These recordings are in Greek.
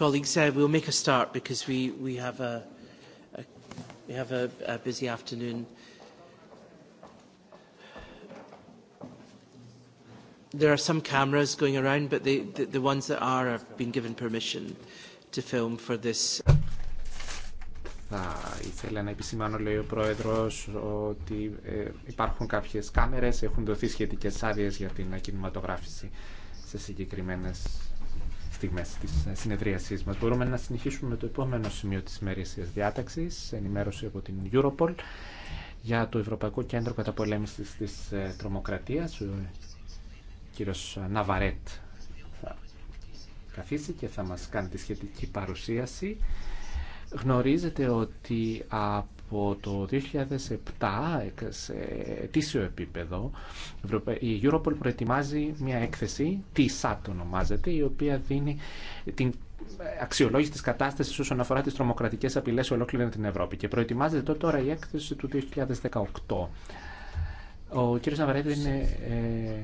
Colleagues, uh, we'll make a start because we, we have, a, a, we have a, a busy afternoon. There are some cameras going around, but they the, the ones that are have been given permission to film for this. Θα ήθελα να επισημάνω, λέει ο Πρόεδρος, ότι υπάρχουν κάποιες κάμερες, έχουν δοθεί σχετικές άδειες για την κινηματογράφηση σε συγκεκριμένες στιγμές της ε, συνεδρίασής μας. Μπορούμε να συνεχίσουμε με το επόμενο σημείο της ημερήσια διάταξης, ενημέρωση από την Europol για το Ευρωπαϊκό Κέντρο Καταπολέμησης της ε, Τρομοκρατίας. Ο ε, κύριο Ναβαρέτ θα καθίσει και θα μας κάνει τη σχετική παρουσίαση. Γνωρίζετε ότι από από το 2007 σε αιτήσιο επίπεδο η Europol προετοιμάζει μια έκθεση, τη ΣΑΤ ονομάζεται, η οποία δίνει την αξιολόγηση της κατάστασης όσον αφορά τις τρομοκρατικές απειλές σε ολόκληρη την Ευρώπη και προετοιμάζεται τώρα η έκθεση του 2018. Ο κ. Ναβαρέτη είναι ε,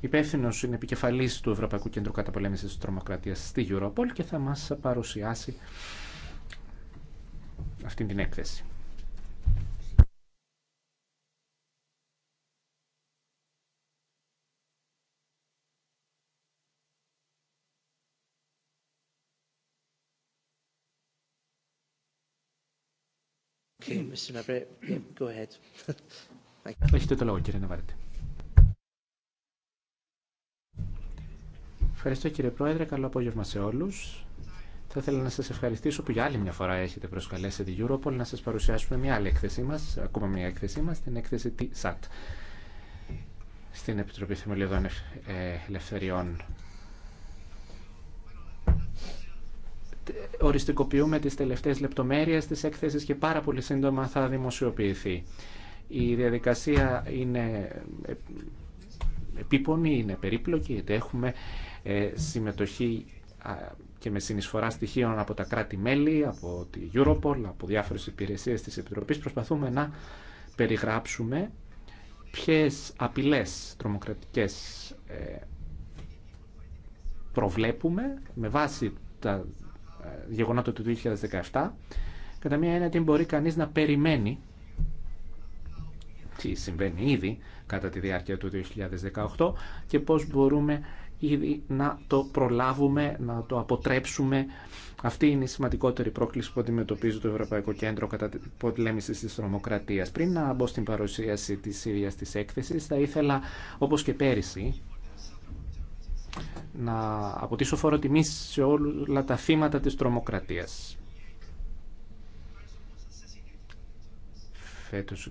υπεύθυνο είναι επικεφαλή του Ευρωπαϊκού Κέντρου Καταπολέμηση τη Τρομοκρατία στη Europol και θα μα παρουσιάσει αυτή την έκθεση. Έχετε το λόγο, κύριε Ναβάρετε. Ευχαριστώ κύριε Πρόεδρε, καλό απόγευμα σε όλους. Θα ήθελα να σας ευχαριστήσω που για άλλη μια φορά έχετε προσκαλέσει την Europol να σας παρουσιάσουμε μια άλλη έκθεσή μας, ακόμα μια έκθεσή μας, την έκθεση t T-SAT στην Επιτροπή Θεμελιωδών ε, Ελευθεριών. Οριστικοποιούμε τις τελευταίες λεπτομέρειες της έκθεσης και πάρα πολύ σύντομα θα δημοσιοποιηθεί. Η διαδικασία είναι ε, επίπονη, είναι περίπλοκη, γιατί έχουμε ε, συμμετοχή και με συνεισφορά στοιχείων από τα κράτη-μέλη, από τη Europol, από διάφορες υπηρεσίες της Επιτροπής, προσπαθούμε να περιγράψουμε ποιες απειλές τρομοκρατικές ε, προβλέπουμε με βάση τα ε, γεγονότα του 2017. Κατά μία έννοια τι μπορεί κανείς να περιμένει τι συμβαίνει ήδη κατά τη διάρκεια του 2018 και πώς μπορούμε ή να το προλάβουμε, να το αποτρέψουμε. Αυτή είναι η σημαντικότερη πρόκληση που αντιμετωπίζει το Ευρωπαϊκό Κέντρο κατά την πολέμηση τη τρομοκρατία. Πριν να μπω στην παρουσίαση τη ίδια τη έκθεση, θα ήθελα, όπω και πέρυσι, να αποτίσω φόρο τιμή σε όλα τα θύματα της τρομοκρατίας. Φέτος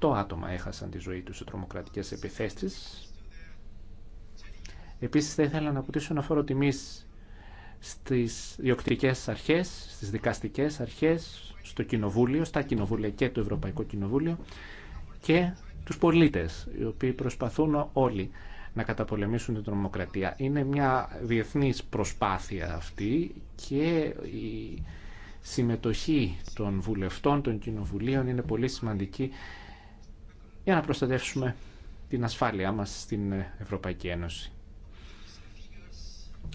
68 άτομα έχασαν τη ζωή τους σε τρομοκρατικές επιθέσεις Επίσης θα ήθελα να αποτύσσω να φόρο τιμή στις διοκτικές αρχές, στις δικαστικές αρχές, στο Κοινοβούλιο, στα Κοινοβούλια και το Ευρωπαϊκό Κοινοβούλιο και τους πολίτες, οι οποίοι προσπαθούν όλοι να καταπολεμήσουν την τρομοκρατία. Είναι μια διεθνής προσπάθεια αυτή και η συμμετοχή των βουλευτών, των κοινοβουλίων είναι πολύ σημαντική για να προστατεύσουμε την ασφάλειά μας στην Ευρωπαϊκή Ένωση.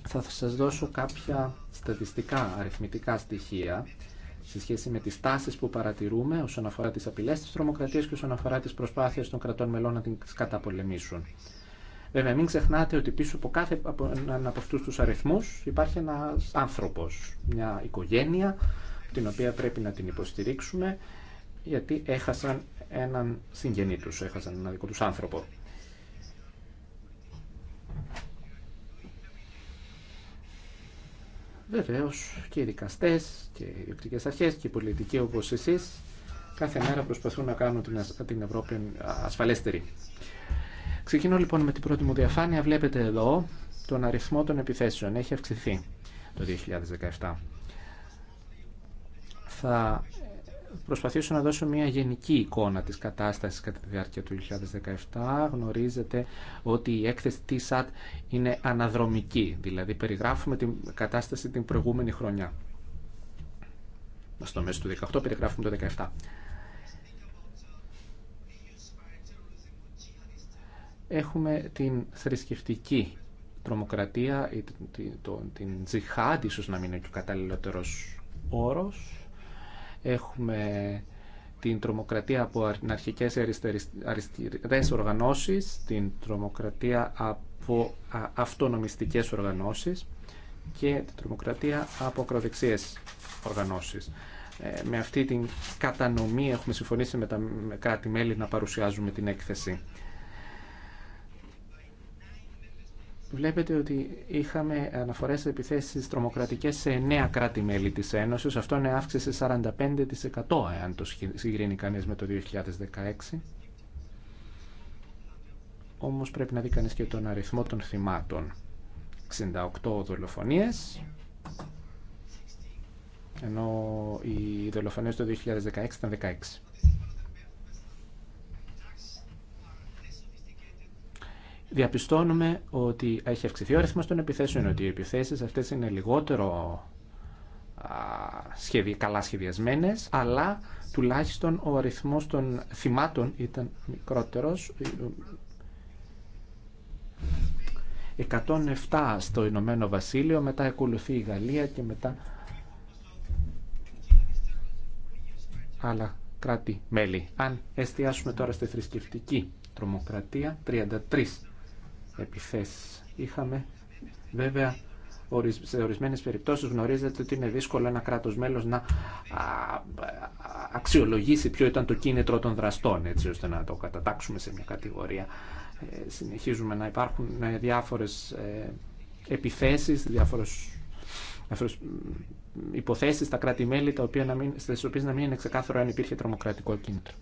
Θα σας δώσω κάποια στατιστικά, αριθμητικά στοιχεία σε σχέση με τις τάσεις που παρατηρούμε όσον αφορά τις απειλές της τρομοκρατίας και όσον αφορά τις προσπάθειες των κρατών μελών να την καταπολεμήσουν. Βέβαια, μην ξεχνάτε ότι πίσω από κάθε από, από αυτούς τους αριθμούς υπάρχει ένας άνθρωπος, μια οικογένεια, την οποία πρέπει να την υποστηρίξουμε, γιατί έχασαν έναν συγγενή τους, έχασαν έναν δικό τους άνθρωπο. Βεβαίω και οι δικαστέ και οι ιδιωτικέ αρχέ και οι πολιτικοί όπω εσεί κάθε μέρα προσπαθούν να κάνουν την Ευρώπη ασφαλέστερη. Ξεκινώ λοιπόν με την πρώτη μου διαφάνεια. Βλέπετε εδώ τον αριθμό των επιθέσεων. Έχει αυξηθεί το 2017. Θα προσπαθήσω να δώσω μια γενική εικόνα της κατάστασης κατά τη διάρκεια του 2017. Γνωρίζετε ότι η έκθεση T-SAT είναι αναδρομική, δηλαδή περιγράφουμε την κατάσταση την προηγούμενη χρονιά. Στο μέσο του 2018 περιγράφουμε το 2017. Έχουμε την θρησκευτική τρομοκρατία, την τζιχάντ, ίσως να μην είναι και ο καταλληλότερος όρος, Έχουμε την τρομοκρατία από αρχικές αριστερές οργανώσεις, την τρομοκρατία από αυτονομιστικές οργανώσεις και την τρομοκρατία από ακροδεξιές οργανώσεις. Ε, με αυτή την κατανομή έχουμε συμφωνήσει με τα κρατη μέλη να παρουσιάζουμε την έκθεση. Βλέπετε ότι είχαμε αναφορές σε επιθέσεις τρομοκρατικές σε 9 κράτη-μέλη της Ένωσης. Αυτό είναι αύξηση 45% εάν το συγκρίνει κανείς με το 2016. Όμως πρέπει να δει κανείς και τον αριθμό των θυμάτων. 68 δολοφονίες, ενώ οι δολοφονίες το 2016 ήταν 16. διαπιστώνουμε ότι έχει αυξηθεί ο αριθμός των επιθέσεων, ότι οι επιθέσει αυτέ είναι λιγότερο καλά σχεδιασμένε, αλλά τουλάχιστον ο αριθμός των θυμάτων ήταν μικρότερος. 107 στο Ηνωμένο Βασίλειο, μετά ακολουθεί η Γαλλία και μετά άλλα κράτη-μέλη. Αν εστιάσουμε τώρα στη θρησκευτική τρομοκρατία, 33 επιθέσεις είχαμε. Βέβαια, σε ορισμένες περιπτώσεις γνωρίζετε ότι είναι δύσκολο ένα κράτος μέλος να αξιολογήσει ποιο ήταν το κίνητρο των δραστών, έτσι ώστε να το κατατάξουμε σε μια κατηγορία. Ε, συνεχίζουμε να υπάρχουν ε, διάφορες ε, επιθέσεις, διάφορες, υποθέσεις στα κράτη-μέλη, στις οποίες να μην είναι ξεκάθαρο αν υπήρχε τρομοκρατικό κίνητρο.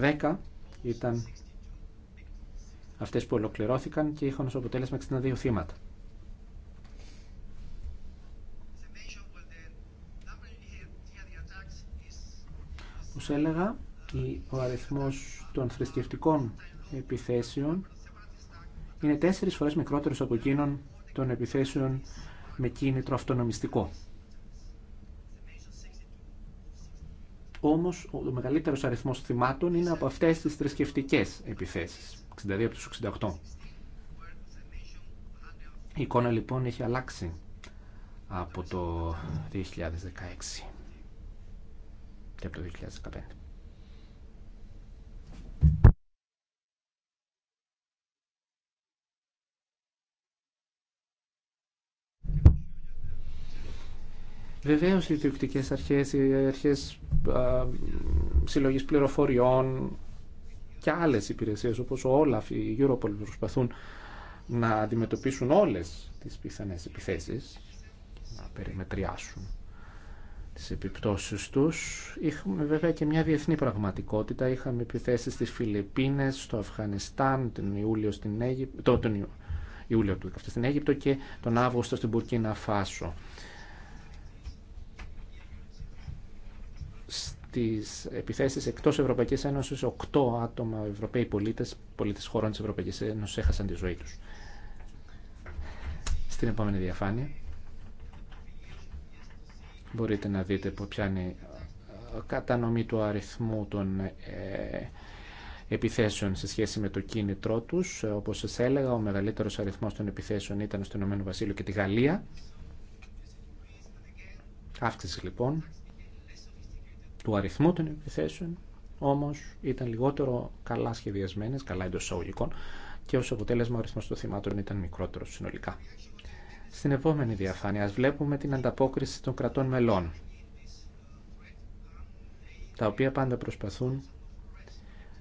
10 ήταν αυτές που ολοκληρώθηκαν και είχαν ως αποτέλεσμα 62 θύματα. Όπω έλεγα, ο αριθμό των θρησκευτικών επιθέσεων είναι τέσσερις φορές μικρότερος από εκείνον των επιθέσεων με κίνητρο αυτονομιστικό. Όμως, ο μεγαλύτερος αριθμός θυμάτων είναι από αυτές τις θρησκευτικέ επιθέσεις. 62 από τους 68. Η εικόνα λοιπόν έχει αλλάξει από το 2016 και από το 2015. Βεβαίω οι διοικητικέ αρχέ, οι αρχέ συλλογή πληροφοριών, και άλλες υπηρεσίες όπως ο Όλαφ, η Europol προσπαθούν να αντιμετωπίσουν όλες τις πιθανές επιθέσεις, να περιμετριάσουν τις επιπτώσεις τους. Είχαμε βέβαια και μια διεθνή πραγματικότητα. Είχαμε επιθέσεις στις Φιλιππίνες, στο Αφγανιστάν, τον Ιούλιο, στην Αίγυπτο, τον Ιούλιο του στην Αίγυπτο και τον Αύγουστο στην Μπουρκίνα Φάσο. τις επιθέσει εκτός Ευρωπαϊκής Ένωση οκτώ άτομα Ευρωπαίοι πολίτε πολίτε χωρών τη Ευρωπαϊκής Ένωσης, έχασαν τη ζωή του. Στην επόμενη διαφάνεια μπορείτε να δείτε ποια είναι η ε, κατανομή του αριθμού των ε, επιθέσεων σε σχέση με το κίνητρό τους. Ε, όπως σας έλεγα, ο μεγαλύτερος αριθμός των επιθέσεων ήταν στο Ηνωμένο Βασίλειο και τη Γαλλία. Αύξηση λοιπόν του αριθμού των επιθέσεων όμως ήταν λιγότερο καλά σχεδιασμένες, καλά εντό εισαγωγικών και ως αποτέλεσμα ο αριθμό των θυμάτων ήταν μικρότερο συνολικά. Στην επόμενη διαφάνεια βλέπουμε την ανταπόκριση των κρατών μελών τα οποία πάντα προσπαθούν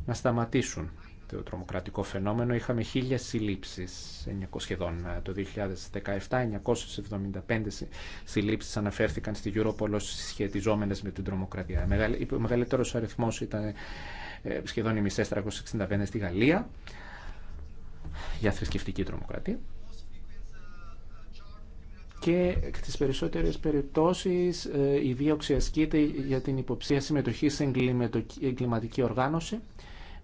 να σταματήσουν το τρομοκρατικό φαινόμενο είχαμε χίλια συλλήψεις σχεδόν ε, το 2017 975 συλλήψεις αναφέρθηκαν στη Europol ως σχετιζόμενες με την τρομοκρατία ο μεγαλύτερος αριθμός ήταν ε, σχεδόν οι μισέ 365 στη Γαλλία για θρησκευτική τρομοκρατία και στις περισσότερες περιπτώσεις ε, η δίωξη ασκείται για την υποψία συμμετοχή σε εγκληματική οργάνωση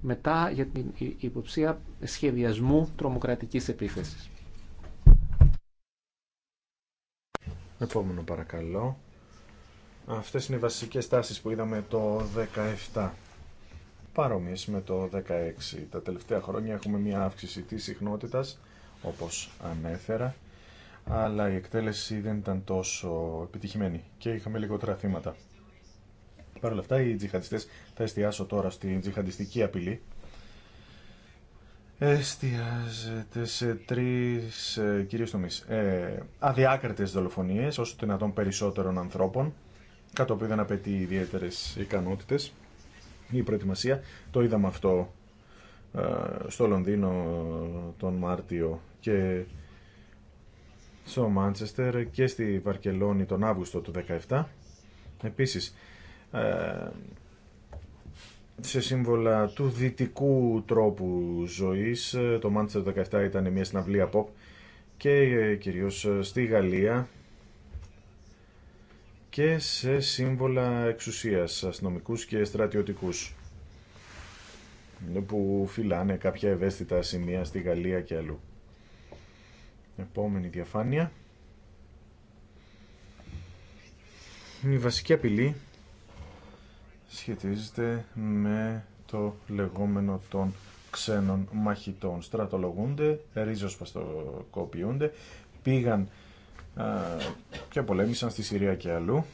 μετά για την υποψία σχεδιασμού τρομοκρατικής επίθεσης. Επόμενο παρακαλώ. Αυτές είναι οι βασικές τάσεις που είδαμε το 17. Παρόμοιες με το 16. Τα τελευταία χρόνια έχουμε μια αύξηση της συχνότητας, όπως ανέφερα, αλλά η εκτέλεση δεν ήταν τόσο επιτυχημένη και είχαμε λιγότερα θύματα. Παρ' όλα αυτά οι τζιχαντιστές θα εστιάσω τώρα στην τζιχαντιστική απειλή, εστιάζεται σε τρεις ε, κυρίως τομείς. Ε, αδιάκριτες δολοφονίες, όσο το δυνατόν περισσότερων ανθρώπων, κατά οποίο δεν απαιτεί ιδιαίτερε ικανότητες ή προετοιμασία. Το είδαμε αυτό ε, στο Λονδίνο τον Μάρτιο και στο Μάντσεστερ και στη Βαρκελόνη τον Αύγουστο του 2017. Επίσης, ε, σε σύμβολα του δυτικού τρόπου ζωής. Το Manchester 17 ήταν μια συναυλία pop και ε, κυρίως ε, στη Γαλλία και σε σύμβολα εξουσίας αστυνομικούς και στρατιωτικούς που φυλάνε κάποια ευαίσθητα σημεία στη Γαλλία και αλλού. Επόμενη διαφάνεια. Η βασική απειλή σχετίζεται με το λεγόμενο των ξένων μαχητών. Στρατολογούνται, ρίζοσπαστοκοποιούνται, πήγαν α, και πολέμησαν στη Συρία και αλλού.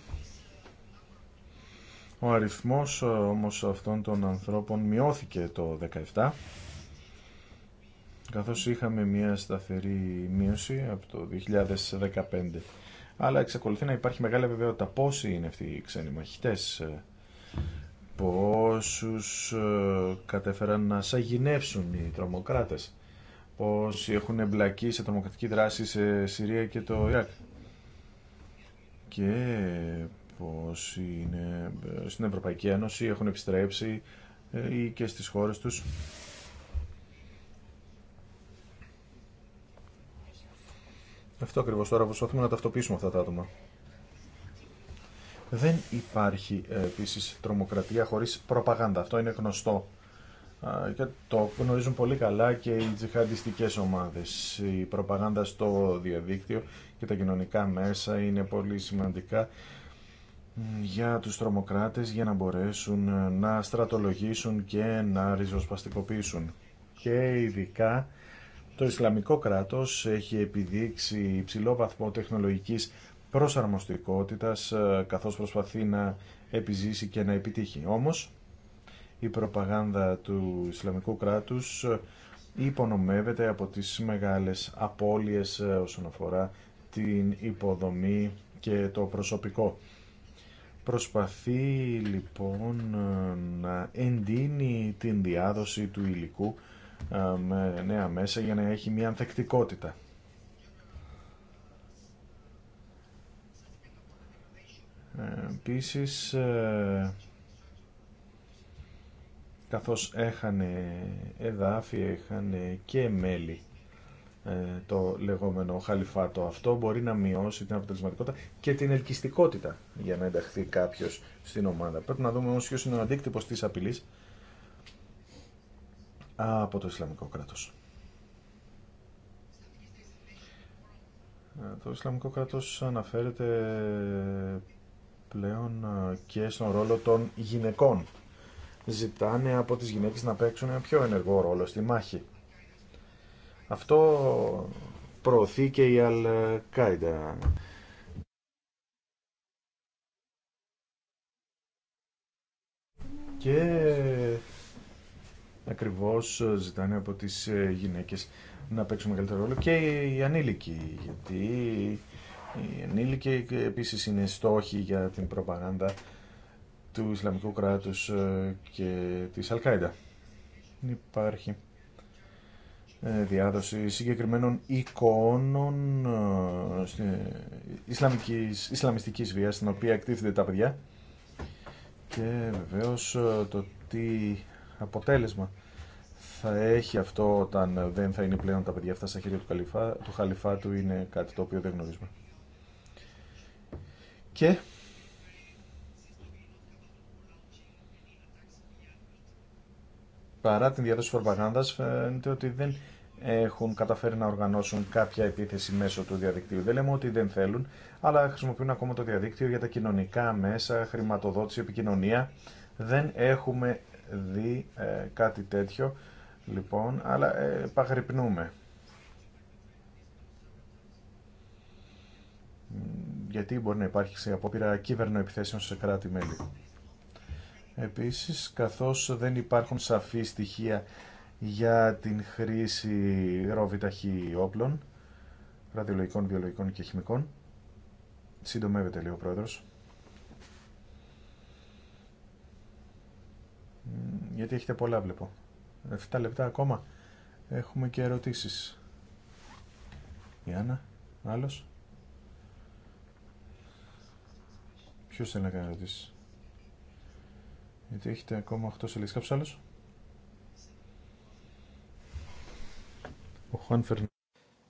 Ο αριθμός όμως αυτών των ανθρώπων μειώθηκε το 17 καθώς είχαμε μια σταθερή μείωση από το 2015 αλλά εξακολουθεί να υπάρχει μεγάλη βεβαιότητα πόσοι είναι αυτοί οι ξένοι μαχητές πόσους ε, κατέφεραν να σαγηνεύσουν οι τρομοκράτες, πόσοι έχουν εμπλακεί σε τρομοκρατική δράση σε Συρία και το Ιράκ και πόσοι είναι ε, στην Ευρωπαϊκή Ένωση, έχουν επιστρέψει ε, ή και στις χώρες τους. Αυτό ακριβώς τώρα προσπαθούμε να ταυτοποιήσουμε αυτά τα άτομα. Δεν υπάρχει ε, επίσης τρομοκρατία χωρίς προπαγάνδα. Αυτό είναι γνωστό και το γνωρίζουν πολύ καλά και οι τζιχαντιστικέ ομάδες. Η προπαγάνδα στο διαδίκτυο και τα κοινωνικά μέσα είναι πολύ σημαντικά για τους τρομοκράτες για να μπορέσουν ε, να στρατολογήσουν και να ριζοσπαστικοποιήσουν. Και ειδικά το Ισλαμικό κράτος έχει επιδείξει υψηλό βαθμό τεχνολογικής προσαρμοστικότητας ε, καθώς προσπαθεί να επιζήσει και να επιτύχει. Όμως, η προπαγάνδα του Ισλαμικού κράτους ε, υπονομεύεται από τις μεγάλες απώλειες ε, όσον αφορά την υποδομή και το προσωπικό. Προσπαθεί λοιπόν να εντείνει την διάδοση του υλικού με νέα μέσα για να έχει μια ανθεκτικότητα. Επίσης, ε, καθώς έχανε εδάφη, έχανε και μέλη ε, το λεγόμενο χαλιφάτο αυτό μπορεί να μειώσει την αποτελεσματικότητα και την ελκυστικότητα για να ενταχθεί κάποιος στην ομάδα. Πρέπει να δούμε όμως ποιος είναι ο αντίκτυπος της απειλής από το Ισλαμικό κράτος. Ε, το Ισλαμικό κράτος αναφέρεται πλέον ε, και στον ρόλο των γυναικών. Ζητάνε από τις γυναίκες να παίξουν ένα πιο ενεργό ρόλο στη μάχη. Αυτό προωθεί και η κάιντα. Και ακριβώς ζητάνε από τις γυναίκες να παίξουν μεγαλύτερο ρόλο και οι ανήλικοι, γιατί οι ενήλικοι και επίσης είναι στόχοι για την προπαγάνδα του Ισλαμικού κράτους ε, και της Αλκάιντα. Υπάρχει ε, διάδοση συγκεκριμένων εικόνων ε, ισλαμικής, ισλαμιστικής βίας στην οποία εκτίθενται τα παιδιά και βεβαίως το τι αποτέλεσμα θα έχει αυτό όταν δεν θα είναι πλέον τα παιδιά αυτά στα χέρια του, χαλιφά, του χαλιφάτου είναι κάτι το οποίο δεν γνωρίζουμε και παρά την διαδόση προπαγάνδα, φαίνεται ότι δεν έχουν καταφέρει να οργανώσουν κάποια επίθεση μέσω του διαδικτύου. Δεν λέμε ότι δεν θέλουν, αλλά χρησιμοποιούν ακόμα το διαδίκτυο για τα κοινωνικά μέσα, χρηματοδότηση, επικοινωνία. Δεν έχουμε δει ε, κάτι τέτοιο, λοιπόν, αλλά ε, παγρυπνούμε. γιατί μπορεί να υπάρχει σε απόπειρα επιθέσεων σε κράτη-μέλη. Επίσης, καθώς δεν υπάρχουν σαφή στοιχεία για την χρήση ρόβιταχή όπλων, ραδιολογικών, βιολογικών και χημικών, συντομεύεται λέει ο πρόεδρος, γιατί έχετε πολλά βλέπω. 7 λεπτά ακόμα. Έχουμε και ερωτήσεις. Η Άννα, άλλος. Ποιος θέλει να κάνει ερώτηση, Γιατί έχετε ακόμα 8 σελίδες. Κάποιο Ο Χουάν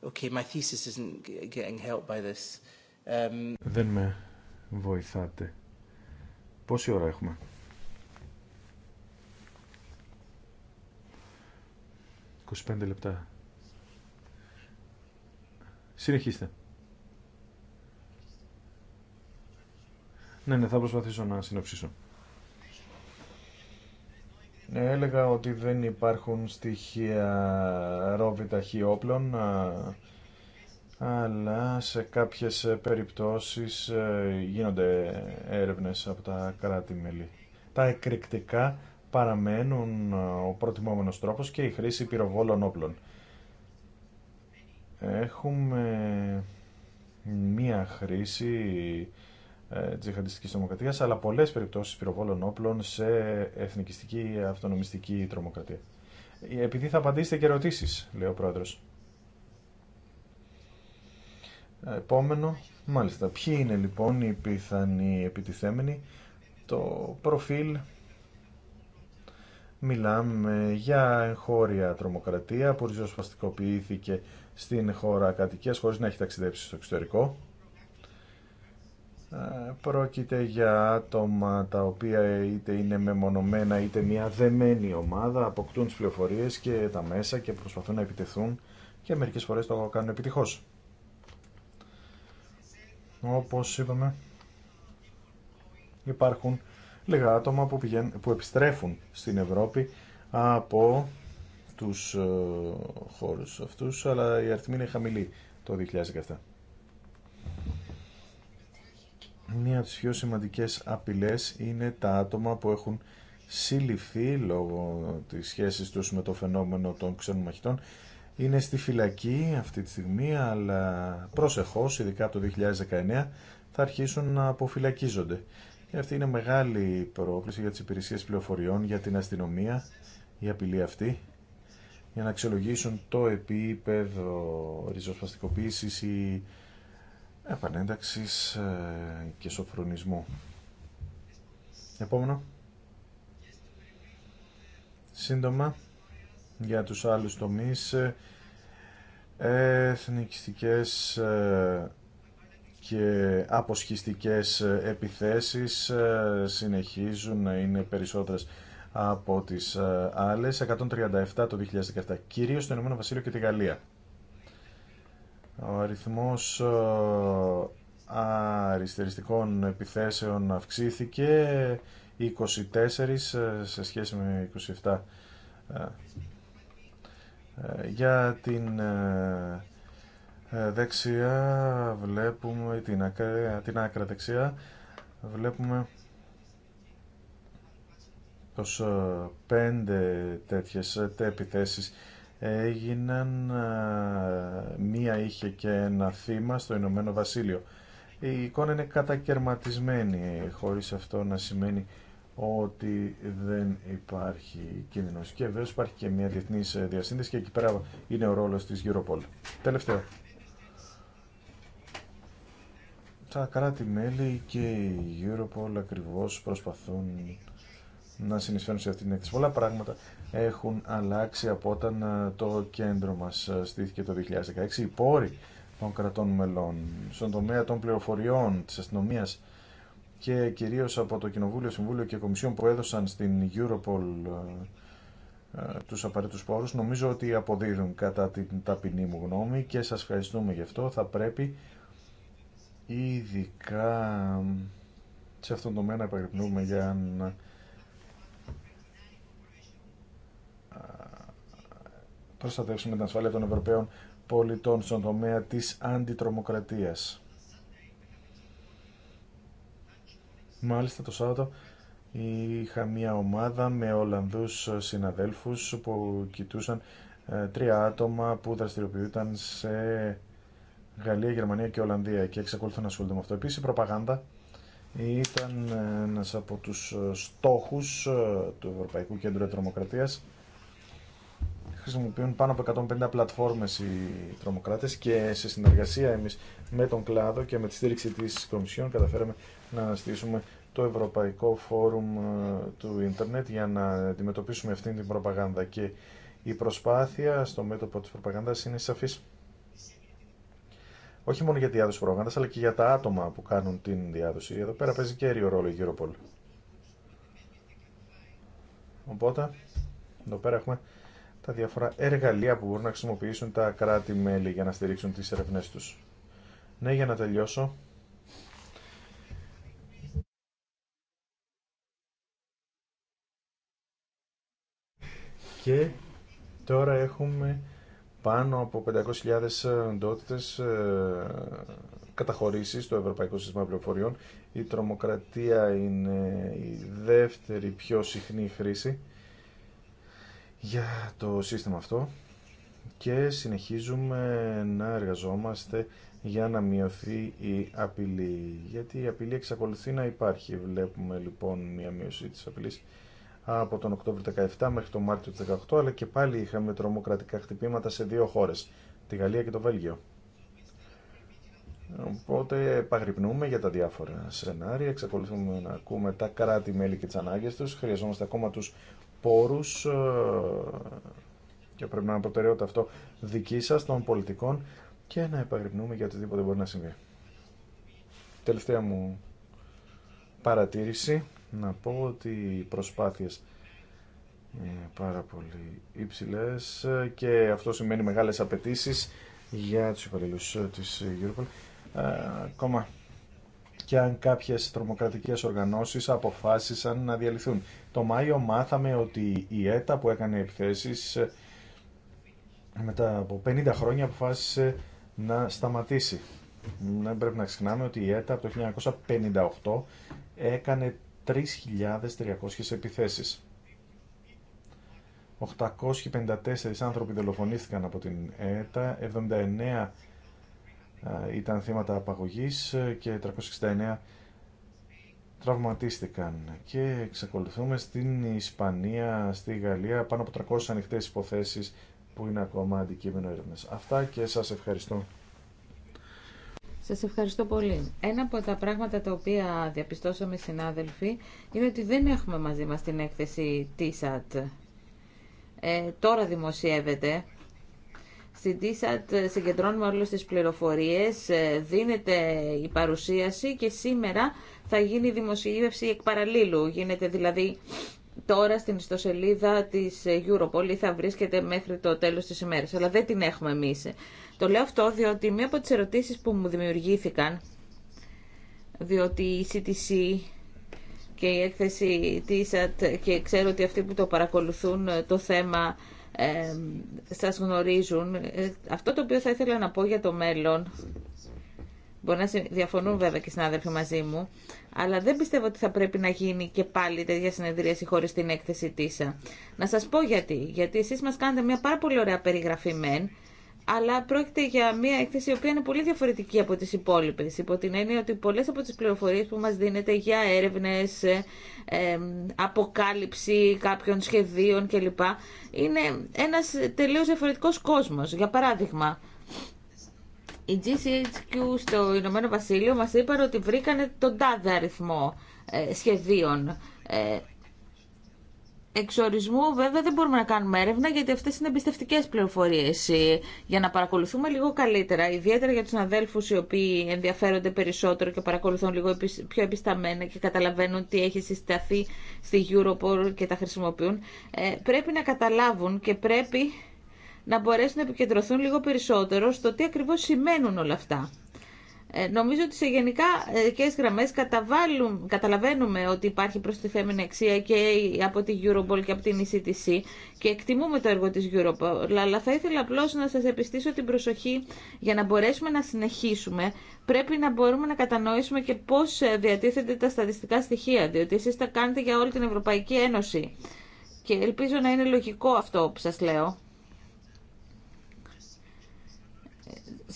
Okay, my thesis isn't getting help by this. Um... Δεν με βοηθάτε. Πόση ώρα έχουμε. «25 λεπτά». Συνεχίστε. Ναι, ναι, θα προσπαθήσω να συνοψίσω. Ναι, έλεγα ότι δεν υπάρχουν στοιχεία ρόβητα όπλων, αλλά σε κάποιες περιπτώσεις ε, γίνονται έρευνες από τα κράτη-μέλη. Τα εκρηκτικά παραμένουν ε, ο προτιμόμενος τρόπος και η χρήση πυροβόλων όπλων. Έχουμε μία χρήση ε, τζιχαντιστικής τρομοκρατίας, αλλά πολλές περιπτώσεις πυροβόλων όπλων σε εθνικιστική αυτονομιστική τρομοκρατία. Ε, επειδή θα απαντήσετε και ερωτήσει, λέει ο πρόεδρος. Ε, επόμενο, μάλιστα, ποιοι είναι λοιπόν οι πιθανοί επιτιθέμενοι. Το προφίλ μιλάμε για εγχώρια τρομοκρατία που ριζοσπαστικοποιήθηκε στην χώρα κατοικία χωρίς να έχει ταξιδέψει στο εξωτερικό ε, πρόκειται για άτομα τα οποία είτε είναι μεμονωμένα είτε μια δεμένη ομάδα αποκτούν τις πληροφορίες και τα μέσα και προσπαθούν να επιτεθούν και μερικές φορές το κάνουν επιτυχώς. Όπως είπαμε υπάρχουν λίγα άτομα που, επιστρέφουν στην Ευρώπη από τους ε, χώρους αυτούς αλλά η αριθμή είναι χαμηλή το 2017. Μία από τις πιο σημαντικές απειλές είναι τα άτομα που έχουν συλληφθεί λόγω της σχέσης τους με το φαινόμενο των ξένων μαχητών. Είναι στη φυλακή αυτή τη στιγμή, αλλά προσεχώς, ειδικά από το 2019, θα αρχίσουν να αποφυλακίζονται. Και αυτή είναι μεγάλη πρόκληση για τις υπηρεσίες πληροφοριών, για την αστυνομία, η απειλή αυτή, για να αξιολογήσουν το επίπεδο ριζοσπαστικοποίησης ή επανένταξης ε, και σοφρονισμού. Επόμενο. Σύντομα, για τους άλλους τομείς, ε, εθνικιστικές ε, και αποσχιστικές επιθέσεις συνεχίζουν να είναι περισσότερες από τις άλλες, 137 το 2017, κυρίως στο Ηνωμένο Βασίλειο και τη Γαλλία. Ο αριθμός ε, αριστεριστικών επιθέσεων αυξήθηκε 24 ε, σε σχέση με 27 ε, για την δεξιά βλέπουμε την άκρα, την άκρα δεξιά βλέπουμε πως πέντε τέτοιες επιθέσεις έγιναν, μία είχε και ένα θύμα στο Ηνωμένο Βασίλειο. Η εικόνα είναι κατακαιρματισμένη, χωρίς αυτό να σημαίνει ότι δεν υπάρχει κίνδυνος. Και βέβαια υπάρχει και μια διεθνή ε, διασύνδεση και εκεί πέρα είναι ο ρόλο τη Europol. Τελευταίο. Τα κράτη-μέλη και η Europol ακριβώς προσπαθούν να συνεισφέρουν σε αυτήν την έκθεση. Πολλά πράγματα έχουν αλλάξει από όταν ε, το κέντρο μας ε, στήθηκε το 2016. Οι πόροι των κρατών μελών, στον τομέα των πληροφοριών, της αστυνομίας και κυρίως από το Κοινοβούλιο, Συμβούλιο και Κομισιόν που έδωσαν στην Europol ε, τους απαραίτητους πόρους, νομίζω ότι αποδίδουν κατά την ταπεινή μου γνώμη και σας ευχαριστούμε γι' αυτό. Θα πρέπει ειδικά σε αυτόν τον τομέα να για να προστατεύσουμε την ασφάλεια των Ευρωπαίων πολιτών στον τομέα της αντιτρομοκρατίας. Μάλιστα το Σάββατο είχα μια ομάδα με Ολλανδούς συναδέλφους που κοιτούσαν ε, τρία άτομα που δραστηριοποιούνταν σε Γαλλία, Γερμανία και Ολλανδία και εξακολουθούν να ασχολούνται με αυτό. Επίσης η προπαγάνδα ήταν ένας από τους στόχους ε, του Ευρωπαϊκού Κέντρου Τρομοκρατίας χρησιμοποιούν πάνω από 150 πλατφόρμες οι τρομοκράτες και σε συνεργασία εμείς με τον κλάδο και με τη στήριξη της Κομισιόν καταφέραμε να αναστήσουμε το Ευρωπαϊκό Φόρουμ ε, του Ιντερνετ για να αντιμετωπίσουμε αυτή την προπαγάνδα και η προσπάθεια στο μέτωπο της προπαγάνδας είναι σαφής. Όχι μόνο για τη διάδοση προπαγάνδας αλλά και για τα άτομα που κάνουν την διάδοση. Εδώ πέρα παίζει κέριο ρόλο η Europol. Οπότε, εδώ πέρα έχουμε τα διάφορα εργαλεία που μπορούν να χρησιμοποιήσουν τα κράτη-μέλη για να στηρίξουν τις ερευνές τους. Ναι, για να τελειώσω. Και τώρα έχουμε πάνω από 500.000 οντότητες ε, καταχωρήσει στο Ευρωπαϊκό Σύστημα Πληροφοριών. Η τρομοκρατία είναι η δεύτερη πιο συχνή χρήση για το σύστημα αυτό και συνεχίζουμε να εργαζόμαστε για να μειωθεί η απειλή. Γιατί η απειλή εξακολουθεί να υπάρχει. Βλέπουμε λοιπόν μια μείωση της απειλής από τον Οκτώβριο 17 μέχρι τον Μάρτιο 18, αλλά και πάλι είχαμε τρομοκρατικά χτυπήματα σε δύο χώρες, τη Γαλλία και το Βέλγιο. Οπότε παγρυπνούμε για τα διάφορα σενάρια, εξακολουθούμε να ακούμε τα κράτη-μέλη και τι ανάγκε του. χρειαζόμαστε ακόμα τους πόρους ε, και πρέπει να είναι προτεραιότητα αυτό δική σας των πολιτικών και να επαγρυπνούμε για οτιδήποτε μπορεί να συμβεί. Τελευταία μου παρατήρηση να πω ότι οι προσπάθειες είναι πάρα πολύ υψηλές και αυτό σημαίνει μεγάλες απαιτήσεις για τους υπαλλήλους ε, της Europol. Ε, ακόμα και αν κάποιες τρομοκρατικές οργανώσεις αποφάσισαν να διαλυθούν. Το Μάιο μάθαμε ότι η ΕΤΑ που έκανε επιθέσεις ε, μετά από 50 χρόνια αποφάσισε να σταματήσει. Δεν πρέπει να ξεχνάμε ότι η ΕΤΑ από το 1958 έκανε 3.300 επιθέσεις. 854 άνθρωποι δολοφονήθηκαν από την ΕΤΑ, 79 ήταν θύματα απαγωγής και 369 τραυματίστηκαν και εξακολουθούμε στην Ισπανία, στη Γαλλία πάνω από 300 ανοιχτές υποθέσεις που είναι ακόμα αντικείμενο έρευνας. Αυτά και σας ευχαριστώ. Σας ευχαριστώ πολύ. Ένα από τα πράγματα τα οποία διαπιστώσαμε συνάδελφοι είναι ότι δεν έχουμε μαζί μας την έκθεση TSAT. Ε, τώρα δημοσιεύεται στην TSAT συγκεντρώνουμε όλες τις πληροφορίες, ε, δίνεται η παρουσίαση και σήμερα θα γίνει δημοσίευση εκ παραλίλου. Γίνεται δηλαδή τώρα στην ιστοσελίδα της Europol ή θα βρίσκεται μέχρι το τέλος της ημέρας, αλλά δεν την έχουμε εμείς. Το λέω αυτό διότι μία από τις ερωτήσεις που μου δημιουργήθηκαν, διότι η CTC και η έκθεση TSAT και ξέρω ότι αυτοί που το παρακολουθούν το θέμα ε, σας γνωρίζουν. Ε, αυτό το οποίο θα ήθελα να πω για το μέλλον, μπορεί να διαφωνούν βέβαια και οι συνάδελφοι μαζί μου, αλλά δεν πιστεύω ότι θα πρέπει να γίνει και πάλι τέτοια συνεδρίαση χωρίς την έκθεση ΤΙΣΑ. Να σας πω γιατί. Γιατί εσείς μας κάνετε μια πάρα πολύ ωραία περιγραφή μεν, αλλά πρόκειται για μια έκθεση η οποία είναι πολύ διαφορετική από τις υπόλοιπες υπό την έννοια ότι πολλές από τις πληροφορίες που μας δίνεται για έρευνες, ε, αποκάλυψη κάποιων σχεδίων κλπ. είναι ένας τελείως διαφορετικός κόσμος. Για παράδειγμα, η GCHQ στο Ηνωμένο Βασίλειο μας είπαν ότι βρήκανε τον τάδε αριθμό ε, σχεδίων. Ε, Εξορισμού βέβαια δεν μπορούμε να κάνουμε έρευνα γιατί αυτές είναι εμπιστευτικέ πληροφορίες. Ε, για να παρακολουθούμε λίγο καλύτερα, ιδιαίτερα για τους αδέλφου οι οποίοι ενδιαφέρονται περισσότερο και παρακολουθούν λίγο πιο επισταμένα και καταλαβαίνουν τι έχει συσταθεί στη Europol και τα χρησιμοποιούν, ε, πρέπει να καταλάβουν και πρέπει να μπορέσουν να επικεντρωθούν λίγο περισσότερο στο τι ακριβώ σημαίνουν όλα αυτά. Ε, νομίζω ότι σε γενικά ε, και γραμμές καταλαβαίνουμε ότι υπάρχει προστιθέμενη αξία και από την Europol και από την ECTC και εκτιμούμε το έργο της Europol, αλλά θα ήθελα απλώς να σας επιστήσω την προσοχή για να μπορέσουμε να συνεχίσουμε πρέπει να μπορούμε να κατανοήσουμε και πώς ε, διατίθεται τα στατιστικά στοιχεία, διότι εσείς τα κάνετε για όλη την Ευρωπαϊκή Ένωση. Και ελπίζω να είναι λογικό αυτό που σας λέω.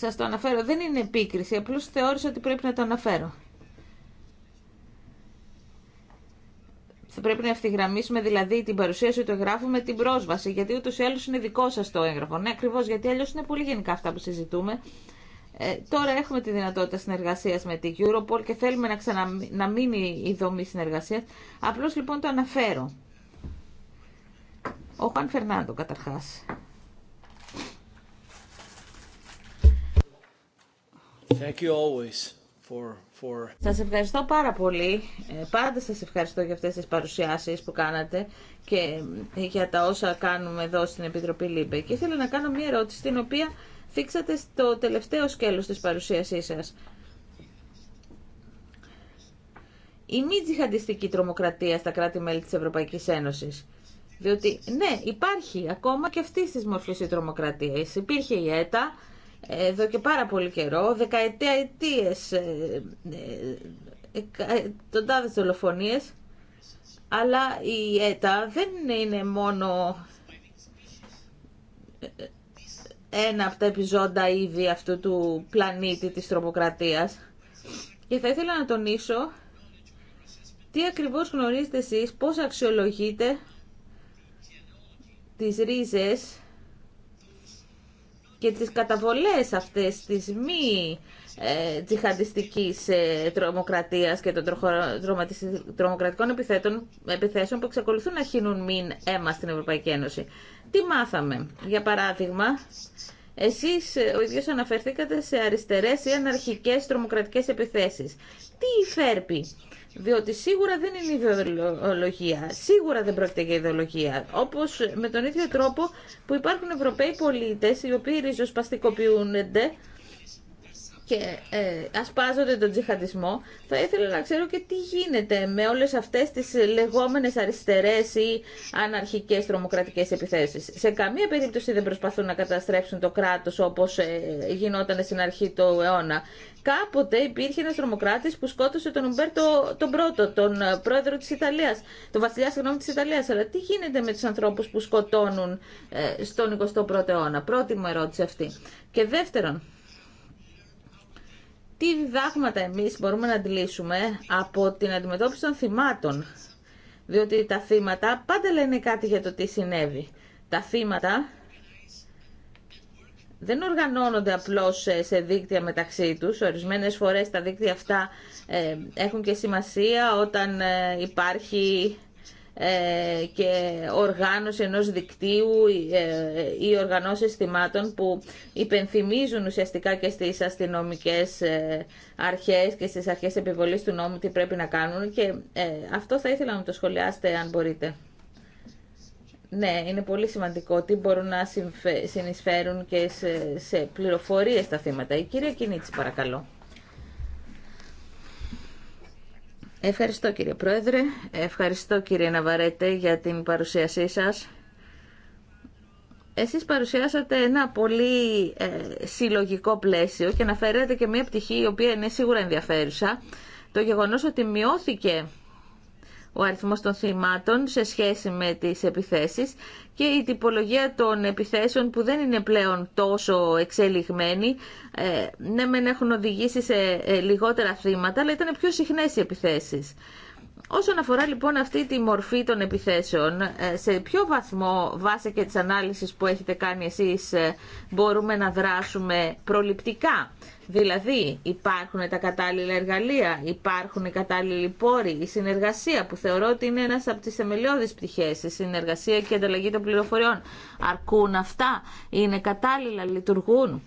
Σα το αναφέρω. Δεν είναι επίκριση. Απλώς θεώρησα ότι πρέπει να το αναφέρω. Θα πρέπει να ευθυγραμμίσουμε δηλαδή την παρουσίαση του εγγράφου με την πρόσβαση, γιατί ούτω ή άλλω είναι δικό σα το έγγραφο. Ναι, ακριβώ, γιατί αλλιώ είναι πολύ γενικά αυτά που συζητούμε. Ε, τώρα έχουμε τη δυνατότητα συνεργασία με την Europol και θέλουμε να μείνει η δομή συνεργασία. Απλώ λοιπόν το αναφέρω. Ο Χαν Φερνάντο καταρχά. Σας ευχαριστώ πάρα πολύ. Ε, πάντα σας ευχαριστώ για αυτές τις παρουσιάσεις που κάνατε και ε, για τα όσα κάνουμε εδώ στην Επιτροπή ΛΥΜΠΕ. Και ήθελα να κάνω μία ερώτηση την οποία θίξατε στο τελευταίο σκέλος της παρουσίασής σας. Η μη τζιχαντιστική τρομοκρατία στα κράτη-μέλη της Ευρωπαϊκής Ένωσης. Διότι, ναι, υπάρχει ακόμα και αυτή τη μορφή η τρομοκρατία. Υπήρχε η ΕΤΑ, εδώ και πάρα πολύ καιρό, αιτίες, ε, ε, ε, εκατοντάδες δολοφονίες, αλλά η ΕΤΑ δεν είναι μόνο ένα από τα επιζώντα ήδη αυτού του πλανήτη της τρομοκρατίας. Και θα ήθελα να τονίσω τι ακριβώς γνωρίζετε εσείς, πώς αξιολογείτε τις ρίζες και τις καταβολές αυτές της μη ε, τζιχαντιστικής ε, τρομοκρατίας και των τρομοκρατικών επιθέσεων που εξακολουθούν να χύνουν μην αίμα στην Ευρωπαϊκή Ένωση. Τι μάθαμε. Για παράδειγμα, εσείς ε, ο ίδιος αναφερθήκατε σε αριστερές ή αναρχικές τρομοκρατικές επιθέσεις. Τι υφέρπει διότι σίγουρα δεν είναι ιδεολογία. Σίγουρα δεν πρόκειται για ιδεολογία. Όπω με τον ίδιο τρόπο που υπάρχουν Ευρωπαίοι πολίτε οι οποίοι ριζοσπαστικοποιούνται και ε, ασπάζονται τον τζιχαντισμό, θα ήθελα να ξέρω και τι γίνεται με όλες αυτές τις λεγόμενες αριστερές ή αναρχικές τρομοκρατικές επιθέσεις. Σε καμία περίπτωση δεν προσπαθούν να καταστρέψουν το κράτος όπως ε, γινόταν στην αρχή του αιώνα. Κάποτε υπήρχε ένας τρομοκράτης που σκότωσε τον Ουμπέρτο τον πρώτο, τον ε, πρόεδρο της Ιταλίας, τον βασιλιά συγγνώμη της Ιταλίας. Αλλά τι γίνεται με τους ανθρώπους που σκοτώνουν ε, στον 21ο αιώνα. Πρώτη μου ερώτηση αυτή. Και δεύτερον, τι διδάγματα εμείς μπορούμε να αντιλήσουμε από την αντιμετώπιση των θυμάτων. Διότι τα θύματα πάντα λένε κάτι για το τι συνέβη. Τα θύματα δεν οργανώνονται απλώς σε δίκτυα μεταξύ τους. Ορισμένες φορές τα δίκτυα αυτά ε, έχουν και σημασία όταν ε, υπάρχει ε, και οργάνωση ενός δικτύου ε, ε, ή οργανώσεις θυμάτων που υπενθυμίζουν ουσιαστικά και στις αστυνομικές αρχές και στις αρχές επιβολής του νόμου τι πρέπει να κάνουν και αυτό θα ήθελα να το σχολιάσετε αν μπορείτε. Ναι, είναι πολύ σημαντικό τι μπορούν να συνεισφέρουν και σε πληροφορίες τα θύματα. Η κυρία Κινίτση παρακαλώ. Ευχαριστώ κύριε Πρόεδρε, ευχαριστώ κύριε Ναβαρέτε για την παρουσίασή σας. Εσείς παρουσιάσατε ένα πολύ ε, συλλογικό πλαίσιο και αναφέρατε και μια πτυχή η οποία είναι σίγουρα ενδιαφέρουσα. Το γεγονός ότι μειώθηκε ο αριθμός των θυμάτων σε σχέση με τις επιθέσεις και η τυπολογία των επιθέσεων που δεν είναι πλέον τόσο εξελιγμένη ε, ναι μεν έχουν οδηγήσει σε ε, λιγότερα θύματα αλλά ήταν πιο συχνές οι επιθέσεις. Όσον αφορά λοιπόν αυτή τη μορφή των επιθέσεων, ε, σε ποιο βαθμό βάσει και της ανάλυσης που έχετε κάνει εσείς ε, μπορούμε να δράσουμε προληπτικά. Δηλαδή υπάρχουν τα κατάλληλα εργαλεία, υπάρχουν οι κατάλληλοι πόροι, η συνεργασία που θεωρώ ότι είναι ένας από τις θεμελιώδεις πτυχές, η συνεργασία και η ανταλλαγή των πληροφοριών. Αρκούν αυτά, είναι κατάλληλα, λειτουργούν.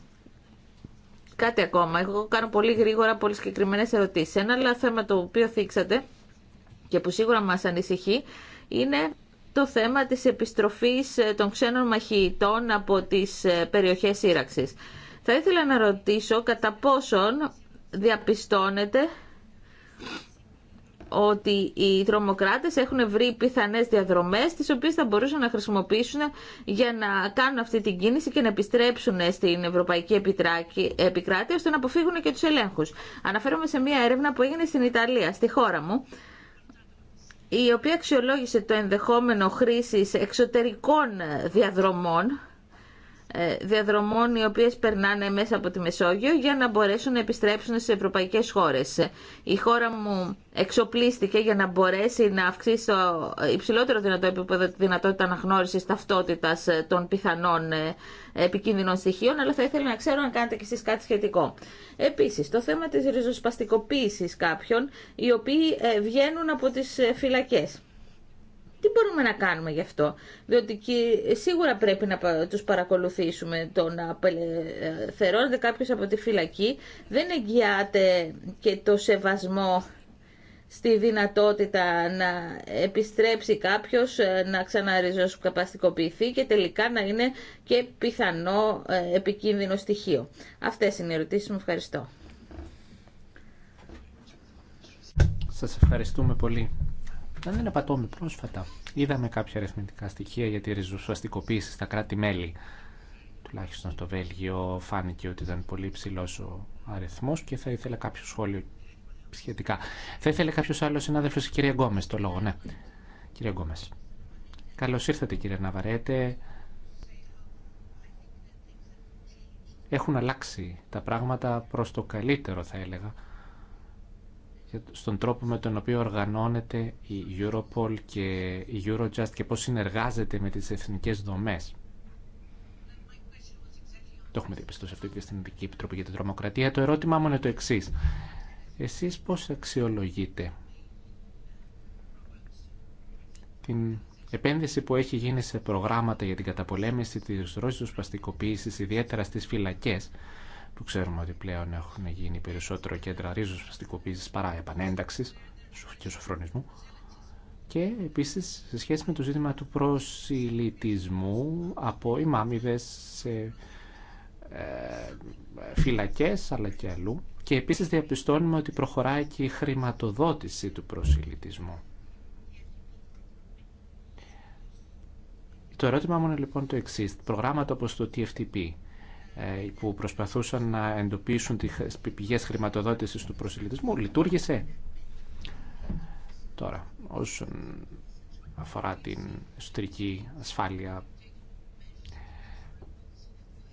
Κάτι ακόμα, εγώ κάνω πολύ γρήγορα πολύ συγκεκριμένε ερωτήσεις. Ένα άλλο θέμα το οποίο θίξατε και που σίγουρα μας ανησυχεί είναι το θέμα της επιστροφής ε, των ξένων μαχητών από τις ε, περιοχές σύραξης. Θα ήθελα να ρωτήσω κατά πόσον διαπιστώνεται ότι οι τρομοκράτες έχουν βρει πιθανές διαδρομές τις οποίες θα μπορούσαν να χρησιμοποιήσουν για να κάνουν αυτή την κίνηση και να επιστρέψουν στην Ευρωπαϊκή Επικράτεια ώστε να αποφύγουν και τους ελέγχους. Αναφέρομαι σε μια έρευνα που έγινε στην Ιταλία, στη χώρα μου, η οποία αξιολόγησε το ενδεχόμενο χρήσης εξωτερικών διαδρομών ε, διαδρομών οι οποίες περνάνε μέσα από τη Μεσόγειο για να μπορέσουν να επιστρέψουν στι ευρωπαϊκές χώρες. Η χώρα μου εξοπλίστηκε για να μπορέσει να αυξήσει το υψηλότερο δυνατό επίπεδο τη δυνατότητα αναγνώρισης ταυτότητας ε, των πιθανών ε, επικίνδυνων στοιχείων, αλλά θα ήθελα να ξέρω αν κάνετε κι εσείς κάτι σχετικό. Επίσης, το θέμα της ριζοσπαστικοποίησης κάποιων, οι οποίοι βγαίνουν από τις φυλακές τι μπορούμε να κάνουμε γι' αυτό. Διότι σίγουρα πρέπει να τους παρακολουθήσουμε. Το να απελευθερώνεται κάποιος από τη φυλακή δεν εγγυάται και το σεβασμό στη δυνατότητα να επιστρέψει κάποιος, ε, να ξαναριζοσκαπαστικοποιηθεί και τελικά να είναι και πιθανό ε, επικίνδυνο στοιχείο. Αυτές είναι οι ερωτήσεις μου. Ευχαριστώ. Σας ευχαριστούμε πολύ. Αν δεν απατώμε πρόσφατα, είδαμε κάποια αριθμητικά στοιχεία για τη ριζοσπαστικοποίηση στα κράτη-μέλη. Τουλάχιστον στο Βέλγιο φάνηκε ότι ήταν πολύ ψηλό ο αριθμό και θα ήθελα κάποιο σχόλιο σχετικά. Θα ήθελε κάποιο άλλο συνάδελφο, η κυρία Γκόμε, το λόγο, ναι. Κυρία Γκόμε. Καλώ ήρθατε, κύριε Ναβαρέτε. Έχουν αλλάξει τα πράγματα προς το καλύτερο, θα έλεγα στον τρόπο με τον οποίο οργανώνεται η Europol και η Eurojust και πώς συνεργάζεται με τις εθνικές δομές. Το έχουμε διαπιστώσει αυτό και στην Ειδική Επιτροπή για την Τρομοκρατία. Το ερώτημά μου είναι το εξή. Εσείς πώς αξιολογείτε την επένδυση που έχει γίνει σε προγράμματα για την καταπολέμηση της ρώσης παστικοποίησης, ιδιαίτερα στις φυλακές, που ξέρουμε ότι πλέον έχουν γίνει περισσότερο κέντρα ρίζοσφαστικοποίησης παρά επανένταξης και σοφρονισμού. Και επίσης σε σχέση με το ζήτημα του προσιλητισμού από ημάμιδες σε ε, φυλακές αλλά και αλλού. Και επίσης διαπιστώνουμε ότι προχωράει και η χρηματοδότηση του προσιλητισμού. Το ερώτημά μου είναι λοιπόν το εξή. Προγράμματα όπω το TFTP ε, που προσπαθούσαν να εντοπίσουν τις πηγές χρηματοδότησης του προσελητισμού λειτουργήσε. Τώρα, όσον αφορά την εσωτερική ασφάλεια,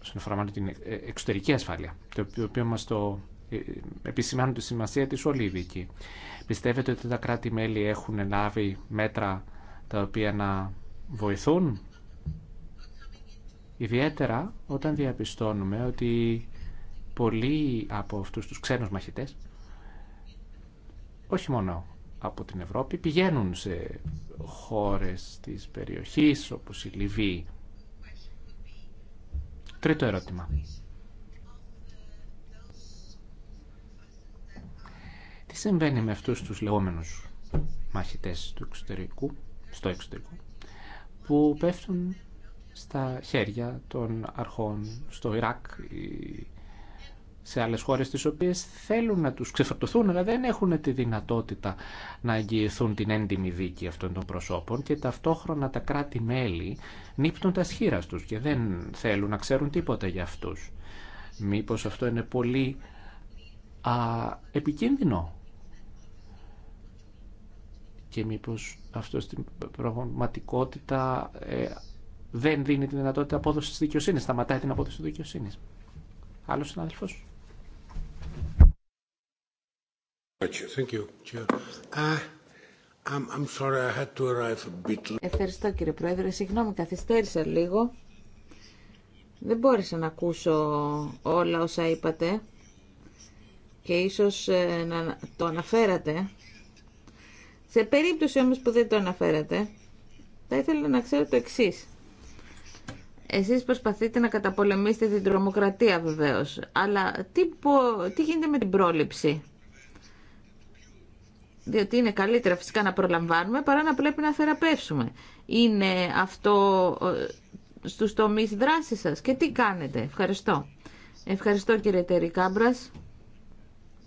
όσον αφορά την ε, εξωτερική ασφάλεια, το οποίο μας το ε, επισημάνουν τη σημασία της όλοι Πιστεύετε ότι τα κράτη-μέλη έχουν λάβει μέτρα τα οποία να βοηθούν Ιδιαίτερα όταν διαπιστώνουμε ότι πολλοί από αυτούς τους ξένους μαχητές, όχι μόνο από την Ευρώπη, πηγαίνουν σε χώρες της περιοχής όπως η Λιβύη. Τρίτο ερώτημα. Τι συμβαίνει με αυτούς τους λεγόμενους μαχητές του εξωτερικού, στο εξωτερικό, που πέφτουν στα χέρια των αρχών στο Ιράκ ή σε άλλες χώρες τις οποίες θέλουν να τους ξεφορτωθούν αλλά δεν έχουν τη δυνατότητα να εγγυηθούν την έντιμη δίκη αυτών των προσώπων και ταυτόχρονα τα κράτη-μέλη νύπτουν τα σχήρα τους και δεν θέλουν να ξέρουν τίποτα για αυτούς. Μήπως αυτό είναι πολύ α, επικίνδυνο και μήπως αυτό στην πραγματικότητα ε, δεν δίνει τη δυνατότητα απόδοση τη δικαιοσύνη. Σταματάει την απόδοση τη δικαιοσύνη. Άλλο συνάδελφο. Ευχαριστώ κύριε Πρόεδρε. Συγγνώμη, καθυστέρησα λίγο. Δεν μπόρεσα να ακούσω όλα όσα είπατε και ίσως ε, να το αναφέρατε. Σε περίπτωση όμως που δεν το αναφέρατε, θα ήθελα να ξέρω το εξής. Εσείς προσπαθείτε να καταπολεμήσετε την τρομοκρατία βεβαίως, αλλά τι, τι γίνεται με την πρόληψη. Διότι είναι καλύτερα φυσικά να προλαμβάνουμε παρά να πρέπει να θεραπεύσουμε. Είναι αυτό ε, στους τομείς δράσης σας και τι κάνετε. Ευχαριστώ. Ευχαριστώ κύριε Τερή Κάμπρας.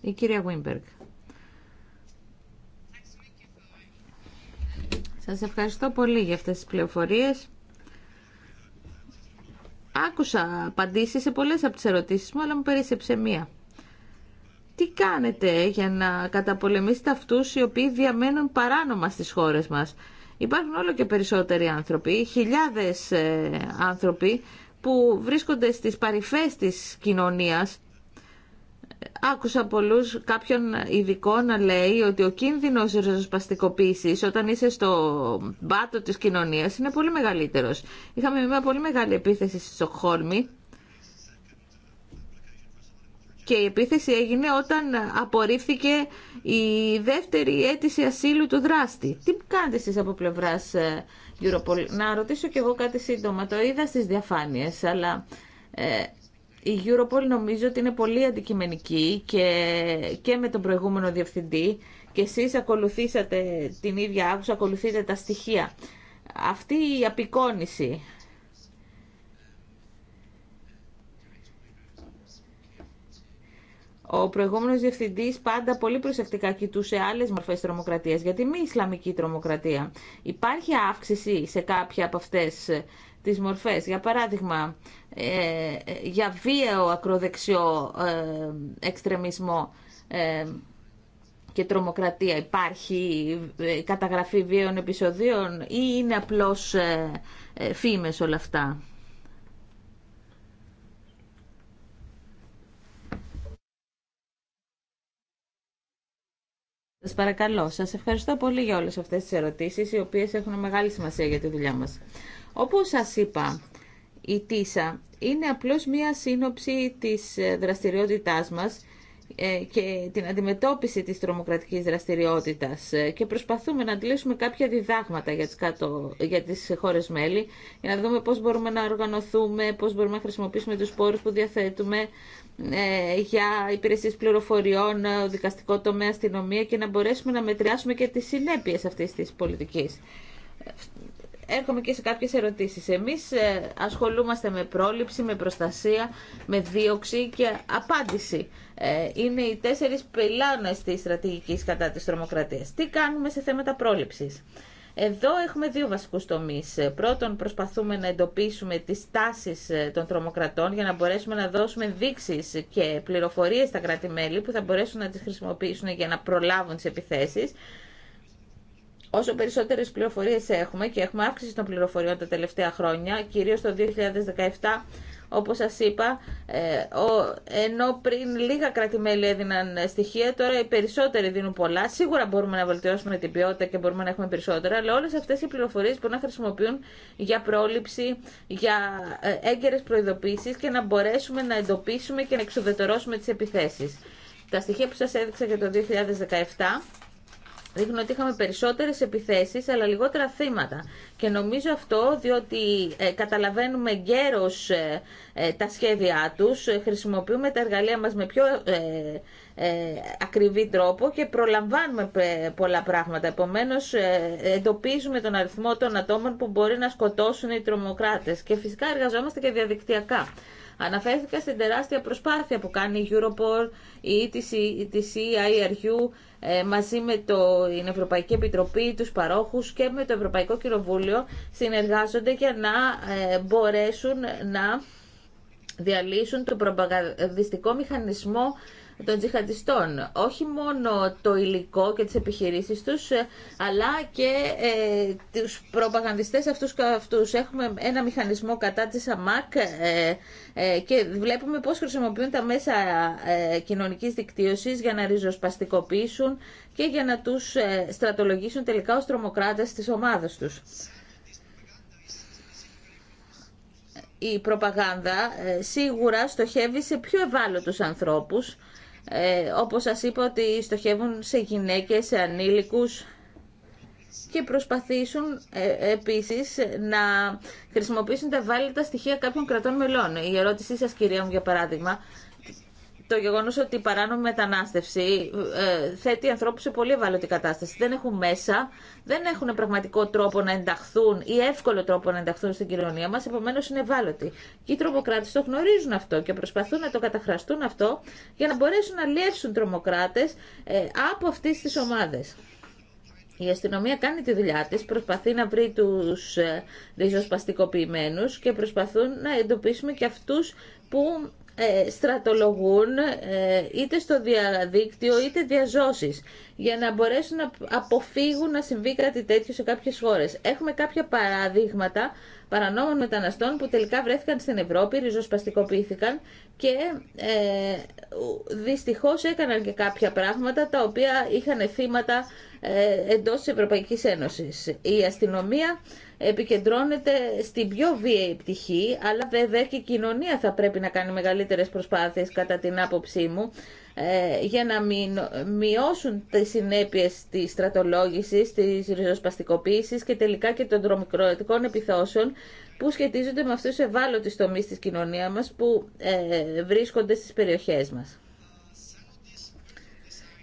Η κυρία Γουίμπεργκ. Σας ευχαριστώ πολύ για αυτές τις πληροφορίες. Άκουσα απαντήσει σε πολλέ από τι ερωτήσει μου, αλλά μου περίσσεψε μία. Τι κάνετε για να καταπολεμήσετε αυτούς οι οποίοι διαμένουν παράνομα στις χώρες μας. Υπάρχουν όλο και περισσότεροι άνθρωποι, χιλιάδες ε, άνθρωποι που βρίσκονται στις παρυφές της κοινωνίας άκουσα πολλούς κάποιον ειδικό να λέει ότι ο κίνδυνος ριζοσπαστικοποίησης όταν είσαι στο μπάτο της κοινωνίας είναι πολύ μεγαλύτερος. Είχαμε μια πολύ μεγάλη επίθεση στη Στοκχόλμη και η επίθεση έγινε όταν απορρίφθηκε η δεύτερη αίτηση ασύλου του δράστη. Τι κάνετε εσείς από πλευράς ε, Europol. Να ρωτήσω κι εγώ κάτι σύντομα. Το είδα στις διαφάνειες, αλλά ε, η Europol νομίζω ότι είναι πολύ αντικειμενική και, και με τον προηγούμενο διευθυντή και εσείς ακολουθήσατε την ίδια άκουσα, ακολουθείτε τα στοιχεία. Αυτή η απεικόνηση Ο προηγούμενος διευθυντής πάντα πολύ προσεκτικά κοιτούσε άλλες μορφές τρομοκρατίας, γιατί μη Ισλαμική τρομοκρατία. Υπάρχει αύξηση σε κάποια από αυτές τις μορφές. Για παράδειγμα, ε, για βίαιο ακροδεξιό ε, εξτρεμισμό ε, και τρομοκρατία υπάρχει ε, καταγραφή βίαιων επεισοδίων ή είναι απλώς ε, ε, φήμες όλα αυτά. Σα παρακαλώ. Σα ευχαριστώ πολύ για όλες αυτές τις ερωτήσεις οι οποίες έχουν μεγάλη σημασία για τη δουλειά μας. Όπως σας είπα, η ΤΙΣΑ είναι απλώς μία σύνοψη της ε, δραστηριότητάς μας ε, και την αντιμετώπιση της τρομοκρατικής δραστηριότητας ε, και προσπαθούμε να αντιλήσουμε κάποια διδάγματα για τις, κάτω, για τις χώρες μέλη για να δούμε πώς μπορούμε να οργανωθούμε, πώς μπορούμε να χρησιμοποιήσουμε τους πόρους που διαθέτουμε για υπηρεσίες πληροφοριών, δικαστικό τομέα, αστυνομία και να μπορέσουμε να μετριάσουμε και τις συνέπειες αυτής της πολιτικής έρχομαι και σε κάποιες ερωτήσεις. Εμείς ε, ασχολούμαστε με πρόληψη, με προστασία, με δίωξη και απάντηση. Ε, είναι οι τέσσερι πελάνες τη στρατηγική κατά της τρομοκρατία. Τι κάνουμε σε θέματα πρόληψη. Εδώ έχουμε δύο βασικού τομεί. Πρώτον, προσπαθούμε να εντοπίσουμε τι τάσει ε, των τρομοκρατών για να μπορέσουμε να δώσουμε δείξει και πληροφορίε στα κράτη-μέλη που θα μπορέσουν να τι χρησιμοποιήσουν για να προλάβουν τι επιθέσει. Όσο περισσότερες πληροφορίες έχουμε και έχουμε αύξηση των πληροφοριών τα τελευταία χρόνια, κυρίως το 2017, όπως σας είπα, ε, ενώ πριν λίγα κρατημέλη έδιναν στοιχεία, τώρα οι περισσότεροι δίνουν πολλά. Σίγουρα μπορούμε να βελτιώσουμε την ποιότητα και μπορούμε να έχουμε περισσότερα, αλλά όλες αυτές οι πληροφορίες μπορούν να χρησιμοποιούν για πρόληψη, για ε, έγκαιρες προειδοποίησεις και να μπορέσουμε να εντοπίσουμε και να εξουδετερώσουμε τις επιθέσεις. Τα στοιχεία που σας έδειξα για το 2017 δείχνουν ότι είχαμε περισσότερες επιθέσεις αλλά λιγότερα θύματα. Και νομίζω αυτό διότι ε, καταλαβαίνουμε γέρος ε, ε, τα σχέδιά τους, χρησιμοποιούμε τα εργαλεία μας με πιο ακριβή τρόπο και προλαμβάνουμε πολλά πράγματα. Επομένως, εντοπίζουμε τον αριθμό των ατόμων που μπορεί να σκοτώσουν οι τρομοκράτες. Και φυσικά εργαζόμαστε και διαδικτυακά. Αναφέρθηκα στην τεράστια προσπάθεια που κάνει η Europol ή η CIRU ε, μαζί με το, την Ευρωπαϊκή Επιτροπή, τους παρόχους και με το Ευρωπαϊκό Κοινοβούλιο συνεργάζονται για να ε, μπορέσουν να διαλύσουν τον προπαγανδιστικό μηχανισμό των τζιχαντιστών. Όχι μόνο το υλικό και τις επιχειρήσεις τους, ε, αλλά και ε, τους προπαγανδιστές αυτούς αυτούς. Έχουμε ένα μηχανισμό κατά της ΑΜΑΚ ε, και βλέπουμε πώς χρησιμοποιούν τα μέσα ε, κοινωνικής δικτύωσης για να ριζοσπαστικοποιήσουν και για να τους στρατολογήσουν τελικά ως τρομοκράτες της ομάδας τους. Η προπαγάνδα σίγουρα στοχεύει σε πιο ευάλωτους ανθρώπους ε, όπως σας είπα ότι στοχεύουν σε γυναίκες, σε ανήλικους και προσπαθήσουν ε, επίσης να χρησιμοποιήσουν τα βάλιτα στοιχεία κάποιων κρατών μελών. Η ερώτησή σας κυρία μου για παράδειγμα το γεγονό ότι η παράνομη μετανάστευση ε, θέτει ανθρώπους σε πολύ ευάλωτη κατάσταση. Δεν έχουν μέσα, δεν έχουν πραγματικό τρόπο να ενταχθούν ή εύκολο τρόπο να ενταχθούν στην κοινωνία μα, επομένω είναι ευάλωτοι. Και οι τρομοκράτε το γνωρίζουν αυτό και προσπαθούν να το καταχραστούν αυτό για να μπορέσουν να λιεύσουν τρομοκράτε ε, από αυτέ τι ομάδε. Η αστυνομία κάνει τη δουλειά τη, προσπαθεί να βρει τους ε, ριζοσπαστικοποιημένου και προσπαθούν να εντοπίσουμε και αυτού που ε, στρατολογούν ε, είτε στο διαδίκτυο είτε διαζώσεις για να μπορέσουν να αποφύγουν να συμβεί κάτι τέτοιο σε κάποιες χώρες. Έχουμε κάποια παραδείγματα παρανόμων μεταναστών που τελικά βρέθηκαν στην Ευρώπη, ριζοσπαστικοποιήθηκαν και ε, δυστυχώς έκαναν και κάποια πράγματα τα οποία είχαν θύματα ε, εντός της Ευρωπαϊκής Ένωσης. Η αστυνομία επικεντρώνεται στην πιο βίαιη πτυχή, αλλά βέβαια και η κοινωνία θα πρέπει να κάνει μεγαλύτερες προσπάθειες κατά την άποψή μου ε, για να μειώσουν τις συνέπειες της στρατολόγησης, της ριζοσπαστικοποίησης και τελικά και των τρομικροετικών επιθώσεων που σχετίζονται με αυτούς ευάλωτες τομείς της κοινωνίας μας που ε, βρίσκονται στις περιοχές μας.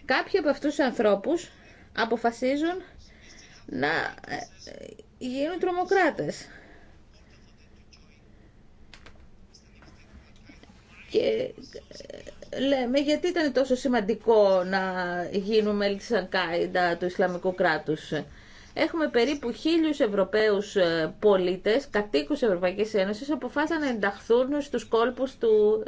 Κάποιοι από αυτούς τους ανθρώπους αποφασίζουν να ε, ε, γίνουν τρομοκράτες. Και ε, λέμε γιατί ήταν τόσο σημαντικό να γίνουμε μέλη της Αλκάιντα του Ισλαμικού κράτους. Έχουμε περίπου χίλιους Ευρωπαίους πολίτες, κατοίκους Ευρωπαϊκής Ένωσης, αποφάσισαν να ενταχθούν στους κόλπους του,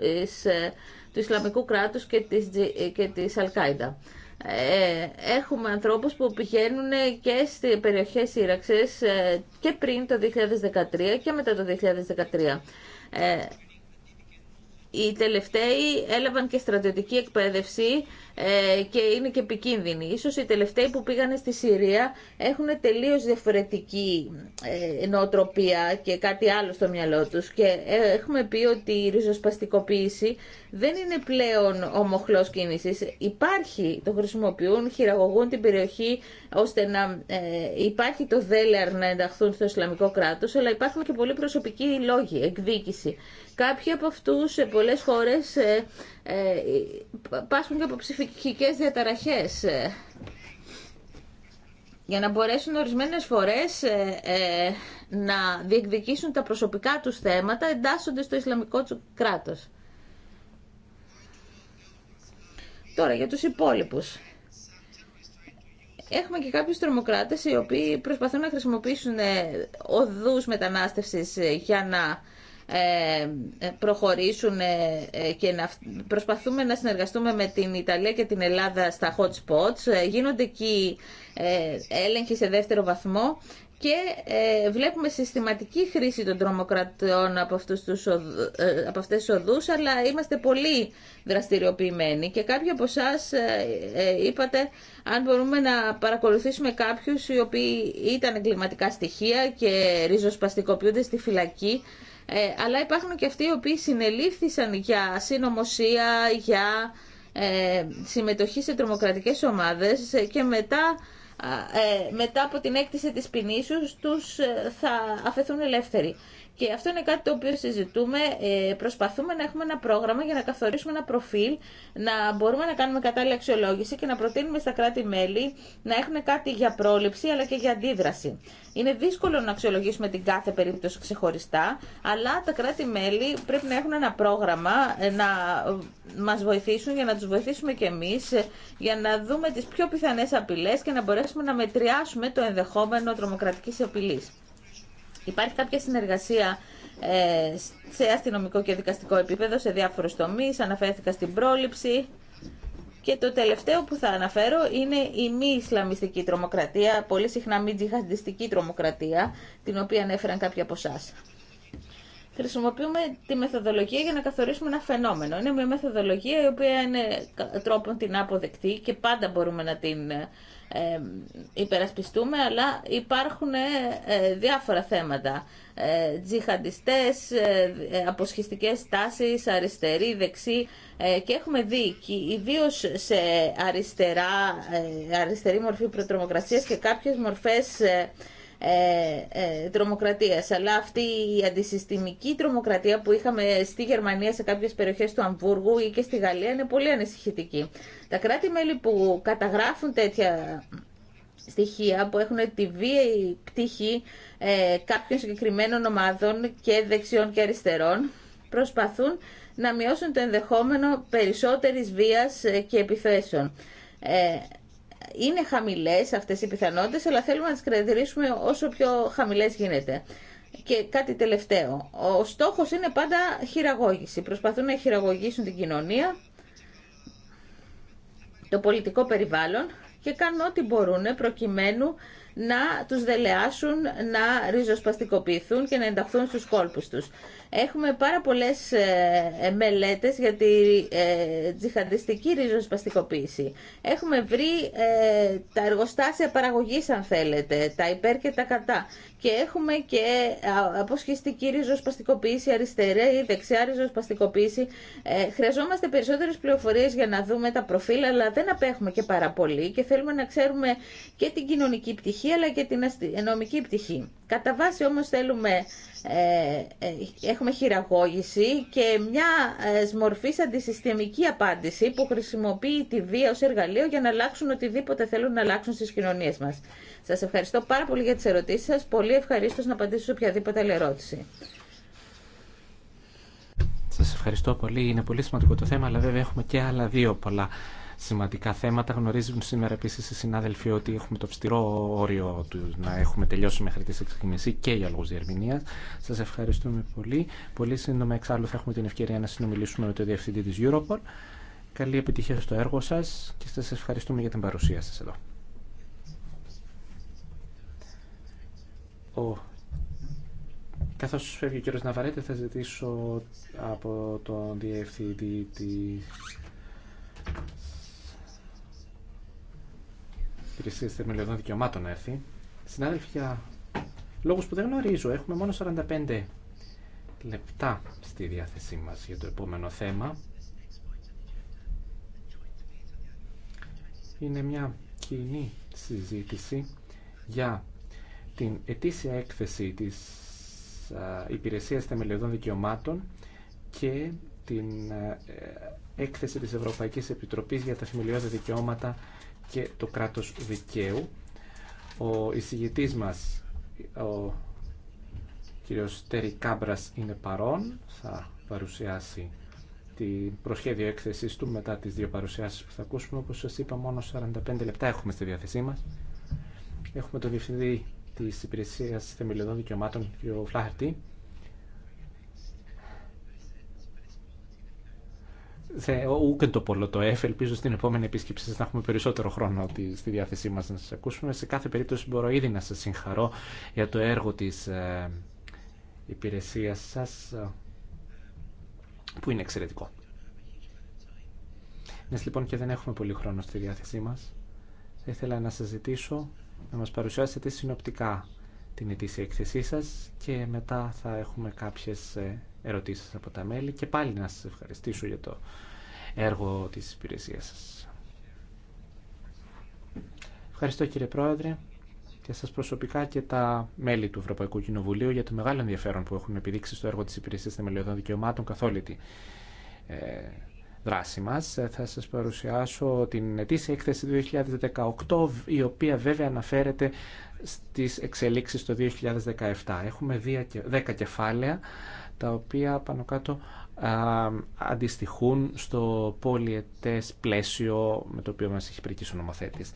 του Ισλαμικού κράτους και της, και της Αλκάιντα. Ε, έχουμε ανθρώπους που πηγαίνουν και στις περιοχές σύραξης ε, και πριν το 2013 και μετά το 2013 οι τελευταίοι έλαβαν και στρατιωτική εκπαίδευση ε, και είναι και επικίνδυνοι. Ίσως οι τελευταίοι που πήγανε στη Συρία έχουν τελείως διαφορετική ε, νοοτροπία και κάτι άλλο στο μυαλό τους. Και ε, έχουμε πει ότι η ριζοσπαστικοποίηση δεν είναι πλέον ομοχλός κίνησης. Υπάρχει, το χρησιμοποιούν, χειραγωγούν την περιοχή, ώστε να ε, υπάρχει το δέλεαρ να ενταχθούν στο Ισλαμικό κράτος, αλλά υπάρχουν και πολλοί προσωπικοί λόγοι, εκδίκηση. Κάποιοι από αυτούς σε πολλές φορές, ε, ε πάσχουν και από ψηφικικές διαταραχές. Ε, για να μπορέσουν ορισμένες φορές να διεκδικήσουν τα προσωπικά τους θέματα εντάσσονται στο Ισλαμικό του κράτος. Τώρα για τους υπόλοιπους. Έχουμε και κάποιους τρομοκράτες οι οποίοι προσπαθούν να χρησιμοποιήσουν ε, οδούς μετανάστευσης ε, για να ε, προχωρήσουν και να προσπαθούμε να συνεργαστούμε με την Ιταλία και την Ελλάδα στα hot spots. Γίνονται εκεί έλεγχοι σε δεύτερο βαθμό και ε, βλέπουμε συστηματική χρήση των τρομοκρατών από, αυτούς τους ε, από αυτές τις οδούς, αλλά είμαστε πολύ δραστηριοποιημένοι και κάποιοι από εσά ε, είπατε αν μπορούμε να παρακολουθήσουμε κάποιους οι οποίοι ήταν εγκληματικά στοιχεία και ριζοσπαστικοποιούνται στη φυλακή, αλλά υπάρχουν και αυτοί οι οποίοι συνελήφθησαν για συνωμοσία, για συμμετοχή σε τρομοκρατικές ομάδες και μετά ε, μετά από την έκτηση της ποινή τους ε, θα αφαιθούν ελεύθεροι. Και αυτό είναι κάτι το οποίο συζητούμε. Ε, προσπαθούμε να έχουμε ένα πρόγραμμα για να καθορίσουμε ένα προφίλ, να μπορούμε να κάνουμε κατάλληλη αξιολόγηση και να προτείνουμε στα κράτη-μέλη να έχουν κάτι για πρόληψη αλλά και για αντίδραση. Είναι δύσκολο να αξιολογήσουμε την κάθε περίπτωση ξεχωριστά, αλλά τα κράτη-μέλη πρέπει να έχουν ένα πρόγραμμα ε, να ε, μα βοηθήσουν για να του βοηθήσουμε κι εμείς για να δούμε τι πιο πιθανέ απειλέ και να μπορέσουμε να μετριάσουμε το ενδεχόμενο τρομοκρατική απειλή. Υπάρχει κάποια συνεργασία ε, σε αστυνομικό και δικαστικό επίπεδο, σε διάφορου τομεί, αναφέρθηκα στην πρόληψη. Και το τελευταίο που θα αναφέρω είναι η μη Ισλαμιστική τρομοκρατία, πολύ συχνά μη τζιχαντιστική τρομοκρατία, την οποία ανέφεραν κάποιοι από εσά. Χρησιμοποιούμε τη μεθοδολογία για να καθορίσουμε ένα φαινόμενο. Είναι μια μεθοδολογία η οποία είναι τρόπον την αποδεκτή και πάντα μπορούμε να την ε, υπερασπιστούμε, αλλά υπάρχουν ε, ε, διάφορα θέματα. Ε, τζιχαντιστές, αποσχιστικές τάσεις, αριστερή, δεξί και έχουμε δει ιδίω σε αριστερά, αριστερή μορφή προτρομοκρασίας και κάποιες μορφές ε, ε, τρομοκρατίας. Αλλά αυτή η αντισυστημική τρομοκρατία που είχαμε στη Γερμανία σε κάποιες περιοχές του Αμβούργου ή και στη Γαλλία είναι πολύ ανησυχητική. Τα κράτη-μέλη που καταγράφουν τέτοια στοιχεία που έχουν τη η πτυχή ε, κάποιων συγκεκριμένων ομάδων και δεξιών και αριστερών προσπαθούν να μειώσουν το ενδεχόμενο περισσότερης βίας ε, και επιθέσεων. Ε, είναι χαμηλές αυτές οι πιθανότητες, αλλά θέλουμε να τις κρατηρήσουμε όσο πιο χαμηλές γίνεται. Και κάτι τελευταίο. Ο στόχος είναι πάντα χειραγώγηση. Προσπαθούν να χειραγωγήσουν την κοινωνία, το πολιτικό περιβάλλον και κάνουν ό,τι μπορούν προκειμένου να τους δελεάσουν, να ριζοσπαστικοποιηθούν και να ενταχθούν στους κόλπους τους. Έχουμε πάρα πολλέ ε, ε, μελέτες για τη ε, τζιχαντιστική ριζοσπαστικοποίηση. Έχουμε βρει ε, τα εργοστάσια παραγωγή, αν θέλετε, τα υπέρ και τα κατά. Και έχουμε και αποσχιστική ριζοσπαστικοποίηση, αριστερή, δεξιά ριζοσπαστικοποίηση. Ε, χρειαζόμαστε περισσότερε πληροφορίε για να δούμε τα προφίλ, αλλά δεν απέχουμε και πάρα πολύ και θέλουμε να ξέρουμε και την κοινωνική πτυχή, αλλά και την νομική πτυχή. Κατά βάση όμως θέλουμε, ε, ε, έχουμε χειραγώγηση και μια ε, τη αντισυστημική απάντηση που χρησιμοποιεί τη βία ως εργαλείο για να αλλάξουν οτιδήποτε θέλουν να αλλάξουν στις κοινωνίες μας. Σας ευχαριστώ πάρα πολύ για τις ερωτήσεις σας. Πολύ ευχαρίστως να απαντήσω σε οποιαδήποτε άλλη ερώτηση. Σας ευχαριστώ πολύ. Είναι πολύ σημαντικό το θέμα, αλλά βέβαια έχουμε και άλλα δύο πολλά σημαντικά θέματα. Γνωρίζουν σήμερα επίση οι συνάδελφοι ότι έχουμε το αυστηρό όριο του να έχουμε τελειώσει μέχρι τι 6.30 και για λόγου διερμηνία. Σα ευχαριστούμε πολύ. Πολύ σύντομα, εξάλλου, θα έχουμε την ευκαιρία να συνομιλήσουμε με τον διευθυντή τη Europol. Καλή επιτυχία στο έργο σα και σα ευχαριστούμε για την παρουσία σα εδώ. Ο... Καθώς φεύγει ο κύριος Ναβαρέτη θα ζητήσω από τον διευθυντή τη υπηρεσίε θεμελιωδών δικαιωμάτων έρθει. Συνάδελφοι, για λόγου που δεν γνωρίζω, έχουμε μόνο 45 λεπτά στη διάθεσή μα για το επόμενο θέμα. Είναι μια κοινή συζήτηση για την ετήσια έκθεση της Υπηρεσίας Θεμελιωδών Δικαιωμάτων και την ε, έκθεση της Ευρωπαϊκής Επιτροπής για τα Θεμελιώδη Δικαιώματα και το κράτος δικαίου. Ο εισηγητής μας, ο κύριος Τέρι Κάμπρας, είναι παρόν. Θα παρουσιάσει την προσχέδιο έκθεση του μετά τις δύο παρουσιάσεις που θα ακούσουμε. Όπως σας είπα, μόνο 45 λεπτά έχουμε στη διάθεσή μας. Έχουμε τον Διευθυντή της Υπηρεσίας Θεμελιωδών Δικαιωμάτων, ο Φλάχαρτη, ούτε το το F. Ελπίζω στην επόμενη επίσκεψη σα να έχουμε περισσότερο χρόνο στη διάθεσή μα να σας ακούσουμε. Σε κάθε περίπτωση μπορώ ήδη να σα συγχαρώ για το έργο της ε, υπηρεσίας σας που είναι εξαιρετικό. Ναι, λοιπόν και δεν έχουμε πολύ χρόνο στη διάθεσή μας. Θα ήθελα να σας ζητήσω να μας παρουσιάσετε συνοπτικά την ετήσια εκθεσή σα και μετά θα έχουμε κάποιες ε, ερωτήσεις από τα μέλη και πάλι να σας ευχαριστήσω για το έργο της υπηρεσίας σας. Ευχαριστώ κύριε Πρόεδρε και σας προσωπικά και τα μέλη του Ευρωπαϊκού Κοινοβουλίου για το μεγάλο ενδιαφέρον που έχουν επιδείξει στο έργο της Υπηρεσίας Θεμελιωδών Δικαιωμάτων καθ' όλη τη ε, δράση μας. Ε, θα σας παρουσιάσω την ετήσια έκθεση 2018, η οποία βέβαια αναφέρεται στις εξελίξεις το 2017. Έχουμε 10 κεφάλαια τα οποία πάνω κάτω αντιστοιχούν στο πολιετές πλαίσιο με το οποίο μας έχει πρικήσει ο νομοθέτης.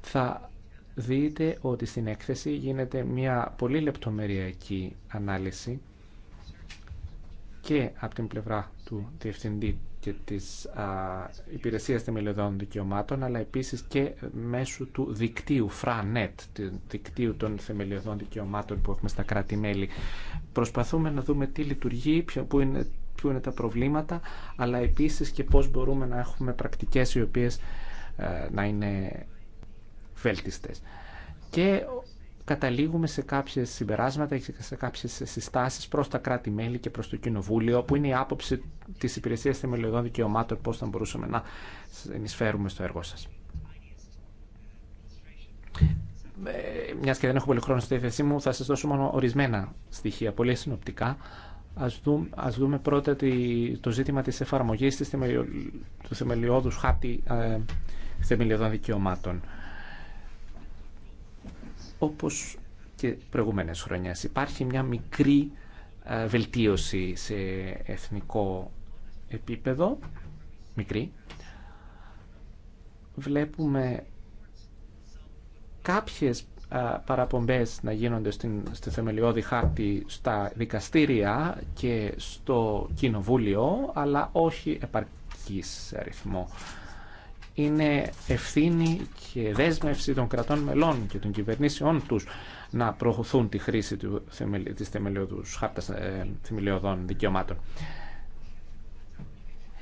Θα δείτε ότι στην έκθεση γίνεται μια πολύ λεπτομεριακή ανάλυση και από την πλευρά του Διευθυντή και της α, Υπηρεσίας Θεμελιωδών Δικαιωμάτων, αλλά επίσης και μέσω του δικτύου FRANET, του δικτύου των θεμελιωδών δικαιωμάτων που έχουμε στα κράτη-μέλη. Προσπαθούμε να δούμε τι λειτουργεί, ποιο, που είναι, είναι τα προβλήματα, αλλά επίσης και πώς μπορούμε να έχουμε πρακτικές οι οποίες ε, να είναι βέλτιστες. Και καταλήγουμε σε κάποιες συμπεράσματα και σε κάποιες συστάσεις προς τα κράτη-μέλη και προς το Κοινοβούλιο, που είναι η άποψη της Υπηρεσίας Θεμελιωδών Δικαιωμάτων, πώ θα μπορούσαμε να ενισφέρουμε στο έργο σα. Ε, Μια και δεν έχω πολύ χρόνο στη θέση μου, θα σας δώσω μόνο ορισμένα στοιχεία, πολύ συνοπτικά. Ας δούμε, πρώτα το ζήτημα της εφαρμογής του θεμελιώδους χάρτη ε, θεμελιωδών δικαιωμάτων όπως και προηγούμενες χρονιές. Υπάρχει μια μικρή ε, βελτίωση σε εθνικό επίπεδο, μικρή. Βλέπουμε κάποιες ε, παραπομπές να γίνονται στην, στη θεμελιώδη χάρτη στα δικαστήρια και στο κοινοβούλιο, αλλά όχι επαρκής αριθμό είναι ευθύνη και δέσμευση των κρατών μελών και των κυβερνήσεών τους να προωθούν τη χρήση του, της θεμελιώδους χάρτας ε, θεμελιωδών δικαιωμάτων.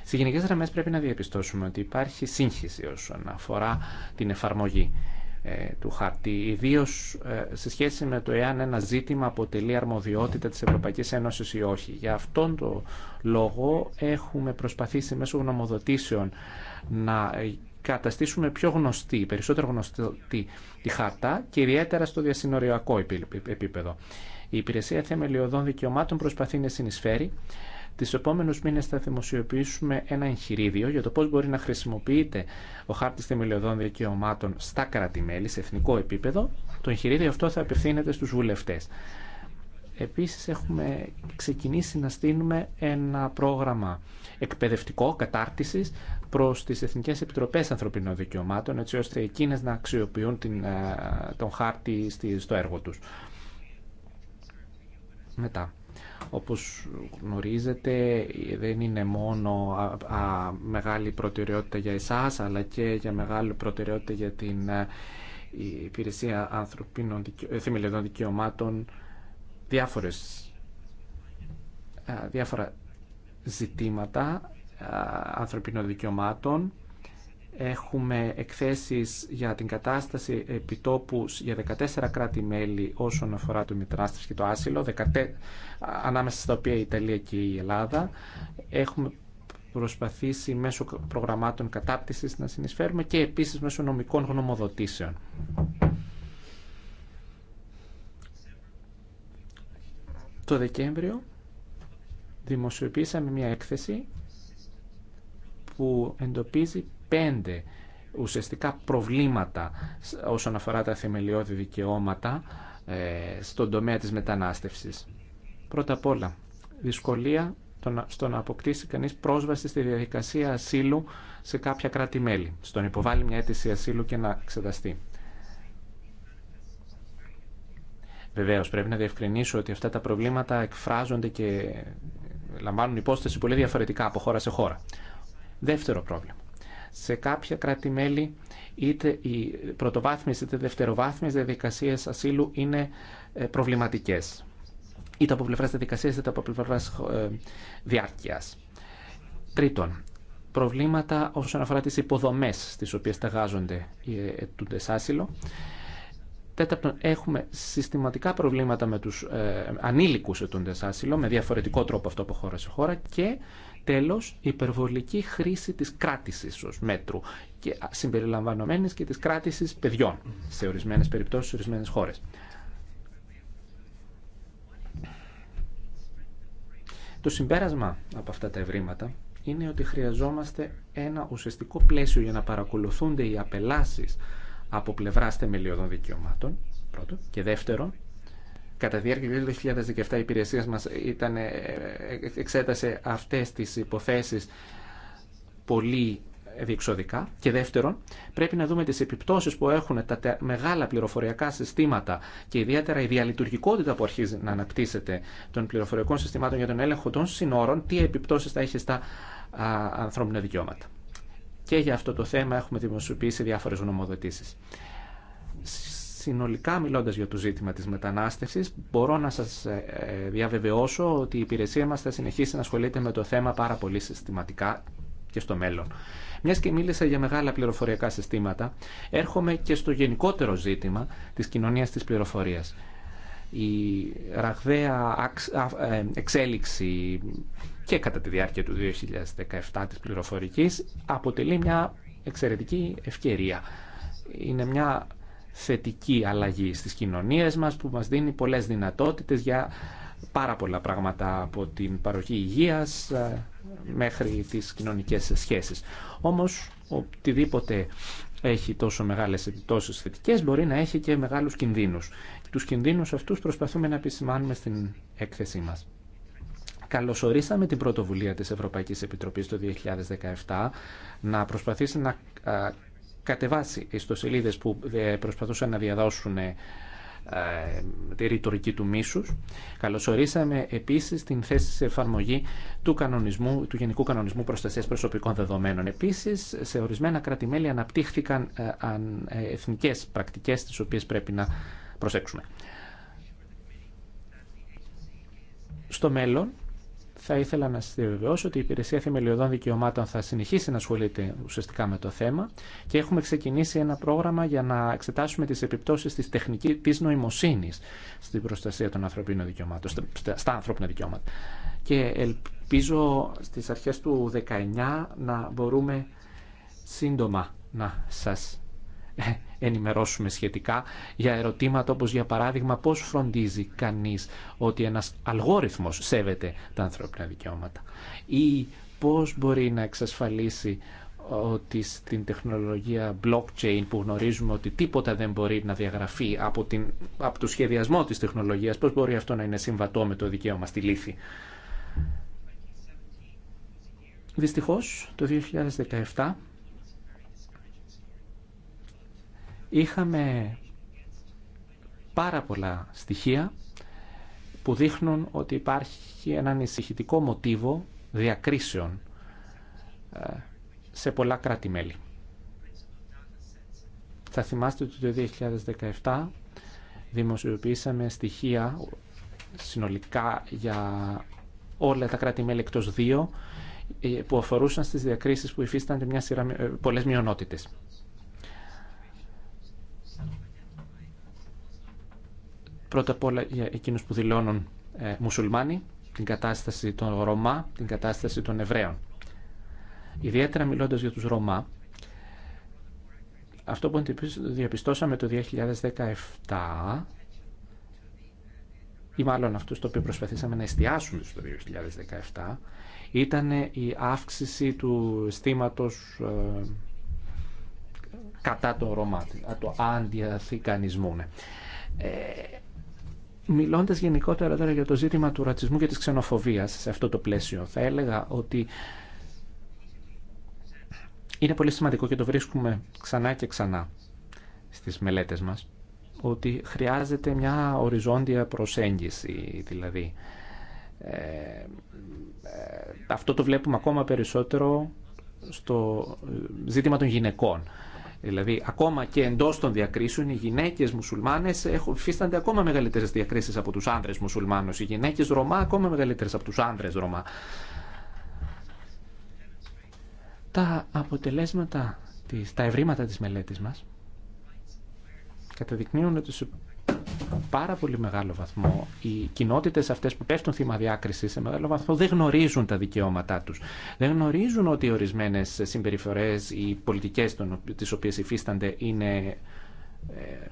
Στι γενικέ γραμμέ πρέπει να διαπιστώσουμε ότι υπάρχει σύγχυση όσον αφορά την εφαρμογή ε, του χάρτη, ιδίω ε, σε σχέση με το εάν ένα ζήτημα αποτελεί αρμοδιότητα της Ευρωπαϊκής Ένωσης ή όχι. Για αυτόν τον λόγο έχουμε προσπαθήσει μέσω γνωμοδοτήσεων να ε, καταστήσουμε πιο γνωστή, περισσότερο γνωστή τη χάρτα και ιδιαίτερα στο διασυνοριακό επίπεδο. Η Υπηρεσία Θεμελιωδών Δικαιωμάτων προσπαθεί να συνεισφέρει. Τις επόμενου μήνες θα δημοσιοποιήσουμε ένα εγχειρίδιο για το πώς μπορεί να χρησιμοποιείται ο χάρτης θεμελιωδών δικαιωμάτων στα κρατη σε εθνικό επίπεδο. Το εγχειρίδιο αυτό θα απευθύνεται στους βουλευτές. Επίσης έχουμε ξεκινήσει να στείλουμε ένα πρόγραμμα εκπαιδευτικό κατάρτιση προς τις Εθνικές Επιτροπές Ανθρωπινών Δικαιωμάτων, έτσι ώστε εκείνε να αξιοποιούν ε, τον χάρτη στο έργο τους. Μετά. Όπως γνωρίζετε δεν είναι μόνο μεγάλη προτεραιότητα για εσάς αλλά και για μεγάλη προτεραιότητα για την ε, υπηρεσία ανθρωπίνων ε, θεμελιωδών δικαιωμάτων διάφορες διάφορα ζητήματα ανθρωπίνων δικαιωμάτων. Έχουμε εκθέσεις για την κατάσταση επιτόπου για 14 κράτη-μέλη όσον αφορά το μητράστης και το άσυλο, 14, ανάμεσα στα οποία η Ιταλία και η Ελλάδα. Έχουμε προσπαθήσει μέσω προγραμμάτων κατάπτυσης να συνεισφέρουμε και επίσης μέσω νομικών γνωμοδοτήσεων. Το Δεκέμβριο δημοσιοποιήσαμε μια έκθεση που εντοπίζει πέντε ουσιαστικά προβλήματα όσον αφορά τα θεμελιώδη δικαιώματα ε, στον τομέα της μετανάστευσης. Πρώτα απ' όλα, δυσκολία στο να αποκτήσει κανείς πρόσβαση στη διαδικασία ασύλου σε κάποια κράτη-μέλη, στο να υποβάλει μια αίτηση ασύλου και να εξεταστεί. Βεβαίως, πρέπει να διευκρινίσω ότι αυτά τα προβλήματα εκφράζονται και λαμβάνουν υπόσταση πολύ διαφορετικά από χώρα σε χώρα. Δεύτερο πρόβλημα. Σε κάποια κράτη-μέλη είτε οι πρωτοβάθμιες είτε δευτεροβάθμιες διαδικασίες ασύλου είναι ε, προβληματικές. Είτε από πλευρά διαδικασία είτε από πλευράς ε, διάρκεια. Τρίτον, προβλήματα όσον αφορά τι υποδομέ στι οποίε στεγάζονται οι ε, ετούντε άσυλο Τέταρτον, έχουμε συστηματικά προβλήματα με τους ε, ανήλικους ετούντε άσυλο, με διαφορετικό τρόπο αυτό από χώρα σε χώρα και τέλος υπερβολική χρήση της κράτηση ω μέτρου και συμπεριλαμβανομένης και της κράτησης παιδιών σε ορισμένες περιπτώσεις, σε ορισμένες χώρες. Το συμπέρασμα από αυτά τα ευρήματα είναι ότι χρειαζόμαστε ένα ουσιαστικό πλαίσιο για να παρακολουθούνται οι απελάσεις από πλευρά θεμελιωδών δικαιωμάτων, πρώτον. Και δεύτερον, κατά τη διάρκεια του 2017 η υπηρεσία μας ε, ε, εξέτασε αυτές τις υποθέσεις πολύ διεξοδικά. Και δεύτερον, πρέπει να δούμε τις επιπτώσεις που έχουν τα μεγάλα πληροφοριακά συστήματα και ιδιαίτερα η διαλειτουργικότητα που αρχίζει να αναπτύσσεται των πληροφοριακών συστημάτων για τον έλεγχο των συνόρων, τι επιπτώσεις θα έχει στα ανθρώπινα δικαιώματα και για αυτό το θέμα έχουμε δημοσιοποιήσει διάφορες γνωμοδοτήσεις. Συνολικά μιλώντας για το ζήτημα της μετανάστευσης, μπορώ να σας ε, διαβεβαιώσω ότι η υπηρεσία μας θα συνεχίσει να ασχολείται με το θέμα πάρα πολύ συστηματικά και στο μέλλον. Μιας και μίλησα για μεγάλα πληροφοριακά συστήματα, έρχομαι και στο γενικότερο ζήτημα της κοινωνίας της πληροφορίας. Η ραγδαία ε, εξέλιξη και κατά τη διάρκεια του 2017 της πληροφορικής αποτελεί μια εξαιρετική ευκαιρία. Είναι μια θετική αλλαγή στις κοινωνίες μας που μας δίνει πολλές δυνατότητες για πάρα πολλά πράγματα από την παροχή υγείας ε, μέχρι τις κοινωνικές σχέσεις. Όμως οτιδήποτε έχει τόσο μεγάλες επιπτώσεις θετικές μπορεί να έχει και μεγάλους κινδύνους. Τους κινδύνους αυτούς προσπαθούμε να επισημάνουμε στην έκθεσή μας καλωσορίσαμε την πρωτοβουλία της Ευρωπαϊκής Επιτροπής το 2017 να προσπαθήσει να κατεβάσει ιστοσελίδες που ε, προσπαθούσαν να διαδώσουν ε, τη ρητορική του μίσους. Καλωσορίσαμε επίσης την θέση σε εφαρμογή του, κανονισμού, του Γενικού Κανονισμού Προστασίας Προσωπικών Δεδομένων. Επίσης, σε ορισμένα αναπτύχθηκαν ε, εθνικές πρακτικές τις οποίες πρέπει να προσέξουμε. Στο μέλλον, θα ήθελα να σας διαβεβαιώσω ότι η Υπηρεσία Θεμελιωδών Δικαιωμάτων θα συνεχίσει να ασχολείται ουσιαστικά με το θέμα και έχουμε ξεκινήσει ένα πρόγραμμα για να εξετάσουμε τις επιπτώσεις της τεχνικής της νοημοσύνης στην προστασία των ανθρωπίνων δικαιωμάτων, στα ανθρώπινα δικαιώματα. Και ελπίζω στις αρχές του 19 να μπορούμε σύντομα να σας ε, ενημερώσουμε σχετικά για ερωτήματα όπως για παράδειγμα πώς φροντίζει κανείς ότι ένας αλγόριθμος σέβεται τα ανθρώπινα δικαιώματα ή πώς μπορεί να εξασφαλίσει ότι στην τεχνολογία blockchain που γνωρίζουμε ότι τίποτα δεν μπορεί να διαγραφεί από, την, από το σχεδιασμό της τεχνολογίας, πώς μπορεί αυτό να είναι συμβατό με το δικαίωμα στη λύθη. Δυστυχώς, το 2017 είχαμε πάρα πολλά στοιχεία που δείχνουν ότι υπάρχει ένα ανησυχητικό μοτίβο διακρίσεων ε, σε πολλά κράτη-μέλη. Θα θυμάστε ότι το 2017 δημοσιοποιήσαμε στοιχεία συνολικά για όλα τα κράτη-μέλη εκτός δύο ε, που αφορούσαν στις διακρίσεις που υφίστανται μια σειρά ε, πολλές μειονότητες. Πρώτα απ' όλα για εκείνους που δηλώνουν ε, μουσουλμάνοι, την κατάσταση των Ρωμά, την κατάσταση των Εβραίων. Ιδιαίτερα μιλώντας για τους Ρωμά, αυτό που διαπιστώσαμε το 2017 ή μάλλον αυτούς το οποίο προσπαθήσαμε να εστιάσουμε στο 2017 ήταν η αύξηση του αισθήματος ε, κατά τον Ρωμά, το αντιαθηκανισμού. Ε, Μιλώντας γενικότερα τώρα για το ζήτημα του ρατσισμού και της ξενοφοβίας σε αυτό το πλαίσιο, θα έλεγα ότι είναι πολύ σημαντικό και το βρίσκουμε ξανά και ξανά στις μελέτες μας, ότι χρειάζεται μια οριζόντια προσέγγιση, δηλαδή. Ε, ε αυτό το βλέπουμε ακόμα περισσότερο στο ε, ζήτημα των γυναικών Δηλαδή, ακόμα και εντό των διακρίσεων, οι γυναίκε μουσουλμάνε υφίστανται ακόμα μεγαλύτερε διακρίσει από του άνδρε μουσουλμάνου. Οι γυναίκε Ρωμά ακόμα μεγαλύτερε από του άνδρε Ρωμά. Τα αποτελέσματα, τα ευρήματα της μελέτης μας καταδεικνύουν ότι πάρα πολύ μεγάλο βαθμό οι κοινότητε αυτές που πέφτουν θύμα διάκριση σε μεγάλο βαθμό δεν γνωρίζουν τα δικαιώματά τους. Δεν γνωρίζουν ότι οι ορισμένες συμπεριφορές, οι πολιτικές τις οποίες υφίστανται είναι ε,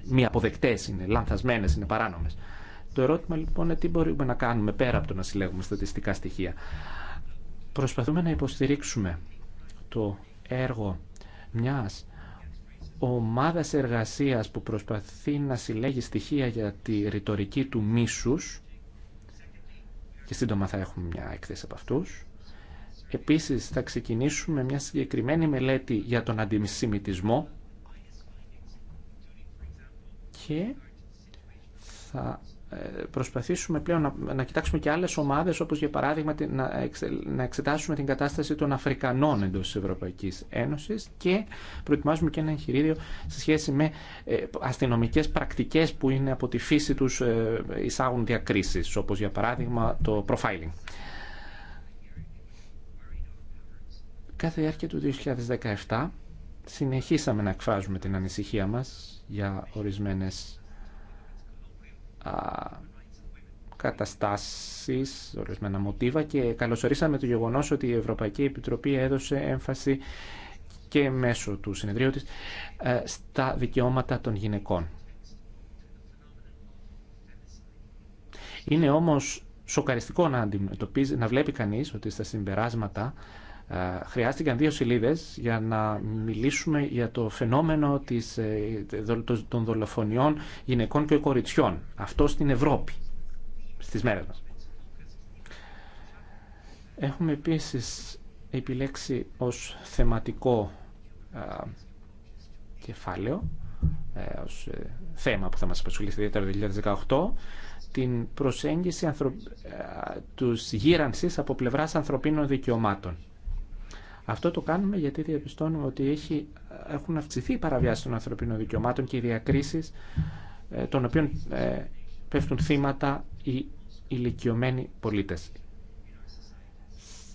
μη αποδεκτές, είναι λανθασμένε, είναι παράνομες. Το ερώτημα λοιπόν είναι τι μπορούμε να κάνουμε πέρα από το να συλλέγουμε στατιστικά στοιχεία. Προσπαθούμε να υποστηρίξουμε το έργο μιας ομάδας εργασίας που προσπαθεί να συλλέγει στοιχεία για τη ρητορική του μίσους και σύντομα θα έχουμε μια έκθεση από αυτούς. Επίσης θα ξεκινήσουμε μια συγκεκριμένη μελέτη για τον αντισημιτισμό και θα ε, προσπαθήσουμε πλέον να, να κοιτάξουμε και άλλες ομάδες όπως για παράδειγμα να, εξετάσουμε την κατάσταση των Αφρικανών εντός της Ευρωπαϊκής Ένωσης και προετοιμάζουμε και ένα εγχειρίδιο σε σχέση με ε, αστυνομικές πρακτικές που είναι από τη φύση τους ε, εισάγουν διακρίσεις όπως για παράδειγμα το profiling. Κάθε διάρκεια του 2017 συνεχίσαμε να εκφράζουμε την ανησυχία μας για ορισμένες καταστάσεις, ορισμένα μοτίβα και καλωσορίσαμε το γεγονός ότι η Ευρωπαϊκή Επιτροπή έδωσε έμφαση και μέσω του συνεδρίου της ε, στα δικαιώματα των γυναικών. Είναι όμως σοκαριστικό να, να βλέπει κανείς ότι στα συμπεράσματα ε, χρειάστηκαν δύο σελίδες για να μιλήσουμε για το φαινόμενο της, ε, των δολοφονιών γυναικών και κοριτσιών. Αυτό στην Ευρώπη, στις μέρες μας. Έχουμε επίσης επιλέξει ως θεματικό ε, κεφάλαιο, ως θέμα που θα μας απασχολήσει ιδιαίτερα το 2018, την προσέγγιση ανθρω... τους γύρανσης από πλευράς ανθρωπίνων δικαιωμάτων αυτό το κάνουμε γιατί διαπιστώνουμε ότι έχει, έχουν αυξηθεί οι παραβιάσεις των ανθρωπίνων δικαιωμάτων και οι διακρίσεις ε, των οποίων ε, πέφτουν θύματα οι ηλικιωμένοι πολίτες.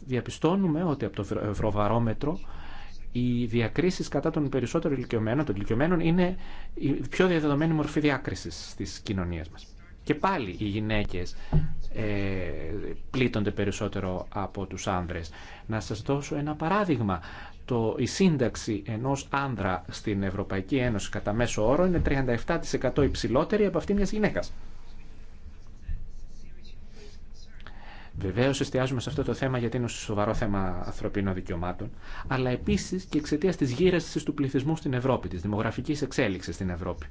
Διαπιστώνουμε ότι από το Ευρωβαρόμετρο οι διακρίσεις κατά των περισσότερων ηλικιωμένων, των ηλικιωμένων είναι η πιο διαδεδομένη μορφή διάκρισης στις κοινωνίες μας. Και πάλι οι γυναίκες ε, πλήττονται περισσότερο από τους άνδρες. Να σας δώσω ένα παράδειγμα. Το, η σύνταξη ενός άνδρα στην Ευρωπαϊκή Ένωση κατά μέσο όρο είναι 37% υψηλότερη από αυτή μιας γυναίκας. Βεβαίω εστιάζουμε σε αυτό το θέμα γιατί είναι σοβαρό θέμα ανθρωπίνων δικαιωμάτων, αλλά επίση και εξαιτία τη γύραση του πληθυσμού στην Ευρώπη, τη δημογραφική εξέλιξη στην Ευρώπη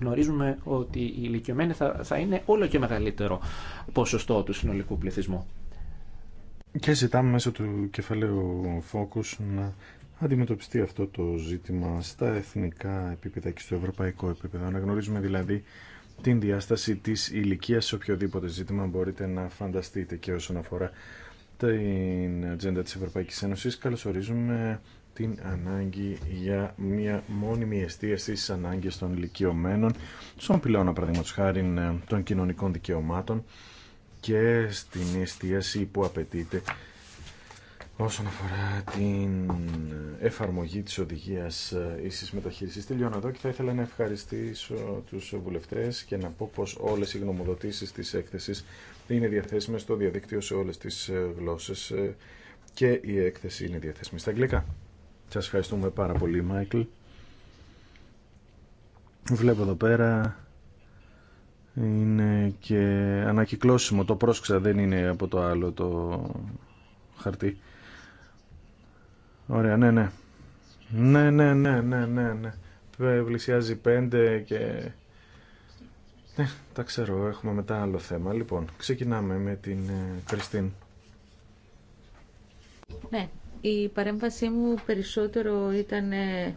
γνωρίζουμε ότι οι ηλικιωμένοι θα, θα είναι όλο και μεγαλύτερο ποσοστό του συνολικού πληθυσμού. Και ζητάμε μέσω του κεφαλαίου Focus να αντιμετωπιστεί αυτό το ζήτημα στα εθνικά επίπεδα και στο ευρωπαϊκό επίπεδο. Να γνωρίζουμε δηλαδή την διάσταση της ηλικία σε οποιοδήποτε ζήτημα μπορείτε να φανταστείτε και όσον αφορά την ατζέντα της Ευρωπαϊκής Ένωσης καλωσορίζουμε την ανάγκη για μια μόνιμη εστίαση στι ανάγκε των ηλικιωμένων, στον πυλώνα παραδείγματο χάρη ε, των κοινωνικών δικαιωμάτων και στην εστίαση που απαιτείται όσον αφορά την εφαρμογή της οδηγίας ε, ίσης μεταχείρισης. Τελειώνω εδώ και θα ήθελα να ευχαριστήσω τους βουλευτές και να πω πως όλες οι γνωμοδοτήσεις της έκθεσης είναι διαθέσιμες στο διαδίκτυο σε όλες τις ε, γλώσσες και η έκθεση είναι διαθέσιμη στα αγγλικά. Σας ευχαριστούμε πάρα πολύ Μάικλ. Βλέπω εδώ πέρα είναι και ανακυκλώσιμο. Το πρόσκυσα δεν είναι από το άλλο το χαρτί. Ωραία, ναι, ναι. Ναι, ναι, ναι, ναι, ναι, ναι. Βλησιάζει ε, πέντε και... Ναι, τα ξέρω, έχουμε μετά άλλο θέμα. Λοιπόν, ξεκινάμε με την ε, Κριστίν. Ναι, η παρέμβασή μου περισσότερο ήταν ε,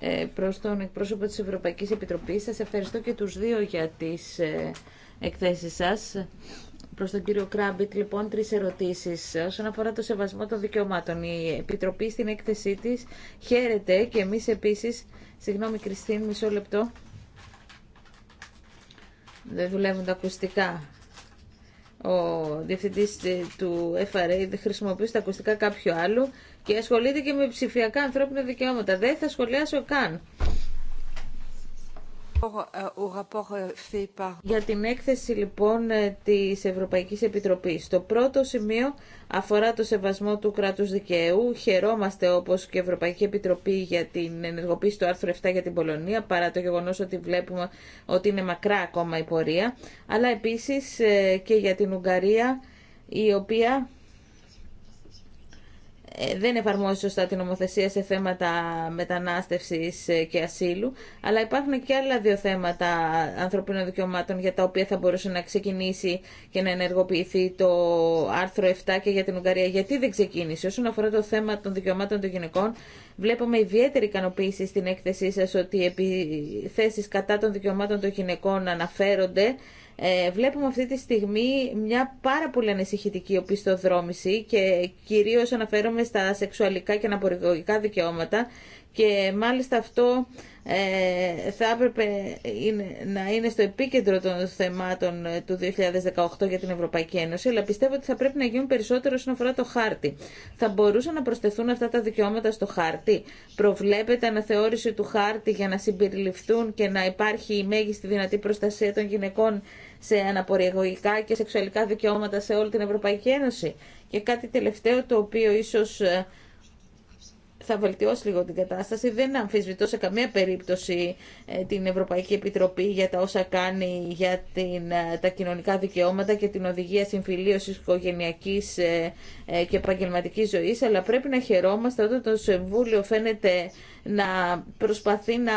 ε, προς τον εκπρόσωπο της Ευρωπαϊκής Επιτροπής. Σας ευχαριστώ και τους δύο για τις ε, εκθέσεις σας. Προς τον κύριο Κράμπιτ, λοιπόν, τρεις ερωτήσεις. Όσον αφορά το σεβασμό των δικαιωμάτων, η Επιτροπή στην έκθεσή της χαίρεται και εμείς επίσης, συγγνώμη Κριστίν, μισό λεπτό, δεν δουλεύουν τα ακουστικά ο διευθυντής του FRA χρησιμοποιήσει τα ακουστικά κάποιου άλλου και ασχολείται και με ψηφιακά ανθρώπινα δικαιώματα. Δεν θα σχολιάσω καν. Euh, euh, για την έκθεση λοιπόν ε, της Ευρωπαϊκής Επιτροπής. Το πρώτο σημείο αφορά το σεβασμό του κράτους δικαίου. Χαιρόμαστε όπως και η Ευρωπαϊκή Επιτροπή για την ενεργοποίηση του άρθρου 7 για την Πολωνία, παρά το γεγονός ότι βλέπουμε ότι είναι μακρά ακόμα η πορεία, αλλά επίσης ε, και για την Ουγγαρία η οποία ε, δεν εφαρμόζει σωστά την νομοθεσία σε θέματα μετανάστευσης ε, και ασύλου, αλλά υπάρχουν και άλλα δύο θέματα ανθρωπίνων δικαιωμάτων για τα οποία θα μπορούσε να ξεκινήσει και να ενεργοποιηθεί το άρθρο 7 και για την Ουγγαρία. Γιατί δεν ξεκίνησε. Όσον αφορά το θέμα των δικαιωμάτων των γυναικών, βλέπουμε ιδιαίτερη ικανοποίηση στην έκθεσή σας ότι οι επιθέσεις κατά των δικαιωμάτων των γυναικών αναφέρονται ε, βλέπουμε αυτή τη στιγμή μια πάρα πολύ ανησυχητική οπισθοδρόμηση και κυρίως αναφέρομαι στα σεξουαλικά και αναπορικογικά δικαιώματα και μάλιστα αυτό ε, θα έπρεπε είναι, να είναι στο επίκεντρο των θεμάτων του 2018 για την Ευρωπαϊκή Ένωση, αλλά πιστεύω ότι θα πρέπει να γίνουν περισσότερο όσον αφορά το χάρτη. Θα μπορούσαν να προσθεθούν αυτά τα δικαιώματα στο χάρτη. Προβλέπεται αναθεώρηση του χάρτη για να συμπεριληφθούν και να υπάρχει η μέγιστη δυνατή προστασία των γυναικών σε αναποριαγωγικά και σεξουαλικά δικαιώματα σε όλη την Ευρωπαϊκή Ένωση. Και κάτι τελευταίο το οποίο ίσως ε, θα βελτιώσει λίγο την κατάσταση. Δεν αμφισβητώ σε καμία περίπτωση ε, την Ευρωπαϊκή Επιτροπή για τα όσα κάνει για την, ε, τα κοινωνικά δικαιώματα και την οδηγία συμφιλίωσης οικογενειακής και επαγγελματική ζωής, αλλά πρέπει να χαιρόμαστε όταν το Συμβούλιο φαίνεται να προσπαθεί να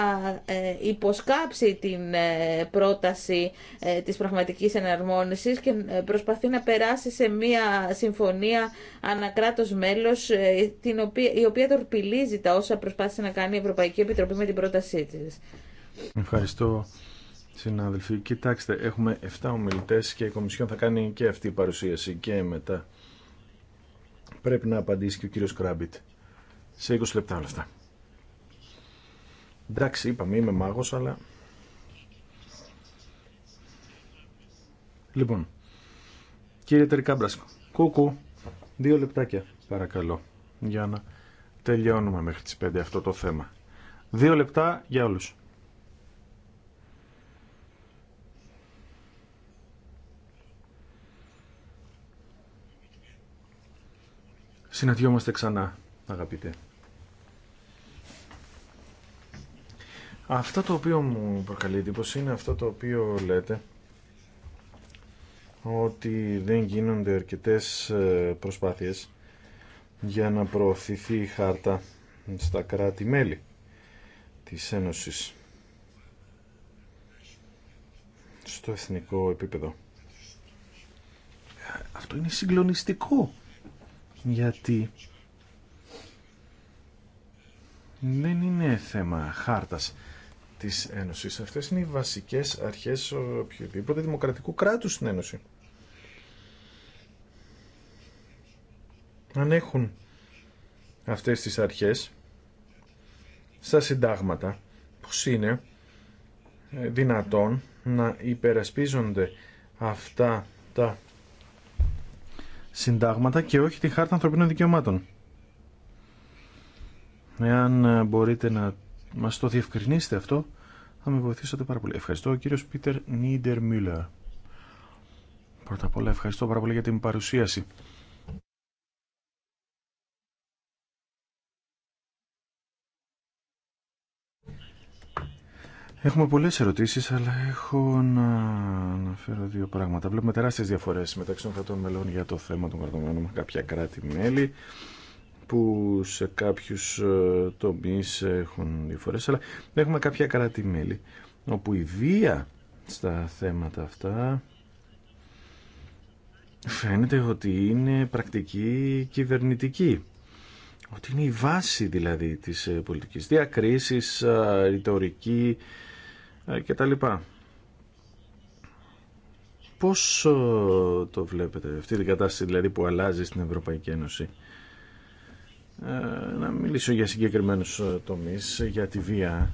ε, υποσκάψει την ε, πρόταση ε, της πραγματικής εναρμόνισης και προσπαθεί να περάσει σε μία συμφωνία ανακράτος μέλος την οποία, η οποία τορπιλίζει τα όσα προσπάθησε να κάνει η Ευρωπαϊκή Επιτροπή με την πρότασή της. Ευχαριστώ. Συνάδελφοι, κοιτάξτε, έχουμε 7 ομιλητές και η Κομισιόν θα κάνει και αυτή η παρουσίαση και μετά. Πρέπει να απαντήσει και ο κύριος Κράμπιτ. Σε 20 λεπτά όλα αυτά. Εντάξει, είπαμε, είμαι μάγος, αλλά... Λοιπόν, κύριε τερικάμπρασκο. κούκου, δύο λεπτάκια, παρακαλώ, για να τελειώνουμε μέχρι τις 5 αυτό το θέμα. Δύο λεπτά για όλους. Συναντιόμαστε ξανά, αγαπητέ. Αυτό το οποίο μου προκαλεί εντύπωση είναι αυτό το οποίο λέτε ότι δεν γίνονται αρκετές ε, προσπάθειες για να προωθηθεί η χάρτα στα κράτη-μέλη της Ένωσης στο εθνικό επίπεδο. Αυτό είναι συγκλονιστικό γιατί δεν είναι θέμα χάρτας της Ένωσης. Αυτές είναι οι βασικές αρχές οποιοδήποτε δημοκρατικού κράτους στην Ένωση. Αν έχουν αυτές τις αρχές στα συντάγματα, που είναι δυνατόν να υπερασπίζονται αυτά τα συντάγματα και όχι τη Χάρτα Ανθρωπίνων Δικαιωμάτων. Εάν ε, μπορείτε να Μα το διευκρινίσετε αυτό, θα με βοηθήσετε πάρα πολύ. Ευχαριστώ, ο κύριος Πίτερ Νίντερ Μιούλα. Πρώτα απ' όλα, ευχαριστώ πάρα πολύ για την παρουσίαση. Έχουμε πολλές ερωτήσεις, αλλά έχω να αναφέρω δύο πράγματα. Βλέπουμε τεράστιε διαφορέ μεταξύ των κρατών μελών για το θέμα των κρατών μελών. Κάποια κράτη-μέλη που σε κάποιους ε, τομείς έχουν διαφορές, αλλά έχουμε κάποια κράτη-μέλη όπου η βία στα θέματα αυτά φαίνεται ότι είναι πρακτική κυβερνητική. Ότι είναι η βάση δηλαδή της ε, πολιτικής διακρίσης, ε, ρητορική κτλ. Πώς το βλέπετε αυτή την κατάσταση δηλαδή που αλλάζει στην Ευρωπαϊκή Ένωση. Ε, να μιλήσω για συγκεκριμένους ε, τομείς, ε, για τη βία,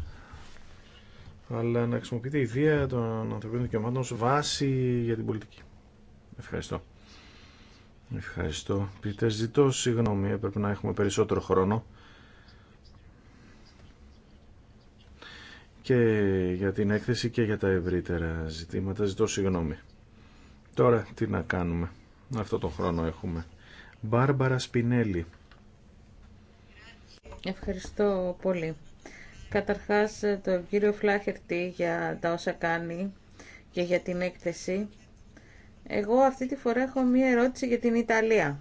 αλλά να χρησιμοποιείται η βία των ανθρωπίνων δικαιωμάτων ως βάση για την πολιτική. Ευχαριστώ. Ευχαριστώ. Πίτερ, ζητώ συγγνώμη, έπρεπε να έχουμε περισσότερο χρόνο. Και για την έκθεση και για τα ευρύτερα ζητήματα ζητώ συγγνώμη. Τώρα τι να κάνουμε. Αυτό τον χρόνο έχουμε. Μπάρμπαρα Σπινέλη. Ευχαριστώ πολύ. Καταρχάς, ε, το κύριο Φλάχερτη για τα όσα κάνει και για την έκθεση. Εγώ αυτή τη φορά έχω μία ερώτηση για την Ιταλία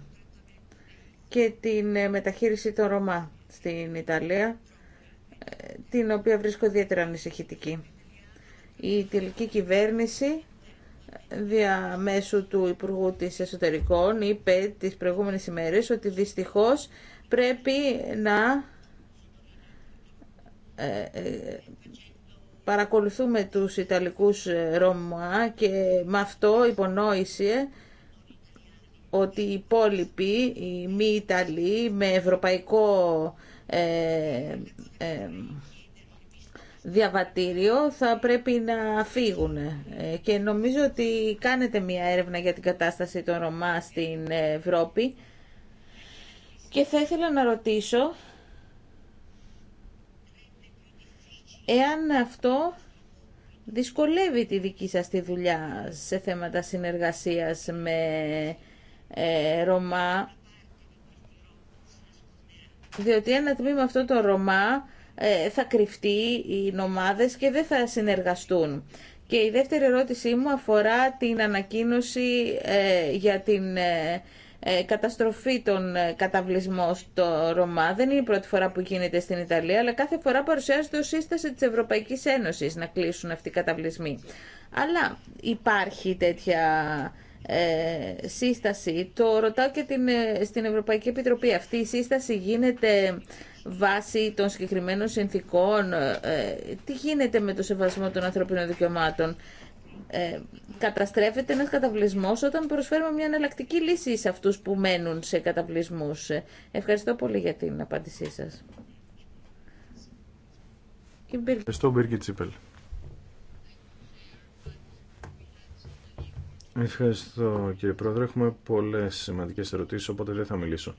και την ε, μεταχείριση των Ρωμά στην Ιταλία, ε, την οποία βρίσκω ιδιαίτερα ανησυχητική. Η τελική κυβέρνηση μέσου του Υπουργού της Εσωτερικών είπε τις προηγούμενες ημέρες ότι δυστυχώς πρέπει να ε, ε, παρακολουθούμε τους Ιταλικούς ε, Ρωμά και με αυτό υπονόησε ότι οι υπόλοιποι, οι μη Ιταλοί, με ευρωπαϊκό διαβατήριο θα πρέπει να φύγουν. Και νομίζω ότι κάνετε μια έρευνα για την κατάσταση των Ρωμά στην Ευρώπη και θα ήθελα να ρωτήσω εάν αυτό δυσκολεύει τη δική σας τη δουλειά σε θέματα συνεργασίας με ε, Ρωμά, διότι ένα τμήμα αυτό το Ρωμά ε, θα κρυφτεί οι νομάδες και δεν θα συνεργαστούν. Και η δεύτερη ερώτησή μου αφορά την ανακοίνωση ε, για την ε, καταστροφή των ε, καταβλισμών στο Ρωμά. Δεν είναι η πρώτη φορά που γίνεται στην Ιταλία, αλλά κάθε φορά παρουσιάζεται ο σύσταση της Ευρωπαϊκής Ένωσης να κλείσουν αυτοί οι καταβλισμοί. Αλλά υπάρχει τέτοια ε, σύσταση. Το ρωτάω και την, ε, στην Ευρωπαϊκή Επιτροπή. Αυτή η σύσταση γίνεται βάσει των συγκεκριμένων συνθήκων. τι γίνεται με το σεβασμό των ανθρωπίνων δικαιωμάτων ε, καταστρέφεται ένας καταβλισμός όταν προσφέρουμε μια εναλλακτική λύση σε αυτούς που μένουν σε καταβλισμούς. Ε, ευχαριστώ πολύ για την απάντησή σας. Ευχαριστώ, Μπίρκη Τσίπελ. Ευχαριστώ, κύριε Πρόεδρε. Έχουμε πολλές σημαντικές ερωτήσεις, οπότε δεν θα μιλήσω.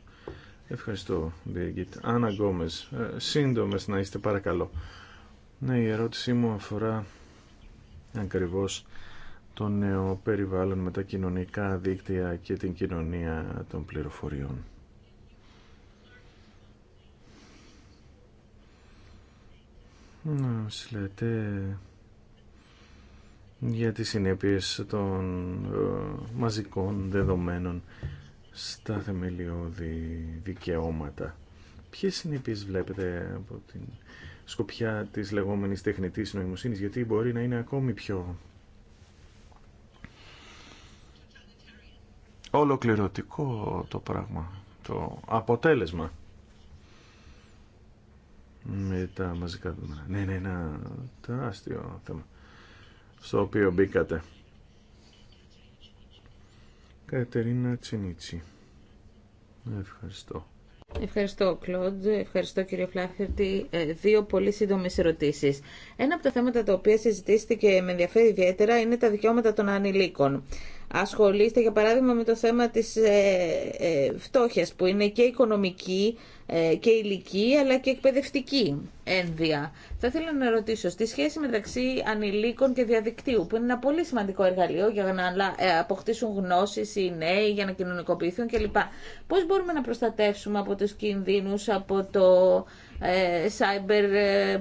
Ευχαριστώ, Μπίρκητ. Άννα Γκόμες, ε, σύντομες να είστε, παρακαλώ. Ναι, η ερώτησή μου αφορά ακριβώς το νέο περιβάλλον με τα κοινωνικά δίκτυα και την κοινωνία των πληροφοριών. Να λέτε για τις συνέπειες των ε, μαζικών δεδομένων στα θεμελιώδη δικαιώματα. Ποιες συνέπειες βλέπετε από την σκοπιά της λεγόμενης τεχνητής νοημοσύνης, γιατί μπορεί να είναι ακόμη πιο ολοκληρωτικό το πράγμα, το αποτέλεσμα με τα μαζικά δεδομένα. Ναι, ναι, ένα τεράστιο θέμα στο οποίο μπήκατε. Κατερίνα Τσινίτσι. Ευχαριστώ. Ευχαριστώ, Κλοντ. Ευχαριστώ, κύριε Φλάχερτη. Ε, δύο πολύ σύντομε ερωτήσει. Ένα από τα θέματα τα οποία συζητήθηκε με ενδιαφέρει ιδιαίτερα είναι τα δικαιώματα των ανηλίκων ασχολείστε για παράδειγμα με το θέμα της ε, ε, φτώχειας που είναι και οικονομική ε, και ηλική αλλά και εκπαιδευτική ένδυα. Θα ήθελα να ρωτήσω στη σχέση μεταξύ ανηλίκων και διαδικτύου που είναι ένα πολύ σημαντικό εργαλείο για να αποκτήσουν γνώσεις οι νέοι, για να κοινωνικοποιηθούν κλπ. Πώς μπορούμε να προστατεύσουμε από τους κινδύνους, από το ε, cyber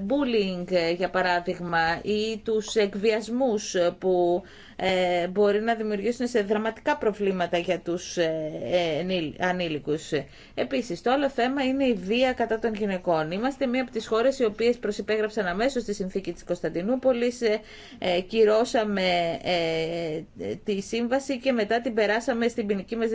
bullying ε, για παράδειγμα ή τους εκβιασμούς που ε, μπορεί να δημιουργήσουν σε δραματικά προβλήματα για τους ανήλικους. Επίσης, το άλλο θέμα είναι η βία κατά των γυναικών. Είμαστε μία από τις χώρες οι οποίες προσυπέγραψαν αμέσως τη συνθήκη της Κωνσταντινούπολης, κυρώσαμε τη σύμβαση και μετά την περάσαμε στην ποινική μας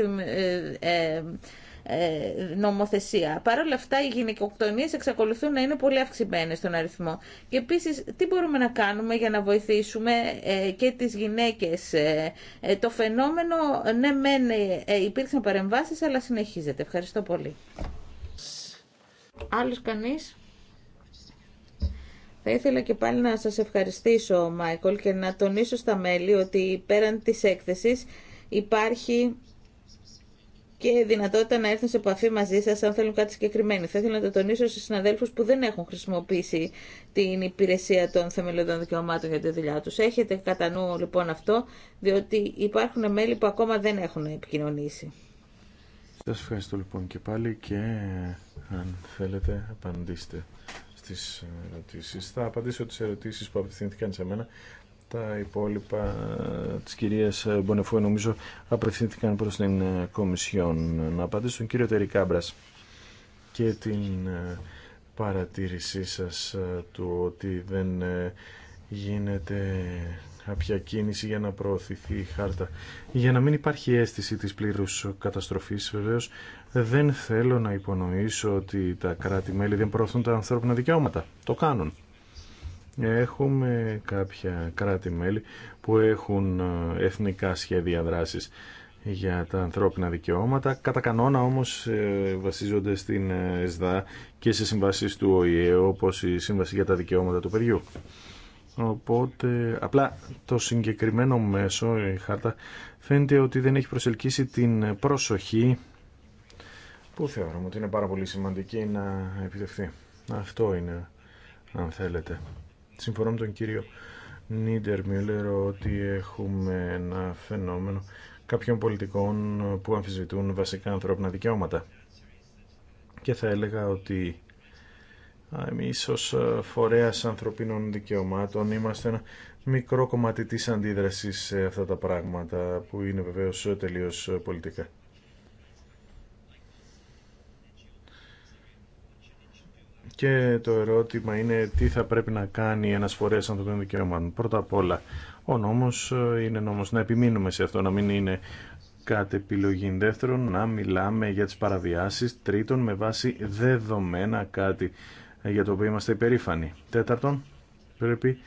ε, νομοθεσία. Παρ' όλα αυτά, οι γυναικοκτονίε εξακολουθούν να είναι πολύ αυξημένε στον αριθμό. Και επίση, τι μπορούμε να κάνουμε για να βοηθήσουμε ε, και τι γυναίκε. Ε, το φαινόμενο, ναι, μεν υπήρξαν παρεμβάσει, αλλά συνεχίζεται. Ευχαριστώ πολύ. Άλλος κανεί. Θα ήθελα και πάλι να σας ευχαριστήσω, Μάικολ, και να τονίσω στα μέλη ότι πέραν της έκθεσης υπάρχει και δυνατότητα να έρθουν σε επαφή μαζί σας αν θέλουν κάτι συγκεκριμένο. Θα ήθελα να το τονίσω στους συναδέλφου που δεν έχουν χρησιμοποιήσει την υπηρεσία των θεμελιωδών δικαιωμάτων για τη δουλειά του. Έχετε κατά νου λοιπόν αυτό, διότι υπάρχουν μέλη που ακόμα δεν έχουν επικοινωνήσει. Σα ευχαριστώ λοιπόν και πάλι και αν θέλετε απαντήστε στις ερωτήσεις. Θα απαντήσω τις ερωτήσεις που απευθυνθήκαν σε μένα τα υπόλοιπα της κυρίας Μπονεφού νομίζω απευθύνθηκαν προς την ε, Κομισιόν. Να απαντήσω στον κύριο Τερικάμπρας και την ε, παρατήρησή σας ε, του ότι δεν γίνεται κάποια κίνηση για να προωθηθεί η χάρτα. Για να μην υπάρχει αίσθηση της πλήρους καταστροφής βεβαίως δεν θέλω να υπονοήσω ότι τα κράτη-μέλη δεν προωθούν τα ανθρώπινα δικαιώματα. Το κάνουν. Έχουμε κάποια κράτη-μέλη που έχουν ε, εθνικά σχέδια δράσης για τα ανθρώπινα δικαιώματα. Κατά κανόνα όμως ε, βασίζονται στην ε, ΕΣΔΑ και σε συμβάσεις του ΟΗΕ όπως η Σύμβαση για τα Δικαιώματα του Παιδιού. Οπότε απλά το συγκεκριμένο μέσο, η χάρτα, φαίνεται ότι δεν έχει προσελκύσει την προσοχή που θεωρούμε ότι είναι πάρα πολύ σημαντική να επιτευχθεί. Αυτό είναι αν θέλετε συμφωνώ με τον κύριο Νίτερ ότι έχουμε ένα φαινόμενο κάποιων πολιτικών που αμφισβητούν βασικά ανθρώπινα δικαιώματα. Και θα έλεγα ότι εμείς φορέας ανθρωπίνων δικαιωμάτων είμαστε ένα μικρό κομμάτι της αντίδρασης σε αυτά τα πράγματα που είναι βεβαίως τελείως πολιτικά. Και το ερώτημα είναι τι θα πρέπει να κάνει ένας φορέας ανθρωπίνων δικαιωμάτων. Πρώτα απ' όλα, ο νόμος ε, είναι νόμος. Να επιμείνουμε σε αυτό, να μην είναι κάτι επιλογή. Δεύτερον, να μιλάμε για τις παραβιάσει. Τρίτον, με βάση δεδομένα κάτι για το οποίο είμαστε υπερήφανοι. Τέταρτον, πρέπει